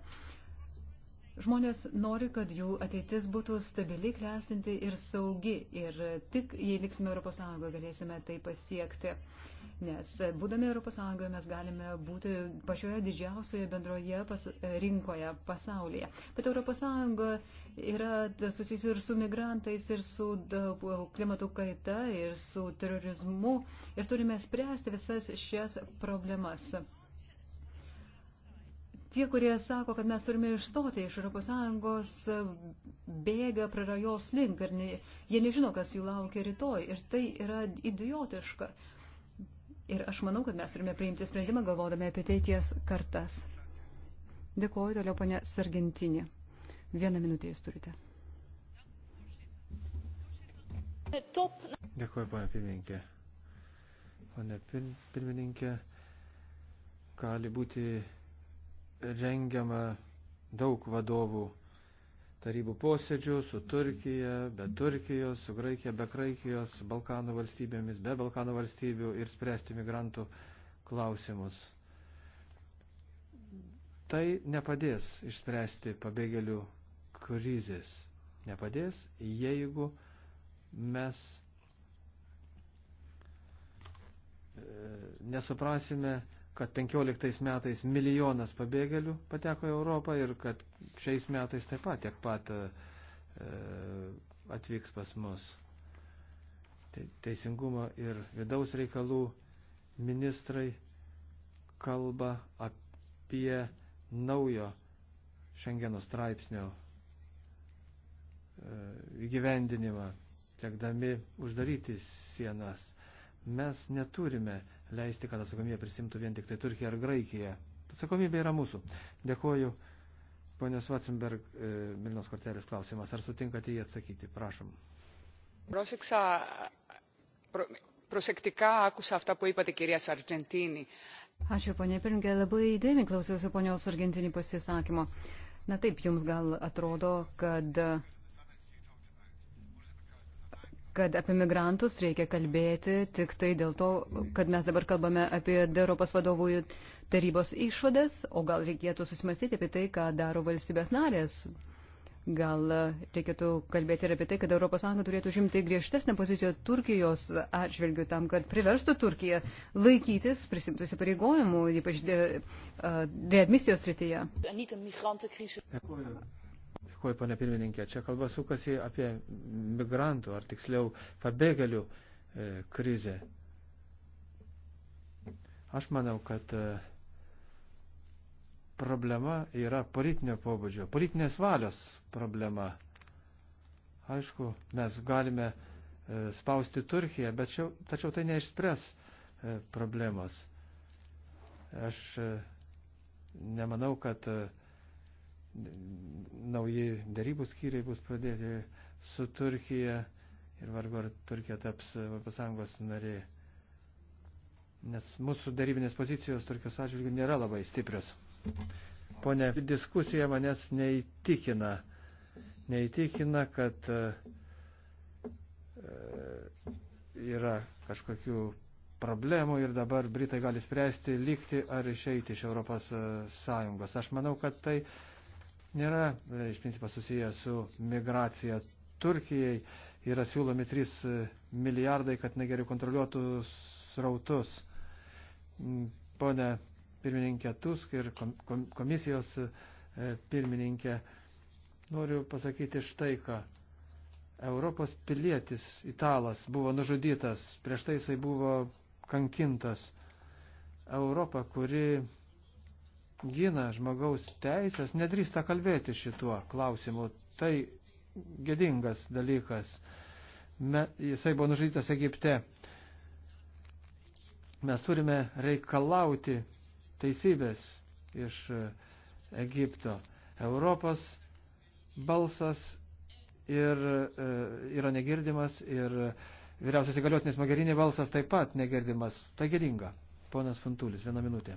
Žmonės nori, kad jų ateitis būtų stabili, klestinti ir saugi. Ir tik jei liksime Europos Sąjungoje, galėsime tai pasiekti nes e, būdami ES mes galime būti pačioje didžiausioje bendroje pas, e, rinkoje pasaulyje. Bet ES yra susijusi ir su migrantais, ir su klimatų kaita, ir su terorizmu, ir turime spręsti visas šias problemas tie, kurie sako, kad mes turime išstoti iš ES, bėga prarajos link ir ne, jie nežino, kas jų laukia rytoj. Ir tai yra idiotiška. Ir aš manau, kad mes turime priimti sprendimą galvodami apie ateities kartas. Dėkuoju toliau, ponė Sargentinė. Vieną minutę jūs turite. Dėkuoju, ponė pirmininkė. Ponė pirmininkė, gali būti rengiama daug vadovų tarybų posėdžių su Turkija, be Turkijos, su Graikija, be Graikijos, su Balkanų valstybėmis, be Balkanų valstybių ir spręsti migrantų klausimus. Tai nepadės išspręsti pabėgėlių krizės. Nepadės, jeigu mes e, nesuprasime kad 15 metais milijonas pabėgėlių pateko į Europą ir kad šiais metais taip pat tiek pat e, atvyks pas mus. Te, teisingumo ir vidaus reikalų ministrai kalba apie naujo Šengeno straipsnio e, įgyvendinimą, tekdami uždaryti sienas. Mes neturime leisti, kad atsakomybę prisimtų vien tik tai Turkija ar Graikija. Atsakomybė yra mūsų. Dėkuoju. Ponios Vatsenberg, e, Milnos kortelės klausimas. Ar sutinkate jį atsakyti? Prašom. Πρόσεξα, προ, προσεκτικά άκουσα αυτά που είπατε κυρία Σαρτζεντίνη. Ačiū, ponė Pirinkė, labai įdėmi klausiausi ponios Argentinį pasisakymo. Na taip, jums gal atrodo, kad uh, kad apie migrantus reikia kalbėti tik tai dėl to, kad mes dabar kalbame apie Europos vadovų tarybos išvadas, o gal reikėtų susimastyti apie tai, ką daro valstybės narės. Gal reikėtų kalbėti ir apie tai, kad ES turėtų žimti griežtesnę poziciją Turkijos atžvilgių tam, kad priverstų Turkiją laikytis prisimtų įsipareigojimų, ypač readmisijos srityje. Dėkuoju, pane pirmininkė. Čia kalba sukasi apie migrantų, ar tiksliau pabėgėlių e, krizę. Aš manau, kad e, problema yra politinio pobūdžio, politinės valios problema. Aišku, mes galime e, spausti Turkiją, bet šiau, tačiau tai neišspręs e, problemos. Aš e, nemanau, kad e, nauji darybų skyriai bus pradėti su Turkija ir vargu ar Turkija taps ES narė. Nes mūsų darybinės pozicijos Turkijos atžvilgių nėra labai stiprios. Pone, diskusija manęs neįtikina. Neįtikina, kad e, yra kažkokių problemų ir dabar Britai gali spręsti likti ar išeiti iš Europos e, Sąjungos. Aš manau, kad tai nėra e, iš principo susiję su migracija Turkijai. Yra siūlomi 3 e, milijardai, kad negeriau kontroliuotų srautus. Mm, pone pirmininkė Tusk ir komisijos e, pirmininkė, noriu pasakyti štai ką. Europos pilietis Italas buvo nužudytas, prieš tai jisai buvo kankintas. Europa, kuri gina žmogaus teisės, nedrįsta kalbėti šituo klausimu. Tai gedingas dalykas. Me, jisai buvo nužudytas Egipte. Mes turime reikalauti teisybės iš Egipto. Europos balsas ir e, yra negirdimas ir vyriausias įgaliotinis Magerinė balsas taip pat negirdimas. Tai gėdinga. Ponas Funtulis, vieną minutę.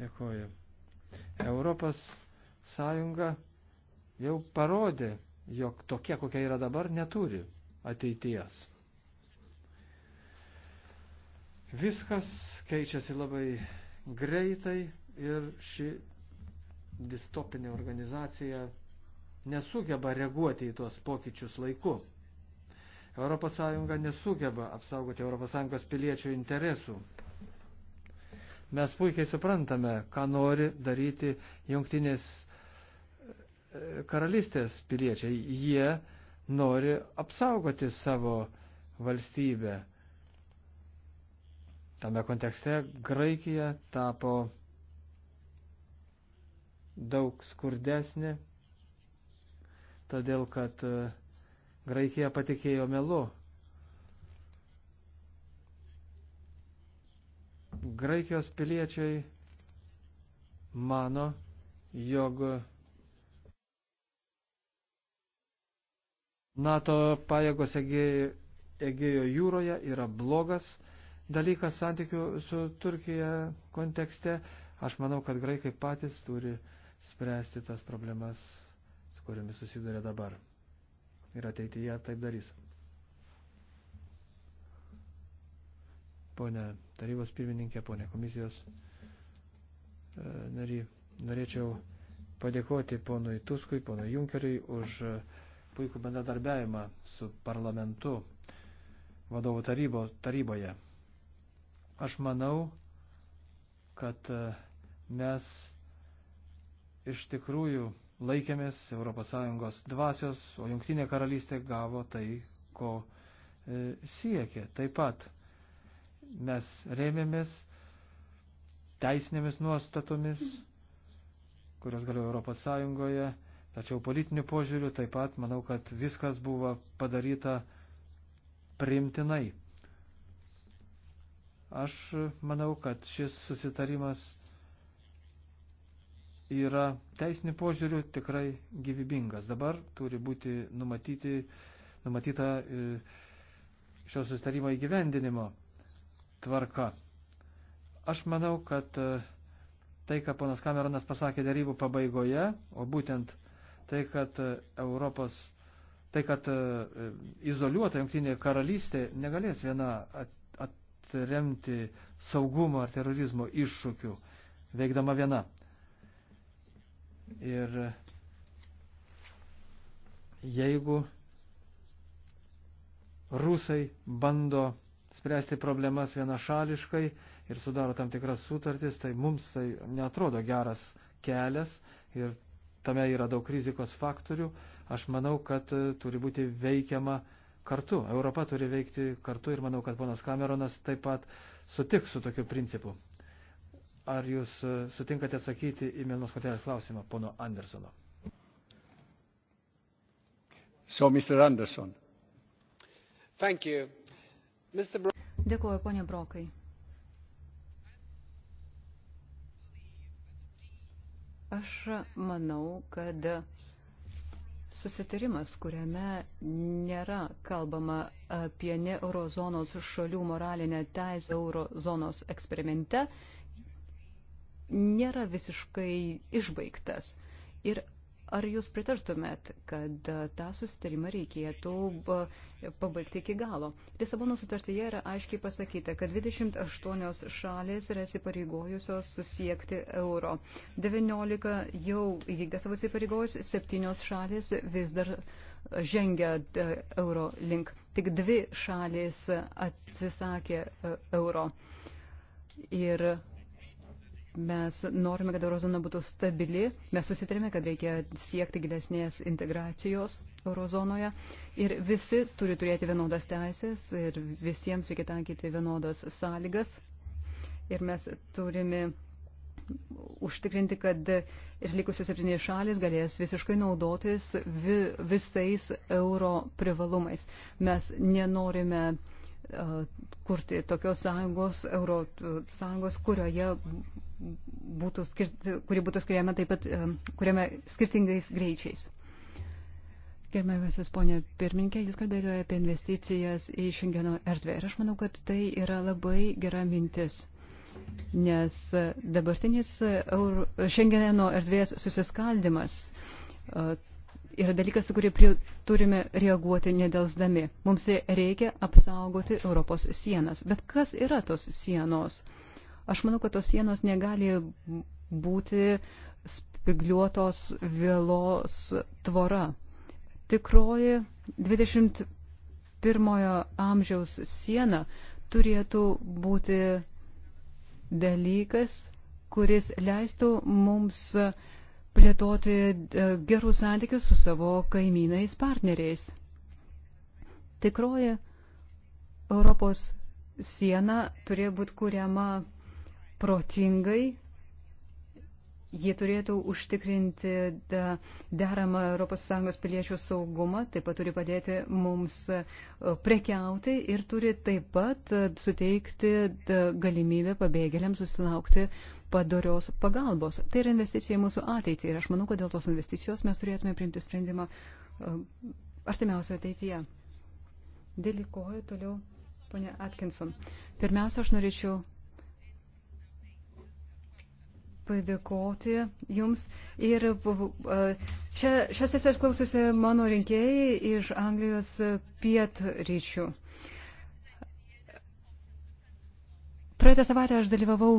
Dėkuoju. Europos Sąjunga jau parodė, jog tokia, kokia yra dabar, neturi ateities. Viskas keičiasi labai greitai ir ši distopinė organizacija nesugeba reaguoti į tuos pokyčius laiku. ES nesugeba apsaugoti ES piliečių interesų. Mes puikiai suprantame, ką nori daryti jungtinės e, karalystės piliečiai. Jie nori apsaugoti savo valstybę. Tame kontekste Graikija tapo daug skurdesnė, todėl kad e, Graikija patikėjo melu Graikijos piliečiai mano, jog NATO pajėgos Egėjo, Egėjo jūroje yra blogas dalykas santykių su Turkija kontekste. Aš manau, kad graikai patys turi spręsti tas problemas, su kuriomis susiduria dabar. Ir ateityje taip darys. ponė tarybos pirmininkė, ponė komisijos e, nary. Norėčiau padėkoti ponui Tuskui, ponui Junkeriui už e, puikų bendradarbiavimą su parlamentu vadovų tarybo, taryboje. Aš manau, kad e, mes iš tikrųjų laikėmės ES dvasios, o Junktinė karalystė gavo tai, ko siekė. Taip pat mes rėmėmės teisinėmis nuostatomis, kurios galėjo Europos Sąjungoje, tačiau politiniu požiūriu taip pat manau, kad viskas buvo padaryta primtinai. Aš manau, kad šis susitarimas yra teisiniu požiūriu tikrai gyvybingas. Dabar turi būti numatyti, numatyta e, šio susitarimo įgyvendinimo tvarka. Aš manau, kad e, tai, ką ponas Kameronas pasakė darybų pabaigoje, o būtent tai, kad e, Europos, tai, kad e, izoliuota jungtinė karalystė negalės viena atremti saugumo ar terorizmo iššūkių, veikdama viena. Ir jeigu rusai bando spręsti problemas vienašališkai ir sudaro tam tikras sutartis, tai mums tai netrodo geras kelias ir tame yra daug rizikos faktorių. Aš manau, kad e, turi būti veikiama kartu. Europa turi veikti kartu ir manau, kad ponas Cameronas taip pat sutiks su tokiu principu. Ar jūs e, sutinkate atsakyti į Milnos hotelės klausimą, pono Andersono? So, Mr. Anderson. Thank you. Dėkuoju, ponė Brokai. Aš manau, kad susitarimas, kuriame nėra kalbama apie ne eurozonos šalių moralinę teisę eurozonos eksperimente, nėra visiškai išbaigtas. Ir Ar jūs pritartumėt, kad e, tą susitarimą reikėtų pabaigti iki galo? Lisabono sutartyje yra aiškiai pasakyta, kad 28 šalės yra įsipareigojusios susiekti euro. 19 jau įvykdė savo įsipareigojus, 7 šalės vis dar žengia e, euro link. Tik dvi šalės atsisakė e, euro. Ir Mes norime, kad eurozona būtų stabili, mes susitarėme, kad reikia siekti gilesnės integracijos eurozonoje ir visi turi turėti vienodas teisės ir visiems reikia tankyti vienodas sąlygas. Ir mes turime užtikrinti, kad ir likusios septynės šalis galės visiškai naudotis vi, visais euro privalumais. Mes nenorime uh, kurti tokios sąjungos, Euro sąjungos, kurioje būtų skirti, kuri būtų skiriama taip pat, kuriame skirtingais greičiais. Gerbiamasis ponė pirmininkė, jūs kalbėjote apie investicijas į Šengeno erdvę ir aš manau, kad tai yra labai gera mintis, nes dabartinis Euro, Šengeno erdvės susiskaldimas yra dalykas, su kuriuo turime reaguoti nedelsdami. Mums reikia apsaugoti Europos sienas. Bet kas yra tos sienos? Aš manau, kad tos sienos negali būti spigliuotos vėlos tvora. Tikroji 21 amžiaus siena turėtų būti dalykas, kuris leistų mums uh, plėtoti e, gerus santykius su savo kaimynais partneriais. Tikroji Europos siena turėjo būti kuriama protingai, jie turėtų užtikrinti e, deramą ES piliečių saugumą, taip pat turi padėti mums e, prekiauti ir turi taip pat suteikti galimybę pabėgėliams susilaukti padorios pagalbos. Tai yra investicija į mūsų ateitį ir aš manau, kad dėl tos investicijos mes turėtume priimti sprendimą e, artimiausio ateityje. Dėlikoju toliau, ponė Atkinson. Pirmiausia, aš norėčiau padėkoti jums. Ir e, šią sesiją klausosi mano rinkėjai iš Anglijos pietryčių. Praeitą savaitę aš dalyvavau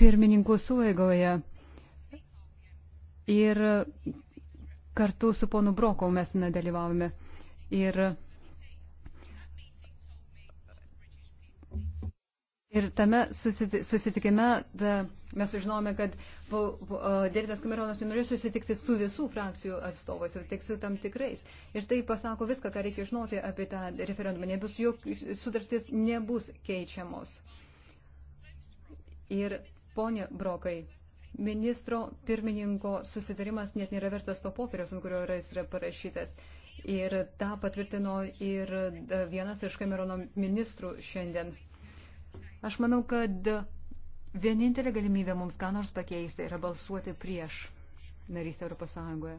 pirmininkų suvaigoje ir kartu su ponu Brokau mes dalyvavome. Ir, ir tame susitikime da, mes sužinome, kad Davidas Kameronas norės susitikti su visų frakcijų atstovais, tik su tam tikrais. Ir tai pasako viską, ką reikia žinoti apie tą referendumą. Nebus jok, sutartis nebus keičiamos. Uh, Ir ponė Brokai, ministro pirmininko susitarimas net nėra vertas to popieriaus, ant kurio jis yra parašytas. Ir tą patvirtino ir e, vienas iš Kamerono ministrų šiandien. Aš manau, kad vienintelė galimybė mums ką nors pakeisti yra balsuoti prieš narystę Europos Sąjungoje.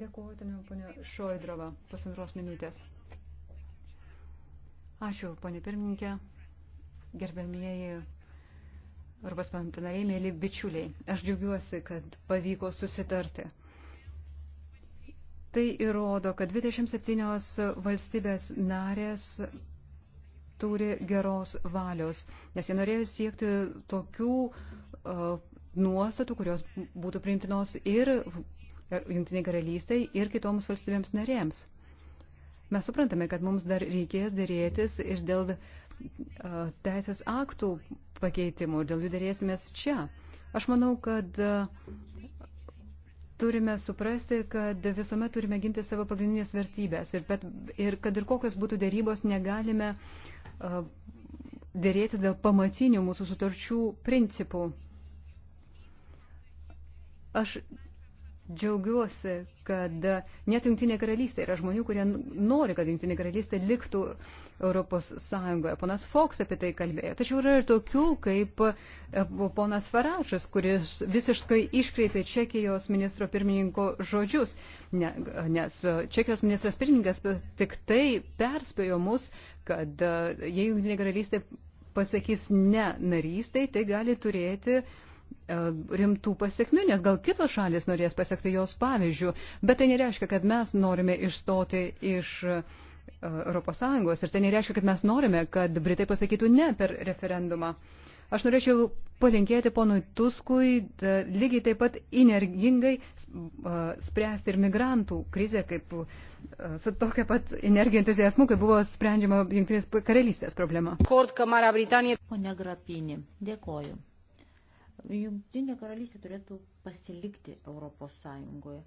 Dėkuoju, teniam, ponė Šoidrova, pusantros minutės. Ačiū, ponė pirmininkė gerbėmieji Europos parlamento nariai, mėly bičiuliai. Aš džiaugiuosi, kad pavyko susitarti. Tai įrodo, kad 27 valstybės narės turi geros valios, nes jie norėjo siekti tokių uh, nuostatų, kurios būtų priimtinos ir Junktiniai karalystiai, ir kitoms valstybėms narėms. Mes suprantame, kad mums dar reikės dėrėtis ir dėl uh, teisės aktų pakeitimų, dėl jų dėrėsimės čia. Aš manau, kad turime suprasti, kad visuomet turime ginti savo pagrindinės vertybės ir, bet, ir kad ir kokios būtų dėrybos, negalime dėrėtis dėl pamatinių mūsų sutarčių principų. Aš Džiaugiuosi, kad net Junktinė karalystė yra žmonių, kurie nori, kad Junktinė karalystė liktų Europos Sąjungoje. Ponas Fox apie tai kalbėjo. Tačiau yra ir tokių, kaip e, ponas Farašas, kuris visiškai iškreipė Čekijos ministro pirmininko žodžius, ne, nes Čekijos ministras pirmininkas tik tai perspėjo mus, kad e, jei Junktinė karalystė pasakys ne narystai, tai gali turėti uh, E, rimtų pasiekmių, nes gal kitos šalis norės pasiekti jos pavyzdžių, bet tai nereiškia, kad mes norime išstoti iš ES ir tai nereiškia, kad mes norime, kad Britai pasakytų ne per referendumą. Aš norėčiau palinkėti ponui Tuskui da, e, lygiai taip pat energingai e, spręsti ir migrantų krizę, kaip su tokia pat energija entuziasmu, kaip buvo sprendžiama Junktinės karalystės problema. Pone Grapinį, dėkoju. Jungtinė karalystė turėtų pasilikti Europos Sąjungoje.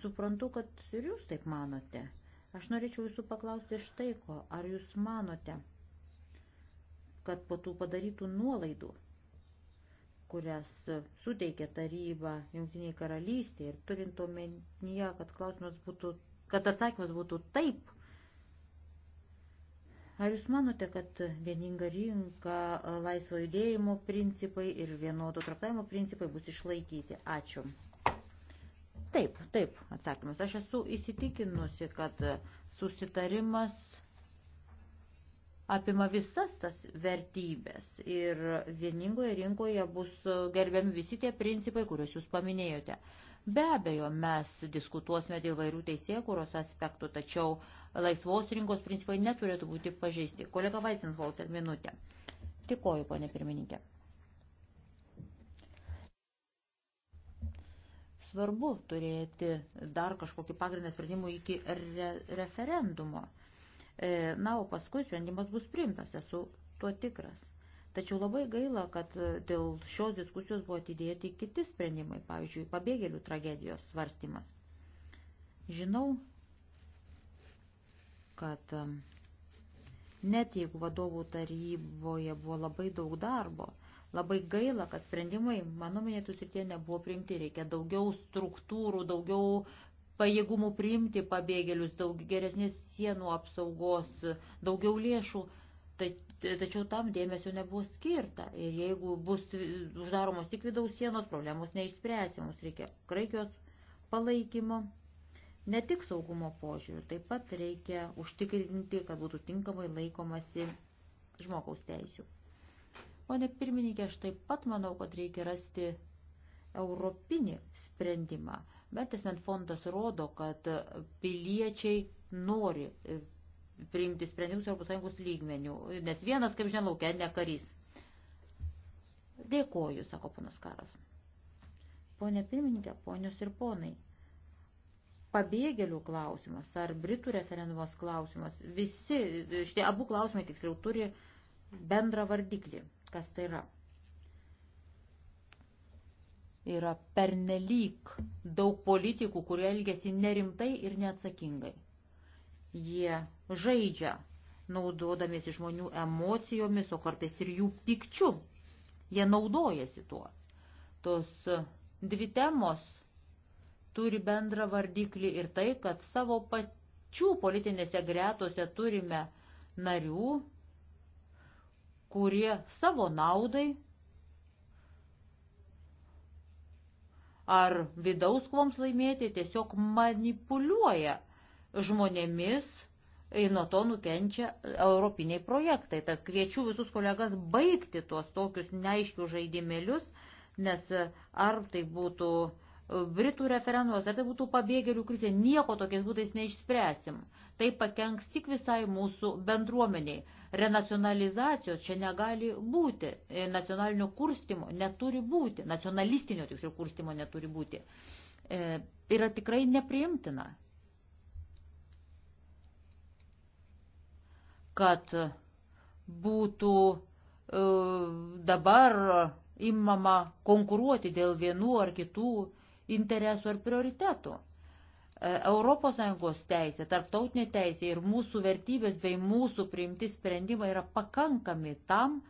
Suprantu, kad ir jūs taip manote. Aš norėčiau jūsų paklausti štai ko, ar jūs manote, kad po tų padarytų nuolaidų, kurias suteikė taryba Junktiniai karalystė ir turint omenyje, kad klausimas būtų, kad atsakymas būtų taip, Ar Jūs manote, kad vieninga rinka, laisvo judėjimo principai ir vienodo traktavimo principai bus išlaikyti? Ačiū. Taip, taip, atsakymas. Aš esu įsitikinusi, kad susitarimas apima visas tas vertybės ir vieningoje rinkoje bus gerbiami visi tie principai, kuriuos Jūs paminėjote. Be abejo, mes diskutuosime dėl vairių teisėkuros aspektų, tačiau uh, laisvos rinkos principai neturėtų būti pažeisti. Kolega Vaisinholzer, minutė. Tikoju, ponė pirmininkė. Svarbu turėti dar kažkokį pagrindą sprendimų iki re referendumo. E, na, o paskui sprendimas bus priimtas, esu tuo tikras. Tačiau labai gaila, kad dėl šios diskusijos buvo atidėti kiti sprendimai, pavyzdžiui, pabėgėlių tragedijos svarstymas. Žinau, kad net jeigu vadovų taryboje buvo labai daug darbo, labai gaila, kad sprendimai, mano minėtų srityje, nebuvo priimti. Reikia daugiau struktūrų, daugiau pajėgumų priimti pabėgėlius, daug geresnės sienų apsaugos, daugiau lėšų. Tai, tačiau tam dėmesio nebuvo skirta. Ir jeigu bus uždaromos tik vidaus sienos, problemos neišspręsimus. Reikia Graikijos palaikymo Ne tik saugumo požiūrių, taip pat reikia užtikrinti, kad būtų tinkamai laikomasi žmogaus teisių. Pone pirmininkė, aš taip pat manau, kad reikia rasti europinį sprendimą. Bet esmant fondas rodo, kad piliečiai nori e, priimti sprendimus ES lygmenių, nes vienas, kaip žinia, laukia ne karys. Dėkoju, sako ponas Karas. Pone pirmininkė, ponios ir ponai, pabėgėlių klausimas ar Britų referendumas klausimas, visi, šitie abu klausimai tiksliau turi bendrą vardiklį, kas tai yra. Yra pernelyg daug politikų, kurie elgesi nerimtai ir neatsakingai. Jie žaidžia, naudodamiesi žmonių emocijomis, o kartais ir jų pikčiu. Jie naudojasi tuo. Tos dvi temos turi bendrą vardiklį ir tai, kad savo pačių politinėse gretose turime narių, kurie savo naudai ar vidaus kvoms laimėti tiesiog manipuliuoja žmonėmis ir nuo to nukenčia europiniai projektai. Tad kviečiu visus kolegas baigti tuos tokius neaiškius žaidimėlius, nes ar tai būtų uh, Britų referendumas, ar tai būtų pabėgėlių krizė, nieko tokiais būdais neišspręsim. Tai pakenks tik visai mūsų bendruomeniai. Renacionalizacijos čia negali būti, e, nacionalinio kurstimo neturi būti, nacionalistinio tiksliau kurstimo neturi būti. E, yra tikrai nepriimtina, kad būtų e, dabar imama konkuruoti dėl vienų ar kitų interesų ar prioritetų. ES teisė, tarptautinė teisė ir mūsų vertybės bei mūsų priimti sprendimai yra pakankami tam,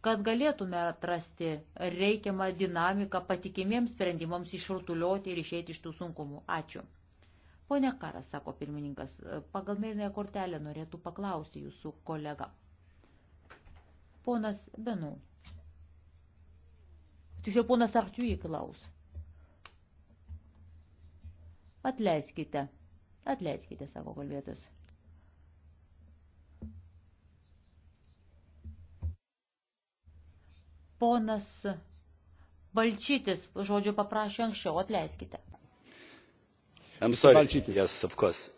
kad galėtume atrasti reikiamą dinamiką patikimiems sprendimams išrutulioti ir išeiti iš tų sunkumų. Ačiū. Pone Karas, sako pirmininkas, e, pagal mėlynąją kortelę norėtų paklausti jūsų kolega. Ponas Benu. Tiksliau, ponas Artiui klaus. Atleiskite. Atleiskite savo kalbėtus. Ponas Balčytis žodžio paprašė anksčiau, atleiskite. I'm sorry. Balčytis. Yes, of course.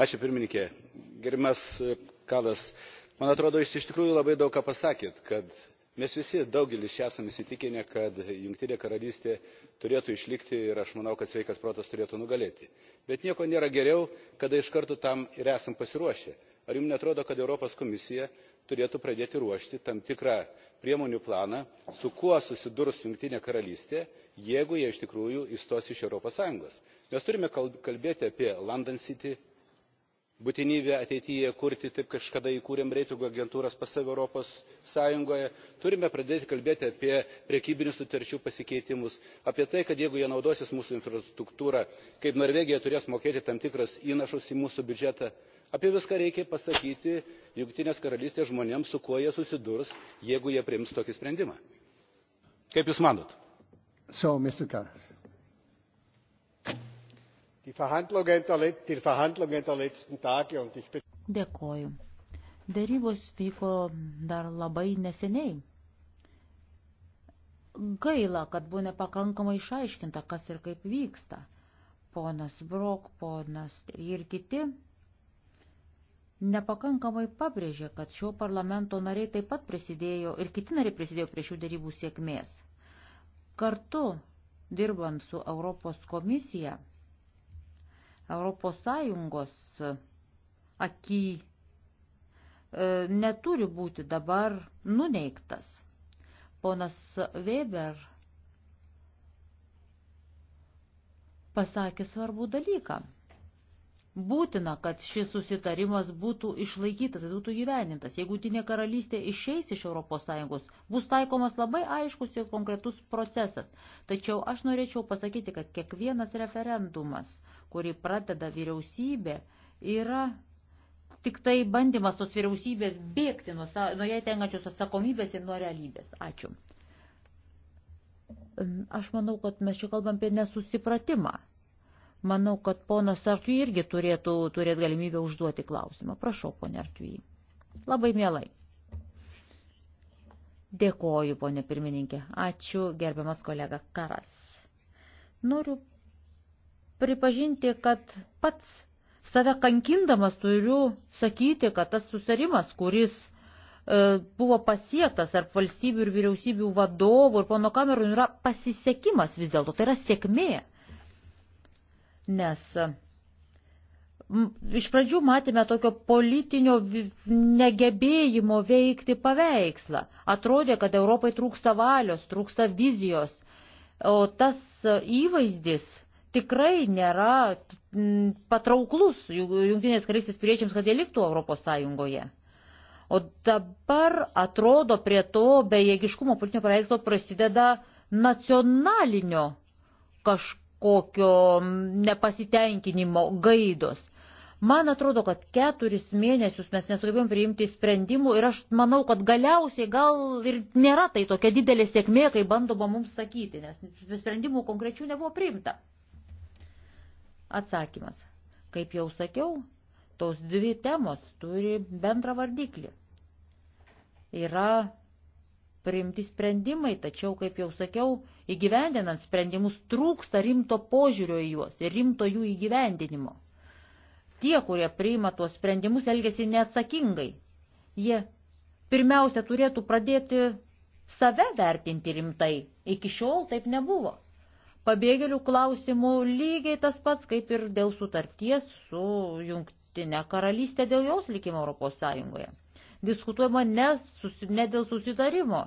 Ačiū pirmininkė. Gerimas e, Kalas, man atrodo, jūs iš tikrųjų labai daug ką pasakėt, kad mes visi daugelis čia esame įsitikinę kad jungtinė karalystė turėtų išlikti ir aš manau kad sveikas protas turėtų nugalėti bet nieko nėra geriau kada iš karto tam ir esam pasiruošę. ar jums neatrodo kad europos komisija turėtų pradėti ruošti tam tikrą priemonių planą su kuo susidurs jungtinė karalystė jeigu jie iš tikrųjų išstos iš europos sąjungos? mes turime kalbėti apie london city būtinybę ateityje kurti taip kaip kažkada įkūrėme reitingų agentūras pas save europos sąjungoje turime pradėti kalbėti apie prekybinių sutarčių pasikeitimus apie tai kad jeigu jie naudosis mūsų infrastruktūra kaip norvegija turės mokėti tam tikrus įnašus į mūsų biudžetą apie viską reikia pasakyti jungtinės karalystės žmonėms su kuo jie susidurs jeigu jie priims tokį sprendimą. kaip jūs manote? Die Verhandlungen der, die Verhandlungen der letzten Tage und ich Dėkoju. Dėrybos vyko dar labai neseniai. Gaila, kad buvo nepakankamai išaiškinta, kas ir kaip vyksta. Ponas Brok, ponas ir kiti nepakankamai pabrėžė, kad šio parlamento nariai taip pat prisidėjo ir kiti nariai prisidėjo prie šių dėrybų sėkmės. Kartu, dirbant su Europos komisija, Europos Sąjungos aky e, neturi būti dabar nuneiktas. Ponas Weber pasakė svarbų dalyką. Būtina, kad šis susitarimas būtų išlaikytas, jis būtų gyvenintas. Jeigu Jungtinė karalystė išeis iš ES, bus taikomas labai aiškus ir konkretus procesas. Tačiau aš norėčiau pasakyti, kad kiekvienas referendumas, kurį pradeda vyriausybė, yra tik tai bandymas tos vyriausybės bėgti nuo, nuo jai tenkančios atsakomybės ir nuo realybės. Ačiū. Aš manau, kad mes čia kalbam apie nesusipratimą Manau, kad ponas Artui irgi turėtų turėti galimybę užduoti klausimą. Prašau, ponė Artui. Labai mielai. Dėkoju, ponė pirmininkė. Ačiū, gerbiamas kolega Karas. Noriu pripažinti, kad pats save kankindamas turiu sakyti, kad tas susitarimas, kuris e, buvo pasiektas tarp valstybių ir vyriausybių vadovų ir pono kamerų, yra pasisekimas vis dėlto, tai yra sėkmė nes iš pradžių matėme tokio politinio negebėjimo veikti paveikslą. Atrodė, kad Europai trūksta valios, trūksta vizijos, o tas įvaizdis tikrai nėra patrauklus jungtinės karalystės piliečiams, kad jie liktų Europos Sąjungoje. O dabar atrodo prie to bejėgiškumo politinio paveikslo prasideda nacionalinio kažkokio kokio nepasitenkinimo gaidos. Man atrodo, kad keturis mėnesius mes nesugebėjom priimti sprendimų ir aš manau, kad galiausiai gal ir nėra tai tokia didelė sėkmė, kai bandoma mums sakyti, nes sprendimų konkrečių nebuvo priimta. Atsakymas. Kaip jau sakiau, tos dvi temos turi bendrą vardiklį. Yra priimti sprendimai, tačiau, kaip jau sakiau, įgyvendinant sprendimus trūksta rimto požiūrio į juos ir rimto jų įgyvendinimo. Tie, kurie priima tuos sprendimus, elgesi neatsakingai. Jie pirmiausia turėtų pradėti save vertinti rimtai. Iki šiol taip nebuvo. Pabėgėlių klausimų lygiai tas pats, kaip ir dėl sutarties su jungtinė karalystė dėl jos likimo Europos Sąjungoje diskutuojama ne, susi, ne dėl susitarimo,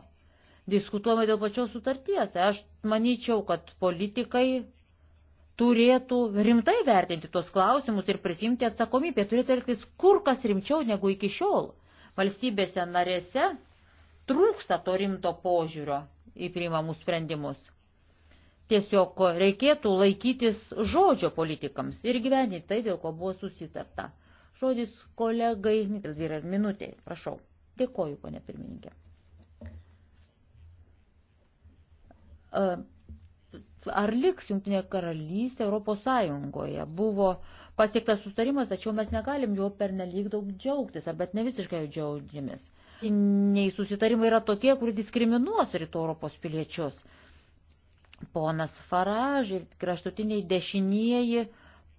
diskutuojama dėl pačios sutarties. Aš manyčiau, kad politikai turėtų rimtai vertinti tuos klausimus ir prisimti atsakomybę, turėtų elgtis kur kas rimčiau negu iki šiol. Valstybėse narėse trūksta to rimto požiūrio į priimamus sprendimus. Tiesiog reikėtų laikytis žodžio politikams ir gyventi tai, dėl ko buvo susitarta. Žodis kolegai, Nitas Vyrar, minutė, prašau. Dėkoju, ponė pirmininkė. Ar liks Junktinė karalystė Europos Sąjungoje? Buvo pasiektas sustarimas, tačiau mes negalim jo pernelyg daug džiaugtis, bet ne visiškai jau džiaugiamės. Nei susitarimai yra tokie, kurie diskriminuos rytų Europos piliečius. Ponas Faraž ir kraštutiniai dešinieji uh,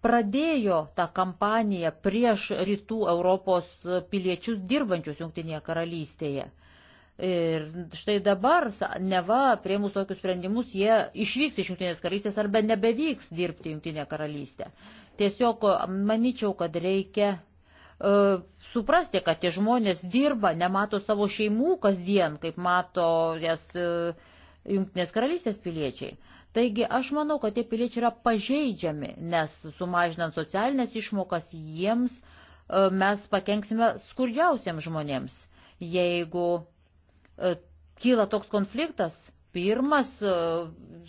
pradėjo tą kampaniją prieš rytų Europos piliečius dirbančius Junktinėje karalystėje. Ir štai dabar, neva, prie mūsų tokius sprendimus, jie išvyks iš Junktinės karalystės arba nebevyks dirbti Junktinė karalystė. Tiesiog manyčiau, kad reikia uh, suprasti, kad tie žmonės dirba, nemato savo šeimų kasdien, kaip mato jas uh, Junktinės karalystės piliečiai. Uh, Taigi aš manau, kad tie piliečiai yra pažeidžiami, nes sumažinant socialinės išmokas jiems e, mes pakenksime skurdžiausiems žmonėms. Jeigu e, kyla toks konfliktas, pirmas e,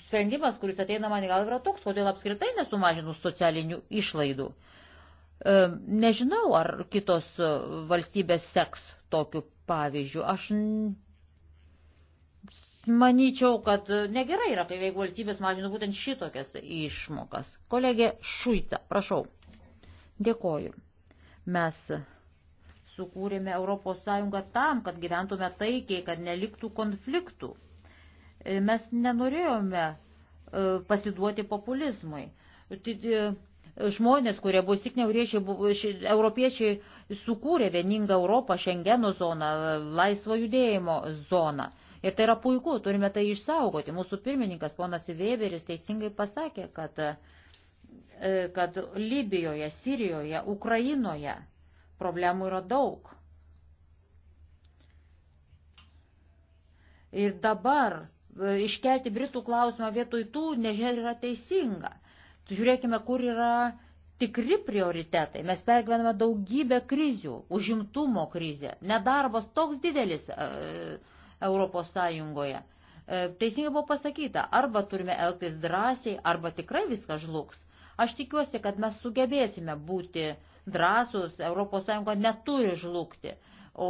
sprendimas, kuris ateina man į galvą, yra toks, kodėl apskritai nesumažinus socialinių išlaidų. Nežinau, ar kitos valstybės seks tokiu pavyzdžiu. Aš manyčiau, kad e, negerai yra, kai jeigu valstybės mažina būtent šitokias išmokas. Kolegė Šuica, prašau. Dėkoju. Mes sukūrėme Europos Sąjungą tam, kad gyventume taikiai, kad neliktų konfliktų. E, mes nenorėjome e, pasiduoti populizmui. Žmonės, kurie buvo tik neuriečiai, europiečiai sukūrė vieningą Europą, Šengeno zoną, laisvo judėjimo zoną. Ir tai yra puiku, turime tai išsaugoti. Mūsų pirmininkas, ponas Weberis, teisingai pasakė, kad, e, kad Libijoje, Sirijoje, Ukrainoje problemų yra daug. Ir dabar e, iškelti Britų klausimą vietoj tų, nežinia, yra teisinga. Žiūrėkime, kur yra tikri prioritetai. Mes pergyvename daugybę krizių, užimtumo krizę, nedarbas toks didelis. E, Europos Sąjungoje. E, teisingai buvo pasakyta, arba turime elgtis drąsiai, arba tikrai viskas žlugs. Aš tikiuosi, kad mes sugebėsime būti drąsus, ES neturi žlugti. O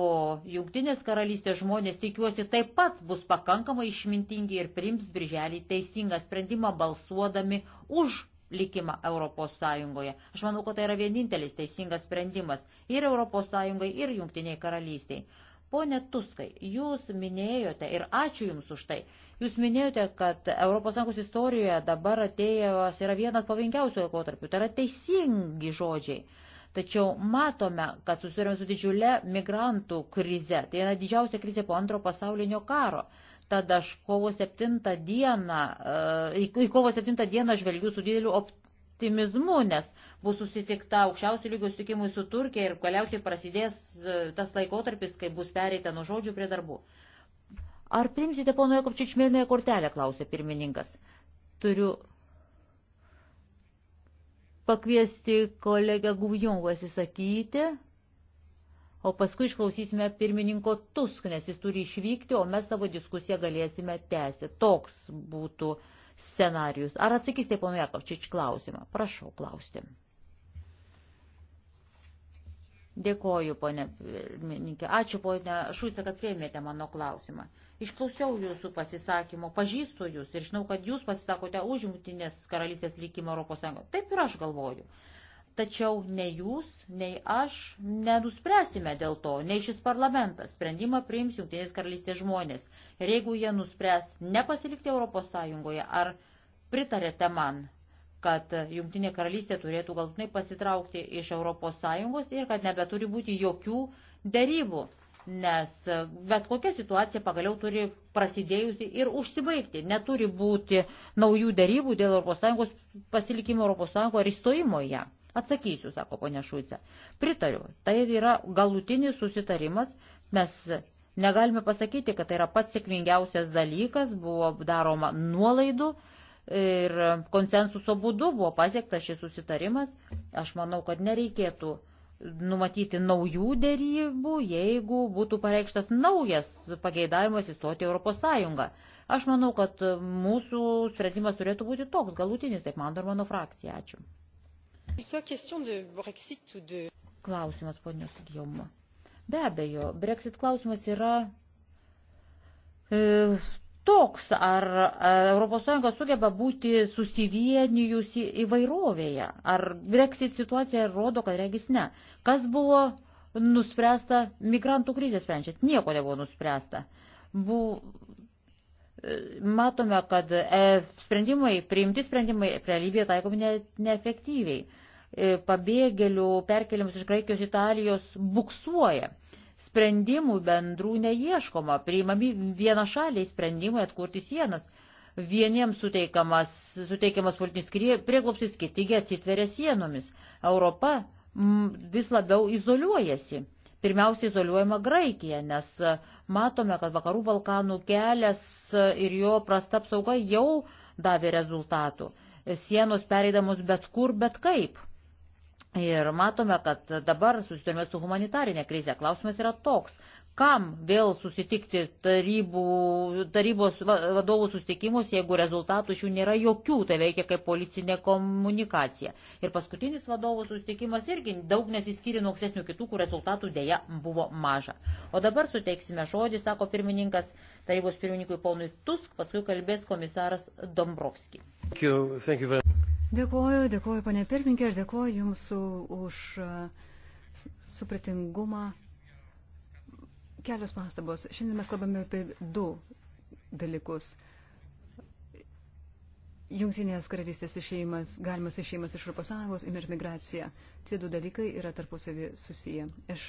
jungtinės karalystės žmonės, tikiuosi, taip pat bus pakankamai išmintingi ir priims birželį teisingą sprendimą balsuodami už likimą Europos Sąjungoje. Aš manau, kad tai yra vienintelis teisingas sprendimas ir Europos Sąjungai, ir jungtiniai karalystiai. Pone Tuskai, jūs minėjote, ir ačiū Jums už tai, jūs minėjote, kad ES istorijoje dabar atėjęs yra vienas pavingiausių laikotarpių, tai yra teisingi žodžiai. Tačiau matome, kad susidurėme su didžiulė migrantų krize, tai yra didžiausia krize po antro pasaulinio karo. Tad aš kovo 7 dieną, e, į kovo 7 dieną žvelgiu su dideliu op optimizmu, nes bus susitikta aukščiausių lygių sutikimui su Turkija ir galiausiai prasidės e, tas laikotarpis, kai bus pereita nuo žodžių prie darbų. Ar primsite pono Jakobčič mėlynąją kortelę, klausė pirmininkas. Turiu pakviesti kolegę Guvijon pasisakyti, o paskui išklausysime pirmininko Tusk, nes jis turi išvykti, o mes savo diskusiją galėsime tęsti. Toks būtų uh, scenarius. Ar atsakysite, pono Jakovčič, klausimą? Prašau klausti. Dėkoju, ponė Mininkė. Ačiū, ponė Šuica, kad priėmėte mano klausimą. Išklausiau jūsų pasisakymo, pažįstu jūs ir žinau, kad jūs pasisakote už jungtinės karalystės likimą Europos Sąjungoje. Taip ir aš galvoju. Tačiau nei jūs, nei aš nenuspręsime dėl to, nei šis parlamentas. Sprendimą priims jungtinės karalystės žmonės. Ir jeigu jie nuspręs nepasilikti Europos Sąjungoje, ar pritarėte man, kad Junktinė karalystė turėtų galtinai pasitraukti iš Europos Sąjungos ir kad nebeturi būti jokių darybų, nes bet kokia situacija pagaliau turi prasidėjusi ir užsibaigti. Neturi būti naujų darybų dėl Europos Sąjungos pasilikimo Europos Sąjungoje ar įstojimo į ją. Atsakysiu, sako ponia Šuica. Pritariu, tai yra galutinis susitarimas, mes Negalime pasakyti, kad tai yra pats sėkmingiausias dalykas, buvo daroma nuolaidų ir konsensuso būdu buvo pasiektas šis susitarimas. Aš manau, kad nereikėtų numatyti naujų dėrybų, jeigu būtų pareikštas naujas pageidavimas įstoti Europos Sąjungą. Aš manau, kad mūsų sprendimas turėtų būti toks, galutinis, taip man ir mano frakcija. Ačiū. Klausimas, ponios Gijomo. Be abejo, Brexit klausimas yra e, toks, ar ES sugeba būti susivienijusi įvairovėje, ar Brexit situacija rodo, kad regis ne. Kas buvo nuspręsta migrantų krizę sprendžiant? Nieko nebuvo nuspręsta. Buvo, e, matome, kad e, sprendimai, priimti sprendimai realybėje taikomi ne, neefektyviai. E, pabėgėlių perkeliamas iš Graikijos Italijos buksuoja sprendimų bendrų neieškoma, priimami vienašaliai sprendimai atkurti sienas. Vieniems suteikiamas, suteikiamas politinis prieglopsis, kitigi atsitveria sienomis. Europa m, mm, vis labiau izoliuojasi. Pirmiausia, izoliuojama Graikija, nes e, matome, kad vakarų Balkanų kelias e, ir jo prasta apsauga jau davė rezultatų. Sienos pereidamos bet kur, bet kaip Ir matome, kad dabar susidurime su humanitarinė krize. Klausimas yra toks, kam vėl susitikti tarybų, tarybos vadovų susitikimus, jeigu rezultatų šių nėra jokių, tai veikia kaip policinė komunikacija. Ir paskutinis vadovų susitikimas irgi daug nesiskyrė nuo aukštesnių kitų, kur rezultatų dėja buvo maža. O dabar suteiksime žodį, sako pirmininkas tarybos pirmininkui Paunui Tusk, paskui kalbės komisaras Dombrovski. Thank you. Thank you very... Dėkuoju, dėkuoju, ponė pirmininkė, ir dėkuoju Jums už uh, supratingumą. Kelios pastabos. Šiandien mes kalbame apie du dalykus. Jungtinės karalystės išėjimas, galimas išėjimas iš Europos Sąjungos ir migracija. Tie du dalykai yra tarpusavį susiję. Aš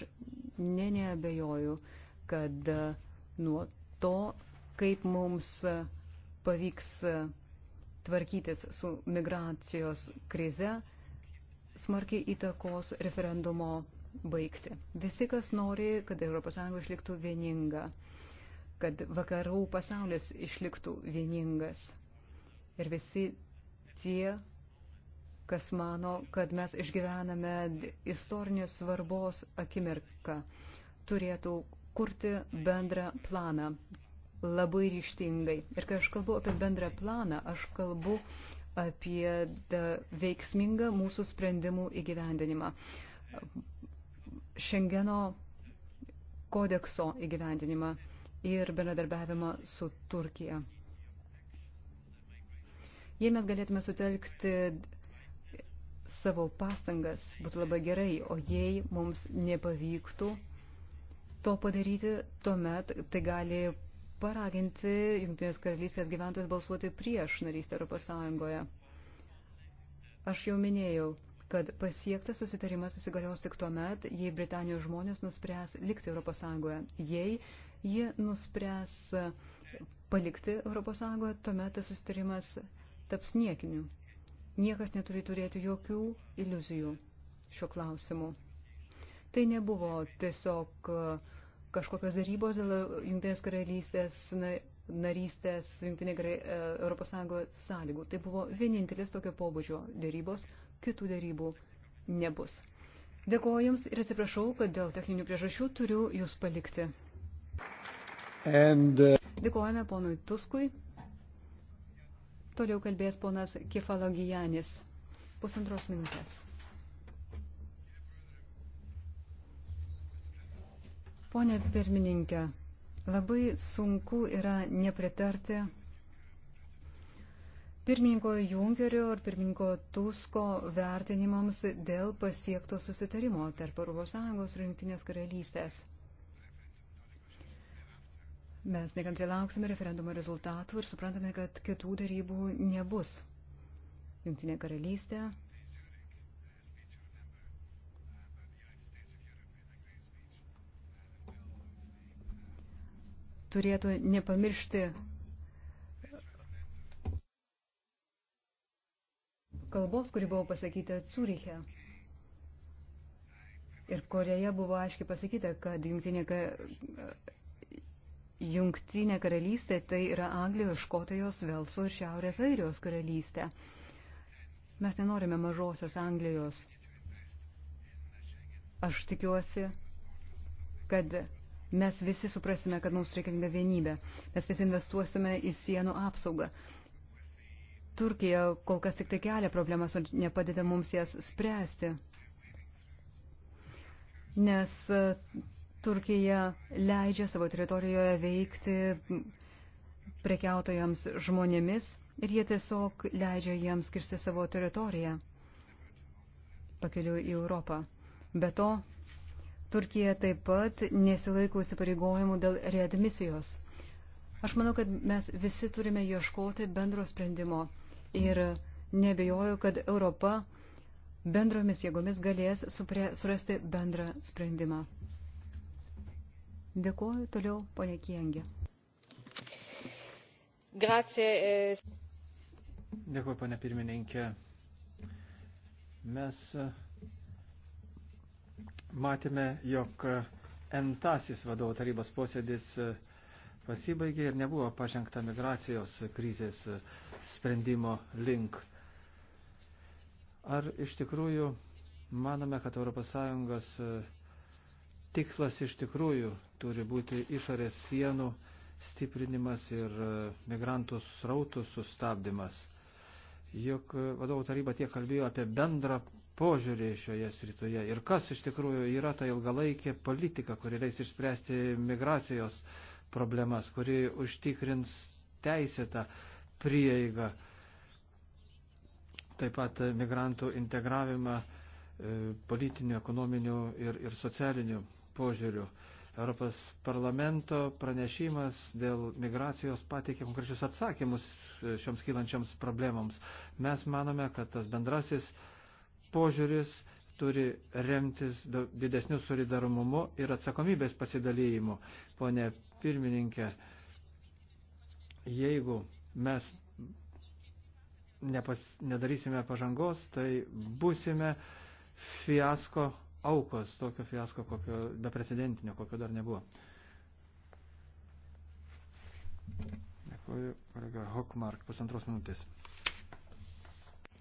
ne neabejoju, kad uh, nuo to, kaip mums uh, pavyks tvarkytis su migracijos krize smarkiai įtakos referendumo baigti. Visi, kas nori, kad ES išliktų vieninga, kad vakarų pasaulis išliktų vieningas. Ir visi tie, kas mano, kad mes išgyvename istorinės svarbos akimirką, turėtų kurti bendrą planą, labai ryštingai. Ir kai aš kalbu apie bendrą planą, aš kalbu apie veiksmingą mūsų sprendimų įgyvendinimą. Šengeno kodekso įgyvendinimą ir bendradarbiavimą su Turkija. Jei mes galėtume sutelkti savo pastangas, būtų labai gerai, o jei mums nepavyktų to padaryti, tuomet tai gali paraginti Junktinės karalystės gyventojus balsuoti prieš narystę Europos Sąjungoje. Aš jau minėjau, kad pasiektas susitarimas įsigalios tik tuo met, jei Britanijos žmonės nuspręs likti Europos Sąjungoje. Jei jie nuspręs palikti Europos Sąjungoje, tuomet tas susitarimas taps niekiniu. Niekas neturi turėti jokių iliuzijų šiuo klausimu. Tai nebuvo tiesiog uh, kažkokios darybos dėl Junktinės karalystės narystės Junktinė e, Europos Sąjungoje sąlygų. Tai buvo vienintelis tokio pobūdžio darybos, kitų darybų nebus. Dėkuoju Jums ir atsiprašau, kad dėl techninių priežasčių turiu Jūs palikti. And, uh... Dėkuojame ponui Tuskui. Toliau kalbės ponas Kefalogijanis. Pusantros minutės. Pone pirmininkė, labai sunku yra nepritarti pirmininko Junkerio ir pirmininko Tusko vertinimams dėl pasiekto susitarimo tarp ES ir Rinktinės karalystės. Mes nekantriai lauksime referendumo rezultatų ir suprantame, kad kitų darybų nebus. Junktinė karalystė turėtų nepamiršti kalbos, kuri buvo pasakyta Cūriche. Ir kurioje buvo aiškiai pasakyta, kad jungtinė, jungtinė karalystė tai yra Anglijos, Škotijos, Velso ir Šiaurės Airijos karalystė. Mes nenorime mažosios Anglijos. Aš tikiuosi, kad mes visi suprasime, kad mums reikalinga vienybė. Mes visi investuosime į sienų apsaugą. Turkija kol kas tik tai kelia problemas, o nepadeda mums jas spręsti. Nes e, Turkija leidžia savo teritorijoje veikti prekiautojams žmonėmis ir jie tiesiog leidžia jiems kirsti savo teritoriją pakeliu į Europą. Be to, Turkija taip pat nesilaiko įsipareigojimų dėl readmisijos. Aš manau, kad mes visi turime ieškoti bendro sprendimo ir nebejoju, kad Europa bendromis jėgomis galės supre, surasti bendrą sprendimą. Dėkuoju toliau, ponia Kiengė. Eh. Dėkuoju, ponia pirmininkė. Mes matėme, jog entasis vadovo tarybos posėdis e, pasibaigė ir nebuvo pažengta migracijos krizės e, sprendimo link. Ar iš tikrųjų manome, kad ES e, tikslas iš tikrųjų turi būti išorės sienų stiprinimas ir migrantų srautų sustabdymas? Juk vadovų taryba tiek kalbėjo apie bendrą požiūrį šioje srityje ir kas iš tikrųjų yra ta ilgalaikė politika, kuri leis išspręsti migracijos problemas, kuri užtikrins teisėtą prieigą, taip pat migrantų integravimą e, politinių, ekonominių ir, ir socialinių požiūrių. Europos parlamento pranešimas dėl migracijos pateikė konkrečius atsakymus šioms kylančioms problemams. Mes manome, kad tas bendrasis uh, požiūris turi remtis didesniu solidarumumu ir atsakomybės pasidalyjimu. Pone pirmininkė, jeigu mes nepas, nedarysime pažangos, tai būsime fiasko aukos, tokio fiasko, kokio beprecedentinio, kokio dar nebuvo. Dėkuoju, kolega Hokmark, pusantros minutės.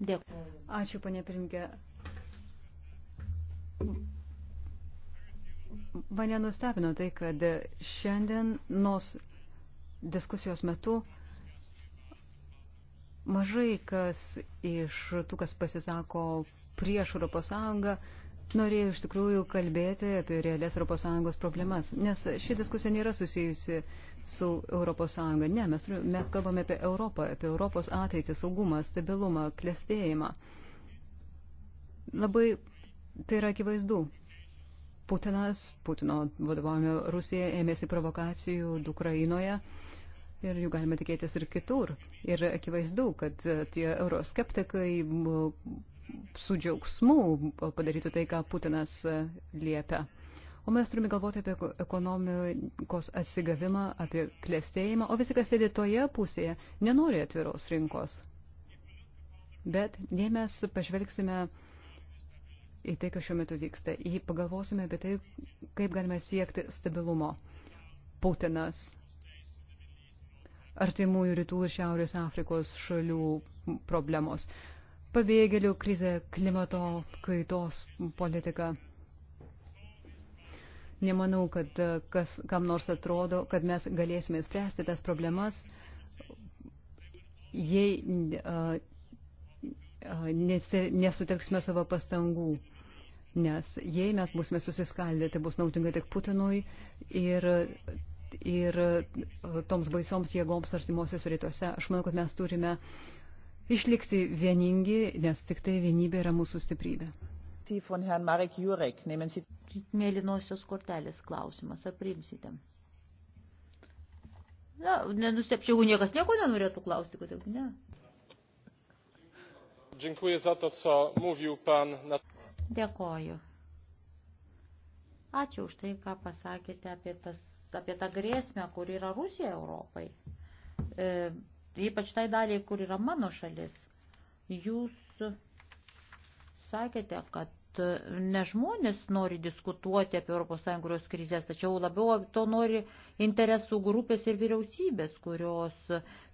Dėkui. Ačiū, ponė Primke. Mane nustebino tai, kad šiandien nos diskusijos metu mažai kas iš tų, kas pasisako prieš Europos Sąjungą, norėjau iš tikrųjų kalbėti apie realias ES problemas, nes ši diskusija nėra susijusi su ES. Ne, mes, mes kalbame apie Europą, apie Europos ateitį, saugumą, stabilumą, klėstėjimą. Labai tai yra akivaizdu. Putinas, Putino vadovavimo Rusija ėmėsi provokacijų Ukrainoje ir jų galima tikėtis ir kitur. Ir akivaizdu, kad tie euroskeptikai su džiaugsmu padarytų tai, ką Putinas liepia. O mes turime galvoti apie ekonomikos atsigavimą, apie klėstėjimą, o visi, kas sėdi toje pusėje, nenori atviros rinkos. Bet jei mes pažvelgsime į tai, kas šiuo metu vyksta, jei pagalvosime apie tai, kaip galime siekti stabilumo. Putinas artimųjų rytų ir Šiaurės Afrikos šalių problemos pabėgėlių krizę, klimato kaitos politiką. Nemanau, kad e, kas, kam nors atrodo, kad mes galėsime spręsti tas problemas, jei uh, e, e, nes, nesutelksime savo pastangų. Nes jei mes būsime susiskaldę, tai bus naudinga tik Putinui ir, ir toms baisioms jėgoms artimuosiuose rytuose. Aš manau, kad mes turime uh, išlikti vieningi, nes tik tai vienybė yra mūsų stiprybė. Mėlynosios kortelės klausimas, ar priimsite? Na, nenustepčiau, jeigu niekas nieko nenorėtų klausti, kodėl ne. Dziękuję za to, co mówił pan. Na... Dėkoju. Ačiū už tai, ką pasakėte apie, tas, apie tą grėsmę, kur yra Rusija Europai. E, ypač tai daliai, kur yra mano šalis. Jūs sakėte, kad ne žmonės nori diskutuoti apie ES krizės, tačiau labiau to nori interesų grupės ir vyriausybės, kurios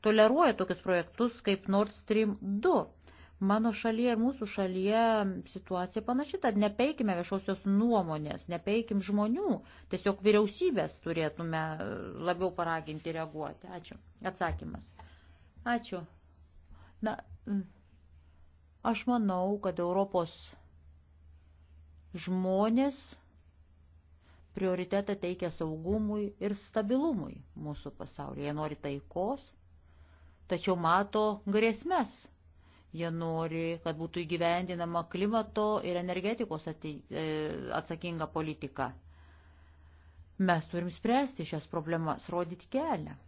toleruoja tokius projektus kaip Nord Stream 2. Mano šalyje ir mūsų šalyje situacija panaši, tad nepeikime viešosios nuomonės, nepeikim žmonių, tiesiog vyriausybės turėtume labiau paraginti reaguoti. Ačiū. Atsakymas. Ačiū. Na, aš manau, kad Europos žmonės prioritetą teikia saugumui ir stabilumui mūsų pasaulyje. Jie nori taikos, tačiau mato grėsmes. Jie nori, kad būtų įgyvendinama klimato ir energetikos e, atsakinga politika. Mes turim spręsti šias problemas, rodyti kelią.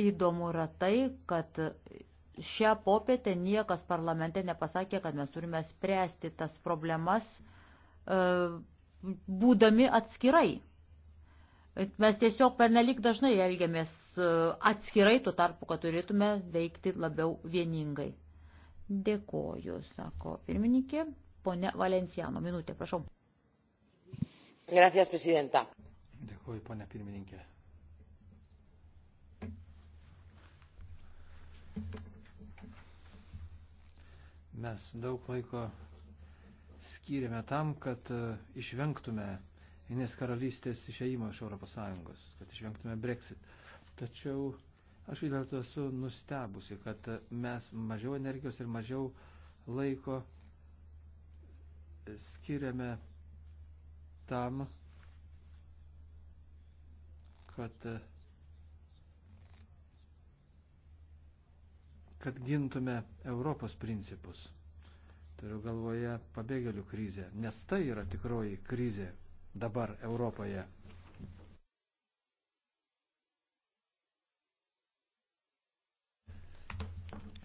Įdomu yra tai, kad šią popietę niekas parlamente nepasakė, kad mes turime spręsti tas problemas e, būdami atskirai. Mes tiesiog pernelik dažnai elgiamės e, atskirai, tuo tarpu, kad turėtume veikti labiau vieningai. Dėkoju, sako pirmininkė. Pone Valenciano, minutė, prašau. Gracias, prezidenta. Dėkoju, pone pirmininkė. Mes daug laiko skyrėme tam, kad e, išvengtume Inės karalystės išeimo iš Europos Sąjungos, kad išvengtume Brexit. Tačiau aš vis dėlto esu nustebusi, kad e, mes mažiau energijos ir mažiau laiko skiriame tam, kad e, kad gintume Europos principus. Turiu galvoje pabėgėlių krizę, nes tai yra tikroji krizė dabar Europoje.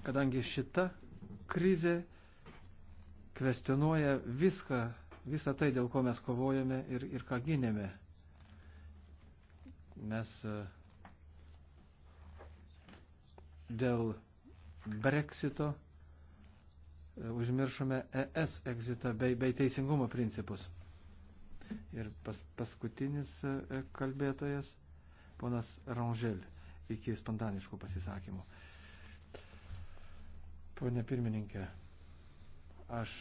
Kadangi šita krizė kvestionuoja viską, visą tai, dėl ko mes kovojame ir, ir ką gynėme. Mes e, dėl Brexito, e, užmiršome ES egzitą bei, bei teisingumo principus. Ir pas, paskutinis e, e, kalbėtojas, ponas Ranžel, iki spontaniškų pasisakymų. Pone pirmininkė, aš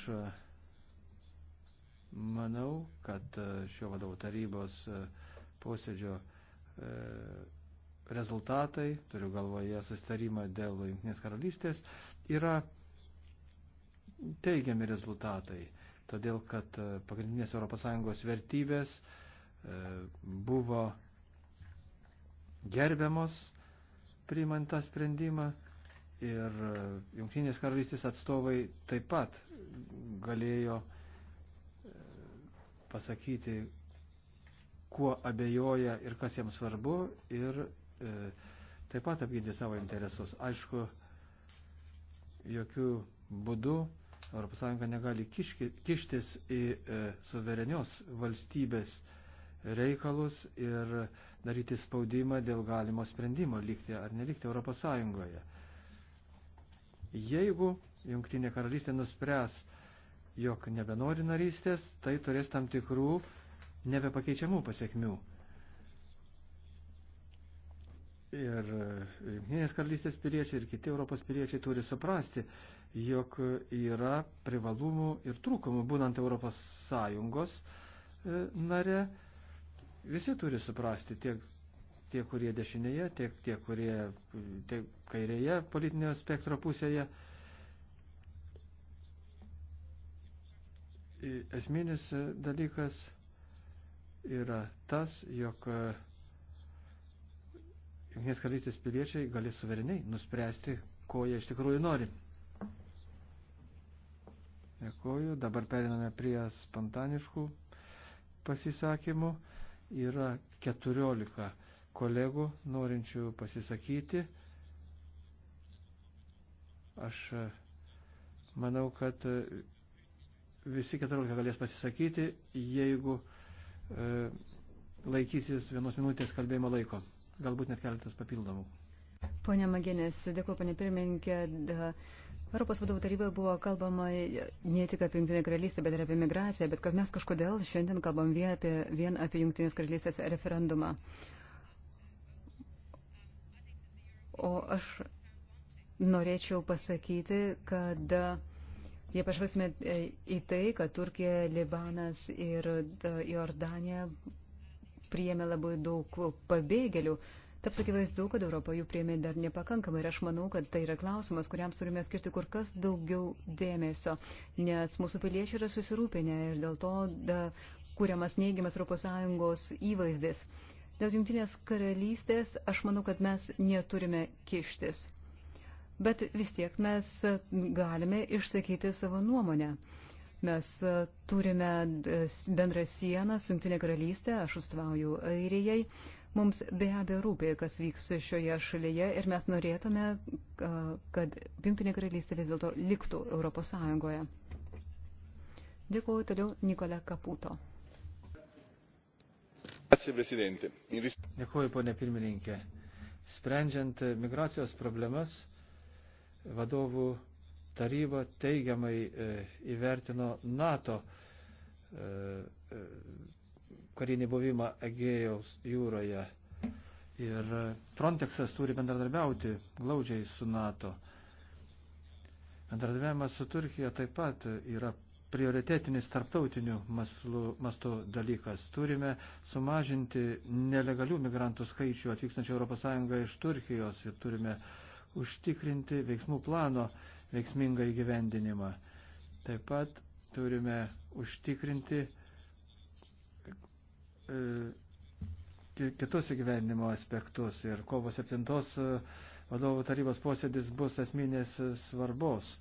manau, kad šio vadovų tarybos posėdžio rezultatai, turiu galvoje sustarimą dėl Junktinės karalystės, yra teigiami rezultatai, todėl kad e, pagrindinės ES vertybės e, buvo gerbiamos priimant tą sprendimą ir e, Junktinės karalystės atstovai taip pat galėjo pasakyti, kuo abejoja ir kas jiems svarbu ir E, taip pat apginti savo interesus. Aišku, jokių būdų ES negali kiški, kištis į e, suverenios valstybės reikalus ir daryti spaudimą dėl galimo sprendimo likti ar nelikti ES. Jeigu Junktinė karalystė nuspręs, jog nebenori narystės, tai turės tam tikrų nebepakeičiamų pasiekmių ir e, Junktinės karalystės piliečiai, ir kiti Europos piliečiai turi suprasti, jog yra privalumų ir trūkumų būnant Europos Sąjungos e, nare. Visi turi suprasti, tiek tie, kurie dešinėje, tiek tie, kurie tiek kairėje politinio spektro pusėje. E, esminis dalykas yra tas, jog Junktinės karalystės piliečiai galės suvereniai nuspręsti, ko jie iš tikrųjų nori. Dėkoju. Dabar periname prie spontaniškų pasisakymų. Yra 14 kolegų norinčių pasisakyti. Aš e, manau, kad e, visi 14 galės pasisakyti, jeigu e, laikysis vienos minutės kalbėjimo laiko galbūt net keletas papildomų. Pone Magenės, dėkuoju, pane pirmininkė. Europos vadovų taryboje buvo kalbama ne tik apie Junktinę karalystę, bet ir apie migraciją, bet kad mes kažkodėl šiandien kalbam vien apie, vien apie Junktinės karalystės referendumą. O aš norėčiau pasakyti, kad e, jei pažvelgsime e, į tai, kad Turkija, Libanas ir e, Jordanija priėmė labai daug pabėgėlių. Taps akivaizdu, kad Europa jų priėmė dar nepakankamai ir aš manau, kad tai yra klausimas, kuriam turime skirti kur kas daugiau dėmesio, nes mūsų piliečiai yra susirūpinę ir dėl to da, kuriamas neigiamas ES įvaizdis. Dėl jungtinės karalystės aš manau, kad mes neturime kištis. Bet vis tiek mes galime išsakyti savo nuomonę. Mes e, turime e, bendrą sieną su Junktinė karalystė, aš atstovauju Airijai. Mums be abejo rūpė, kas vyks šioje šalyje ir mes norėtume, e, kad Junktinė karalystė vis dėlto liktų Europos Sąjungoje. Dėkuoju toliau Nikola Kaputo. Dėkuoju, ponė pirmininkė. Sprendžiant migracijos problemas, vadovų taryba teigiamai e, įvertino NATO e, e, karinį buvimą Egėjaus jūroje. Ir Frontexas turi bendradarbiauti glaudžiai su NATO. Bendradarbiavimas su Turkija taip pat yra prioritetinis tarptautinių mastų dalykas. Turime sumažinti nelegalių migrantų skaičių atvykstančių ES iš Turkijos ir turime užtikrinti veiksmų plano uh, veiksmingą įgyvendinimą. Taip pat turime užtikrinti e, kitus įgyvendinimo aspektus ir kovo 7 e, vadovų tarybos posėdis bus esminės e, svarbos,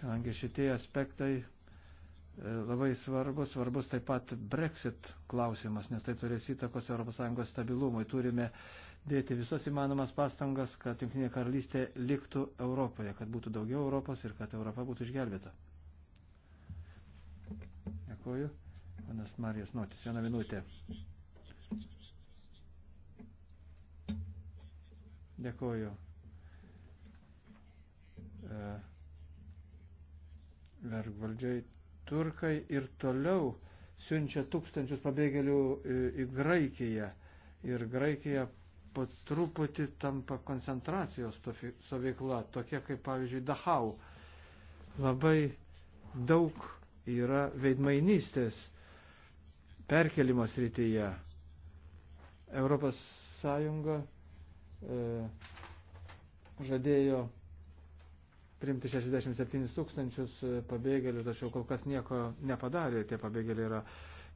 kadangi šitie aspektai labai svarbus, svarbus taip pat Brexit klausimas, nes tai turės įtakos ES stabilumui. Turime uh, dėti visas įmanomas pastangas, kad Junktinė karalystė liktų Europoje, kad būtų daugiau Europos ir kad Europa būtų išgelbėta. Dėkuoju. Panas Marijas Notis, vieną minutę. Dėkuoju. E, Verg valdžiai turkai ir toliau siunčia tūkstančius pabėgėlių e, į Graikiją. Ir Graikija po truputį tampa koncentracijos stovykla, tokia kaip pavyzdžiui Dachau. Labai daug yra veidmainystės perkelimo srityje. Europos Sąjunga e, žadėjo priimti 67 tūkstančius e, pabėgėlių, tačiau kol kas nieko nepadarė. Tie pabėgėliai yra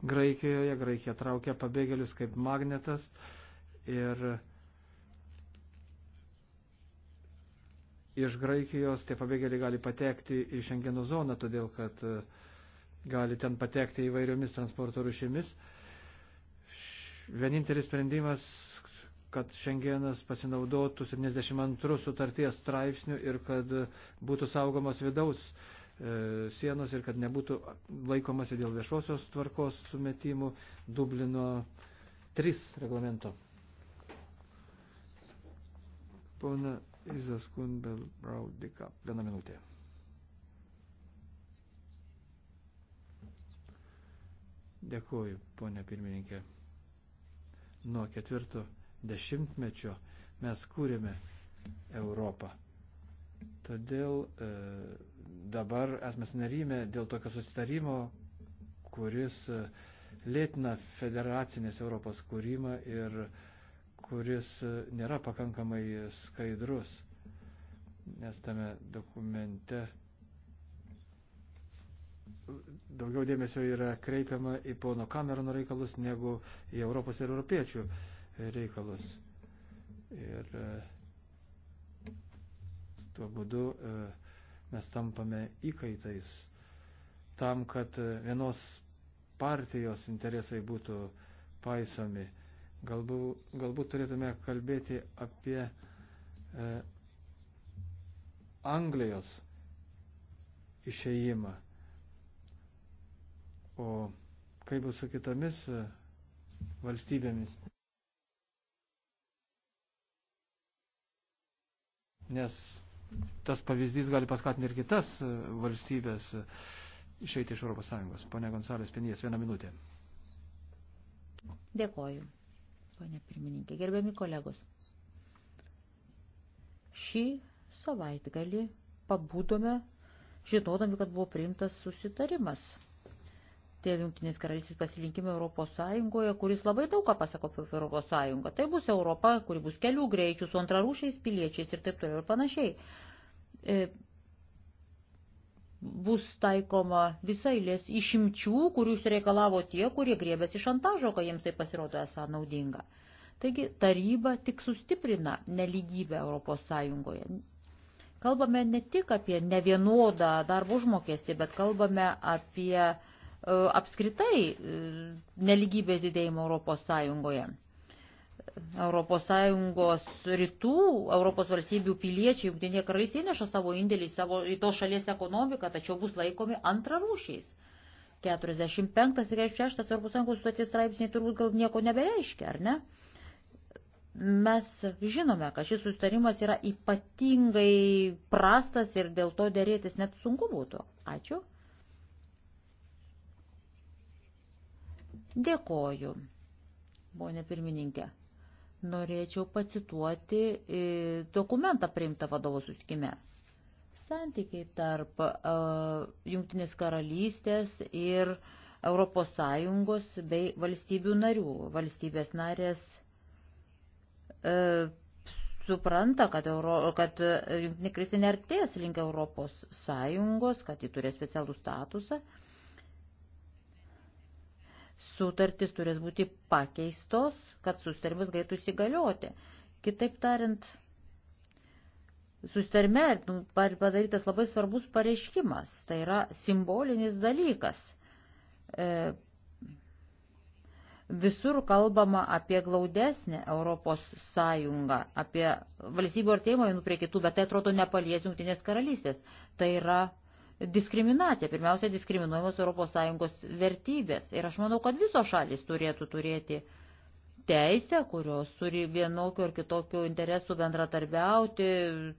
Graikijoje, Graikija traukia pabėgėlius kaip magnetas ir iš Graikijos tie pabėgėliai gali patekti į Šengeno zoną, todėl kad e, gali ten patekti įvairiomis transporto rušimis. Vienintelis sprendimas, kad Šengenas pasinaudotų 72 sutarties straipsnių ir kad būtų saugomos vidaus e, sienos ir kad nebūtų laikomasi dėl viešosios tvarkos sumetimų Dublino 3 reglamento. Pona Izas Kunbel Braudika. Viena minutė. Dėkuoju, ponė pirmininkė. Nuo ketvirto dešimtmečio mes kūrėme Europą. Todėl e, dabar esame sunerime dėl tokio susitarimo, kuris e, lėtina federacinės Europos kūrimą ir e, kuris e, nėra pakankamai skaidrus, nes tame dokumente daugiau dėmesio yra kreipiama į pono Kamerono reikalus negu į Europos ir Europiečių reikalus. Ir e, tuo būdu e, mes tampame įkaitais tam, kad vienos partijos interesai būtų paisomi. Galbūt, galbūt turėtume kalbėti apie e, Anglijos išeimą. O kaip bus su kitomis e, valstybėmis? Nes tas pavyzdys gali paskatinti ir kitas e, valstybės e, išeiti iš Europos Sąjungos. Pone Gonsalės Pinijas, vieną minutę. Dėkoju ponė pirmininkė. Gerbiami kolegos, šį savaitgalį pabūdome, žinodami, kad buvo priimtas susitarimas dėl Junktinės karalystės pasilinkimo Europos Sąjungoje, kuris labai daug ką pasako apie Europos Sąjungą. Tai bus Europa, kuri bus kelių greičių, su antrarūšiais piliečiais ir taip toliau ir panašiai. E, bus taikoma visai lės išimčių, kurių reikalavo tie, kurie griebėsi šantažo, kai jiems tai pasirodo esą naudinga. Taigi taryba tik sustiprina neligybę Europos Sąjungoje. Kalbame ne tik apie nevienodą darbo užmokestį, bet kalbame apie e, apskritai e, neligybės didėjimą Europos Sąjungoje. ES rytų, ES valstybių piliečiai, jungtinė karalystė įneša savo indėlį savo, į to šalies ekonomiką, tačiau bus laikomi antrarūšiais. 45 ir 46 svarbus sąjungos sutarties straipsniai turbūt gal nieko nebereiškia, ar ne? Mes žinome, kad šis sustarimas yra ypatingai prastas ir dėl to dėrėtis net sunku būtų. Ačiū. Dėkoju, ponė pirmininkė norėčiau pacituoti e, dokumentą priimtą vadovų susitikime. Santykiai tarp uh, e, Junktinės karalystės ir ES bei valstybių narių. Valstybės narės uh, supranta, kad, Euro, kad Junktinė kristinė artės link ES, kad ji turi specialų statusą. Uh, sutartys turės būti pakeistos, kad sustarimas galėtų įsigalioti. Kitaip tariant, sustarime nu, padarytas labai svarbus pareiškimas, tai yra simbolinis dalykas. E, visur kalbama apie glaudesnę Europos sąjungą, apie valstybių artėjimą vienų prie kitų, bet tai atrodo nepalies Junktinės karalystės. Tai yra diskriminacija. Pirmiausia, diskriminuojamos ES vertybės. Ir aš manau, kad visos šalis turėtų turėti teisę, kurios turi vienokių ar kitokių interesų bendratarbiauti,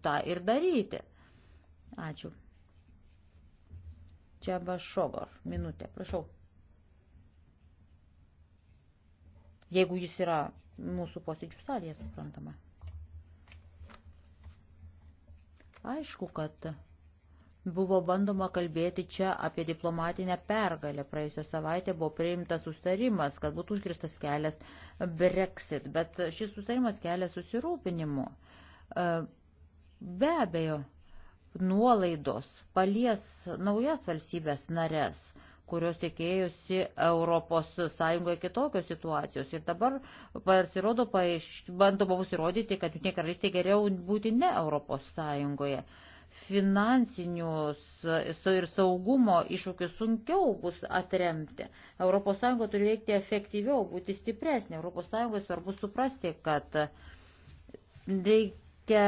tą ir daryti. Ačiū. Čia Bašogar. Minutė, prašau. Jeigu jis yra mūsų posėdžių salėje, suprantama. Aišku, kad buvo bandoma kalbėti čia apie diplomatinę pergalę. Praėjusią savaitę buvo priimtas sustarimas, kad būtų užkirstas kelias Brexit, bet šis sustarimas kelia susirūpinimu. E, be abejo, nuolaidos palies naujas valstybės nares kurios tikėjosi Europos Sąjungoje kitokios situacijos. Ir dabar pasirodo, paaiš, bandoma bus įrodyti, kad jungtinė karalystė geriau būti ne Europos Sąjungoje. Uh, finansinius ir saugumo iššūkius sunkiau bus atremti. ES turi veikti efektyviau, būti stipresnė. ES svarbu suprasti, kad reikia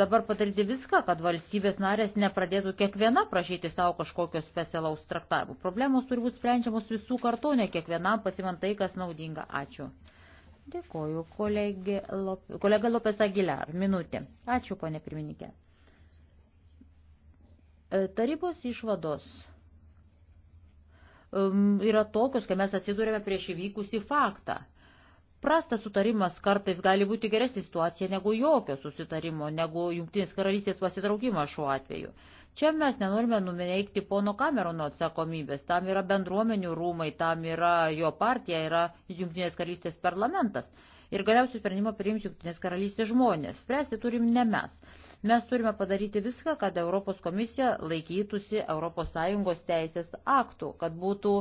dabar padaryti viską, kad valstybės narės nepradėtų kiekviena prašyti savo kažkokio specialaus traktavimo. Problemos turi būti sprendžiamos visų kartų, ne kiekvienam pasimant tai, kas naudinga. Ačiū. Dėkoju, kolegė, kolega Lopes Aguilar. Minutė. Ačiū, ponė pirmininkė. E, tarybos išvados yra tokios, kai mes atsidūrėme prieš įvykusi faktą. Prastas sutarimas kartais gali būti geresnė situacija negu jokio susitarimo, negu jungtinės karalystės pasitraukimas šiuo atveju. Čia mes nenorime numeneikti pono Kamerono atsakomybės, tam yra bendruomenių rūmai, tam yra jo partija, yra jungtinės karalystės parlamentas. Ir galiausiai sprendimą priims jungtinės karalystės žmonės, spręsti turim ne mes. Mes turime padaryti viską, kad Europos komisija laikytųsi ES teisės aktų, kad būtų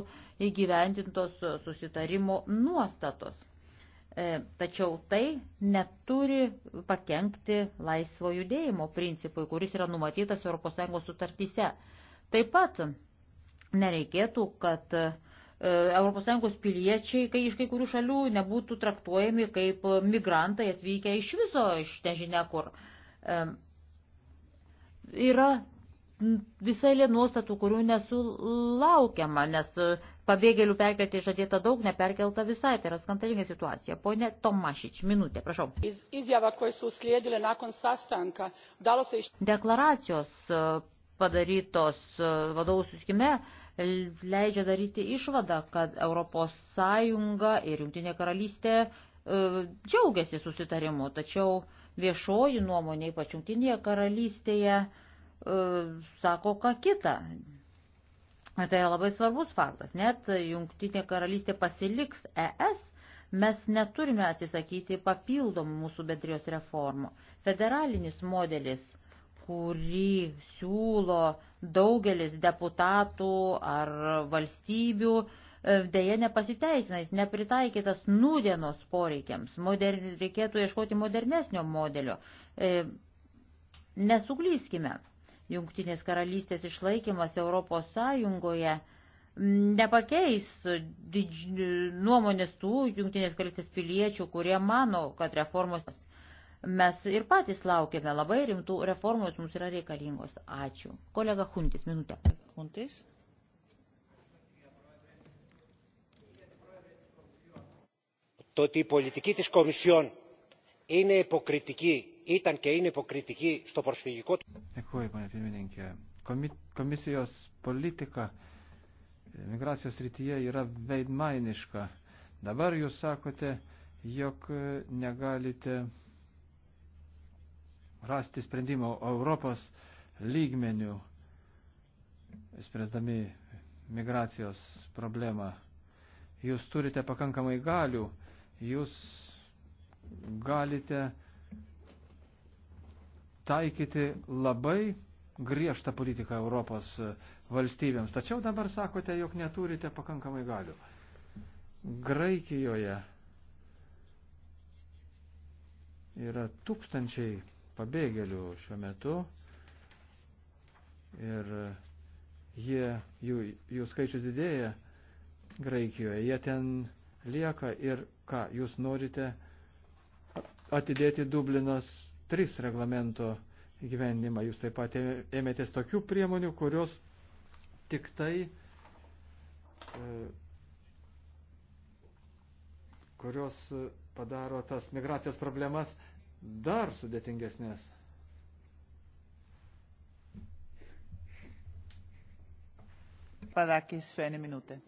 įgyventintos susitarimo nuostatos. E, tačiau tai neturi pakengti laisvo judėjimo principui, kuris yra numatytas ES sutartyse. Taip pat nereikėtų, kad ES piliečiai kai iš kai kurių šalių nebūtų traktuojami kaip migrantai atvykę iš viso iš nežinia kur. E, yra visai lė nuostatų, kurių nesulaukiama, nes e, pabėgėlių perkelti žadėta daug, neperkelta visai, tai yra skandalinga situacija. Pone Tomašič, minutė, prašau. Deklaracijos e, padarytos e, vadovų susikime leidžia daryti išvadą, kad ES ir Junktinė karalystė džiaugiasi susitarimu, tačiau uh, Viešoji nuomonė, ypač jungtinėje karalystėje, e, sako ką kitą. Ir tai yra labai svarbus faktas. Net jungtinė karalystė pasiliks ES, mes neturime atsisakyti papildomų mūsų bendrijos reformų. Federalinis modelis, kurį siūlo daugelis deputatų ar valstybių, E, dėje nepasiteisina, jis nepritaikytas nūdienos poreikiams, Moder, reikėtų ieškoti modernesnio modelio. E, nesuklyskime, jungtinės karalystės išlaikymas Europos Sąjungoje nepakeis didž... nuomonės tų jungtinės karalystės piliečių, kurie mano, kad reformos. Mes ir patys laukiame labai rimtų reformos, mums yra reikalingos. Ačiū. Kolega Huntis, minutė. Huntis. το ότι η πολιτική της Κομισιόν είναι υποκριτική, ήταν και είναι υποκριτική στο προσφυγικό του. Dėkuoju, ponia pirmininkė. Komi komisijos politika e, migracijos rytyje yra veidmainiška. Dabar jūs sakote, jog e, negalite rasti sprendimo Europos lygmenių, spręsdami migracijos problemą. Jūs turite pakankamai galių jūs galite taikyti labai griežtą politiką Europos valstybėms. Tačiau dabar sakote, jog neturite pakankamai galių. Graikijoje yra tūkstančiai pabėgėlių šiuo metu ir jie, jų, jų skaičius didėja Graikijoje. Jie ten lieka ir ką jūs norite atidėti Dublinos 3 reglamento įgyvendimą. Jūs taip pat ėmėtės tokių priemonių, kurios tik tai e, kurios padaro tas migracijos problemas dar sudėtingesnės. Padakis, vieną minutę.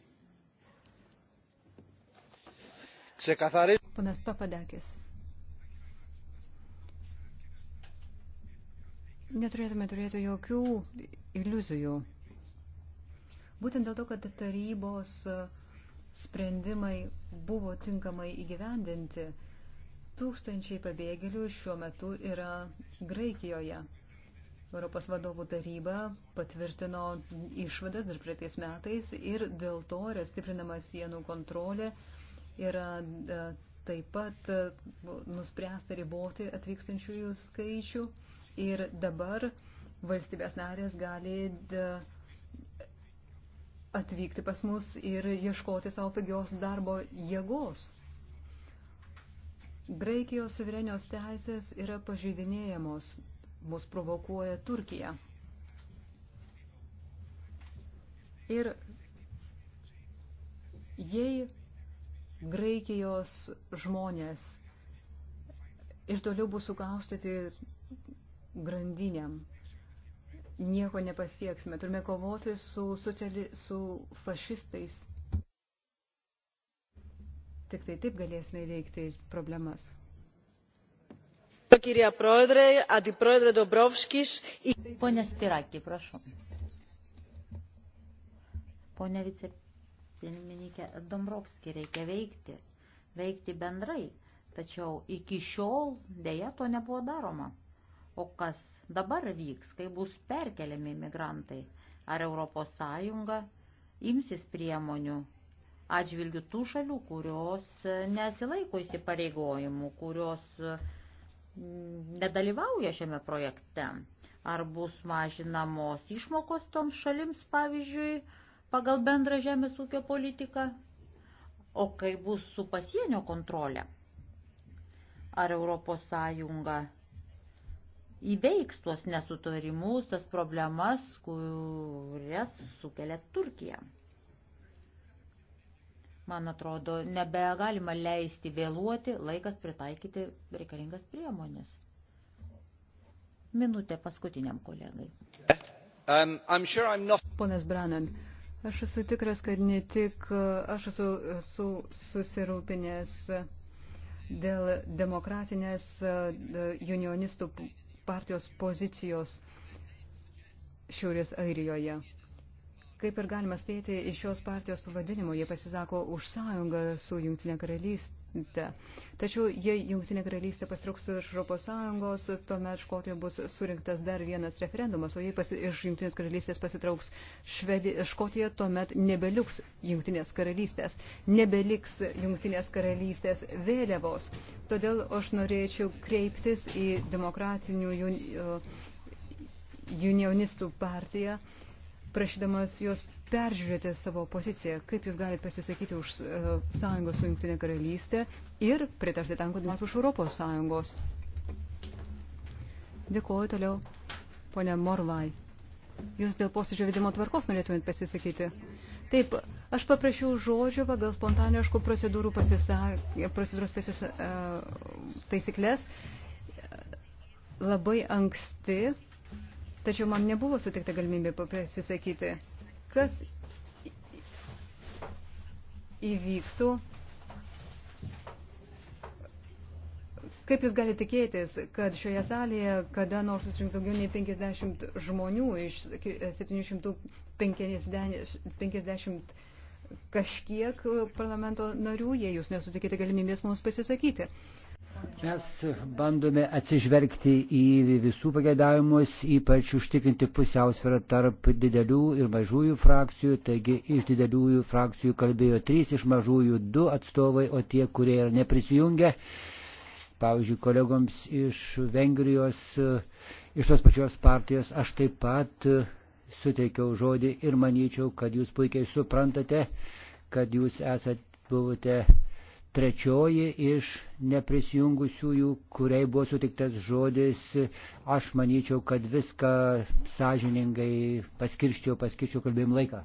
Ponas Papadakis. Neturėtume turėti jokių iliuzijų. Būtent dėl to, kad tarybos sprendimai buvo tinkamai įgyvendinti, tūkstančiai pabėgėlių šiuo metu yra Graikijoje. Europos vadovų taryba patvirtino išvadas dar praeitais metais ir dėl to yra stiprinama sienų kontrolė yra e, taip pat e, nuspręsta riboti atvykstančiųjų skaičių ir dabar valstybės narės gali e, atvykti pas mus ir ieškoti savo pigios darbo jėgos. Graikijos suverenios teisės yra pažeidinėjamos, mus provokuoja Turkija. Ir jei Graikijos žmonės ir toliau bus sukaustyti grandiniam. Nieko nepasieksime. Turime kovoti su, sociali, su fašistais. Tik tai taip galėsime įveikti problemas. Pone Spiraki, prašau. Pone viceprezidentė pirmininkė Dombrovski, reikia veikti, veikti bendrai, tačiau iki šiol dėja to nebuvo daroma. O kas dabar vyks, kai bus perkeliami migrantai? Ar ES imsis priemonių atžvilgių tų šalių, kurios e, nesilaiko įsipareigojimų, kurios e, nedalyvauja šiame projekte? Ar bus mažinamos išmokos toms šalims, pavyzdžiui, pagal bendrą žemės ūkio politiką, o kai bus su pasienio kontrolė. Ar ES įveiks tuos nesutarimus, tas problemas, kurias sukelia Turkija. Man atrodo, nebegalima leisti vėluoti, laikas pritaikyti reikalingas priemonės. Minutė paskutiniam kolegai. Um, I'm sure I'm not... Ponas Branan, Aš esu tikras, kad ne tik aš esu, esu susirūpinęs dėl demokratinės e, unionistų partijos pozicijos Šiaurės Airijoje. Kaip ir galima spėti iš šios partijos pavadinimo, jie pasisako už sąjungą su Junktinė karalystė Tačiau jei Jungtinė karalystė pastrauks iš Europos Sąjungos, tuomet Škotijoje bus surinktas dar vienas referendumas, o jei pasi, iš Jungtinės karalystės pasitrauks Švedi, Škotija, tuomet nebeliks Jungtinės karalystės, nebeliks Jungtinės karalystės vėliavos. Todėl aš norėčiau kreiptis į demokratinių jun, unionistų partiją prašydamas juos peržiūrėti savo poziciją, kaip jūs galite pasisakyti už e, sąjungos su Junktinė karalystė ir pritarti tam, kad matų už Europos sąjungos. Dėkuoju toliau, ponia Morvai. Jūs dėl posėdžio vedimo tvarkos norėtumėt pasisakyti. Taip, aš paprašiau žodžio pagal spontaniškų procedūrų pasisa, procedūros pasisa, e, taisyklės labai anksti tačiau man nebuvo sutikta galimybė pasisakyti, kas įvyktų, kaip jūs galite tikėtis, kad šioje salėje kada nors susirinktų daugiau nei 50 žmonių iš 750 kažkiek parlamento narių, jei jūs nesutikite galimybės mums pasisakyti. Mes bandome atsižvelgti į visų pageidavimus, ypač užtikrinti pusiausvyrą tarp didelių ir mažųjų frakcijų. Taigi iš dideliųjų frakcijų kalbėjo trys, iš mažųjų du atstovai, o tie, kurie yra neprisijungę, pavyzdžiui, kolegoms iš Vengrijos, iš tos pačios partijos, aš taip pat suteikiau žodį ir manyčiau, kad jūs puikiai suprantate, kad jūs esate buvote trečioji iš neprisijungusiųjų, kuriai buvo sutiktas žodis, aš manyčiau, kad viską sąžiningai paskirščiau, paskirščiau kalbėjim laiką.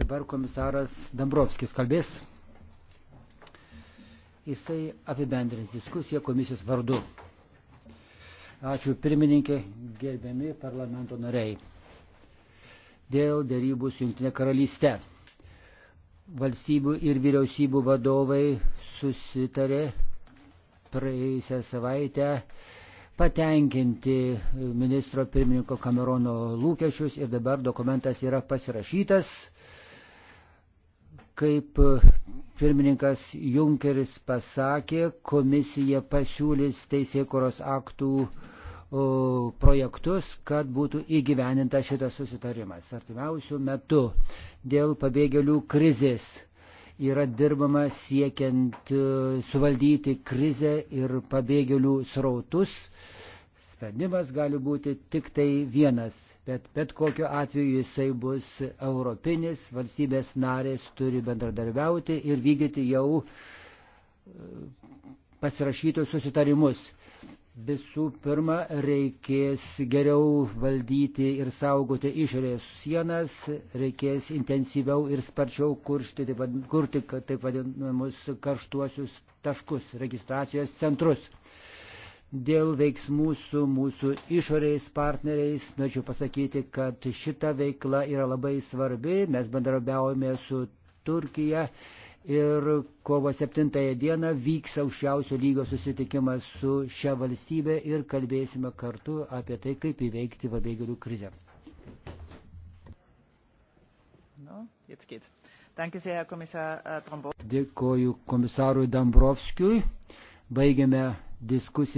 Dabar komisaras Dambrovskis kalbės. Jisai apibendrins diskusiją komisijos vardu. Ačiū pirmininkė, gerbiami parlamento nariai. Dėl dėrybų su Junktinė karalystė valstybių ir vyriausybių vadovai susitarė praėjusią savaitę patenkinti ministro pirmininko Kamerono lūkesčius ir dabar dokumentas yra pasirašytas. Kaip pirmininkas Junkeris pasakė, komisija pasiūlys teisėkuros aktų uh, projektus, kad būtų įgyveninta šitas susitarimas. Artimiausių metų dėl pabėgėlių krizės yra dirbama siekiant e, suvaldyti krizę ir pabėgėlių srautus. Sprendimas gali būti tik tai vienas, bet bet kokiu atveju jisai bus europinis, valstybės narės turi bendradarbiauti ir vykdyti jau e, pasirašytus susitarimus. Visų pirma, reikės geriau valdyti ir saugoti išorės sienas, reikės intensyviau ir sparčiau kuršti, taip, kurti taip vadinamus karštuosius taškus, registracijos centrus. Dėl veiksmų su mūsų išorės partneriais norėčiau pasakyti, kad šita veikla yra labai svarbi, mes bendrabiaujame su Turkija ir kovo 7 dieną vyks aukščiausio lygio susitikimas su šia valstybė ir kalbėsime kartu apie tai, kaip įveikti pabėgėlių krizę. No, jetzt geht's. Äh, Dėkoju komisarui Dambrovskijui. Baigiame diskusiją.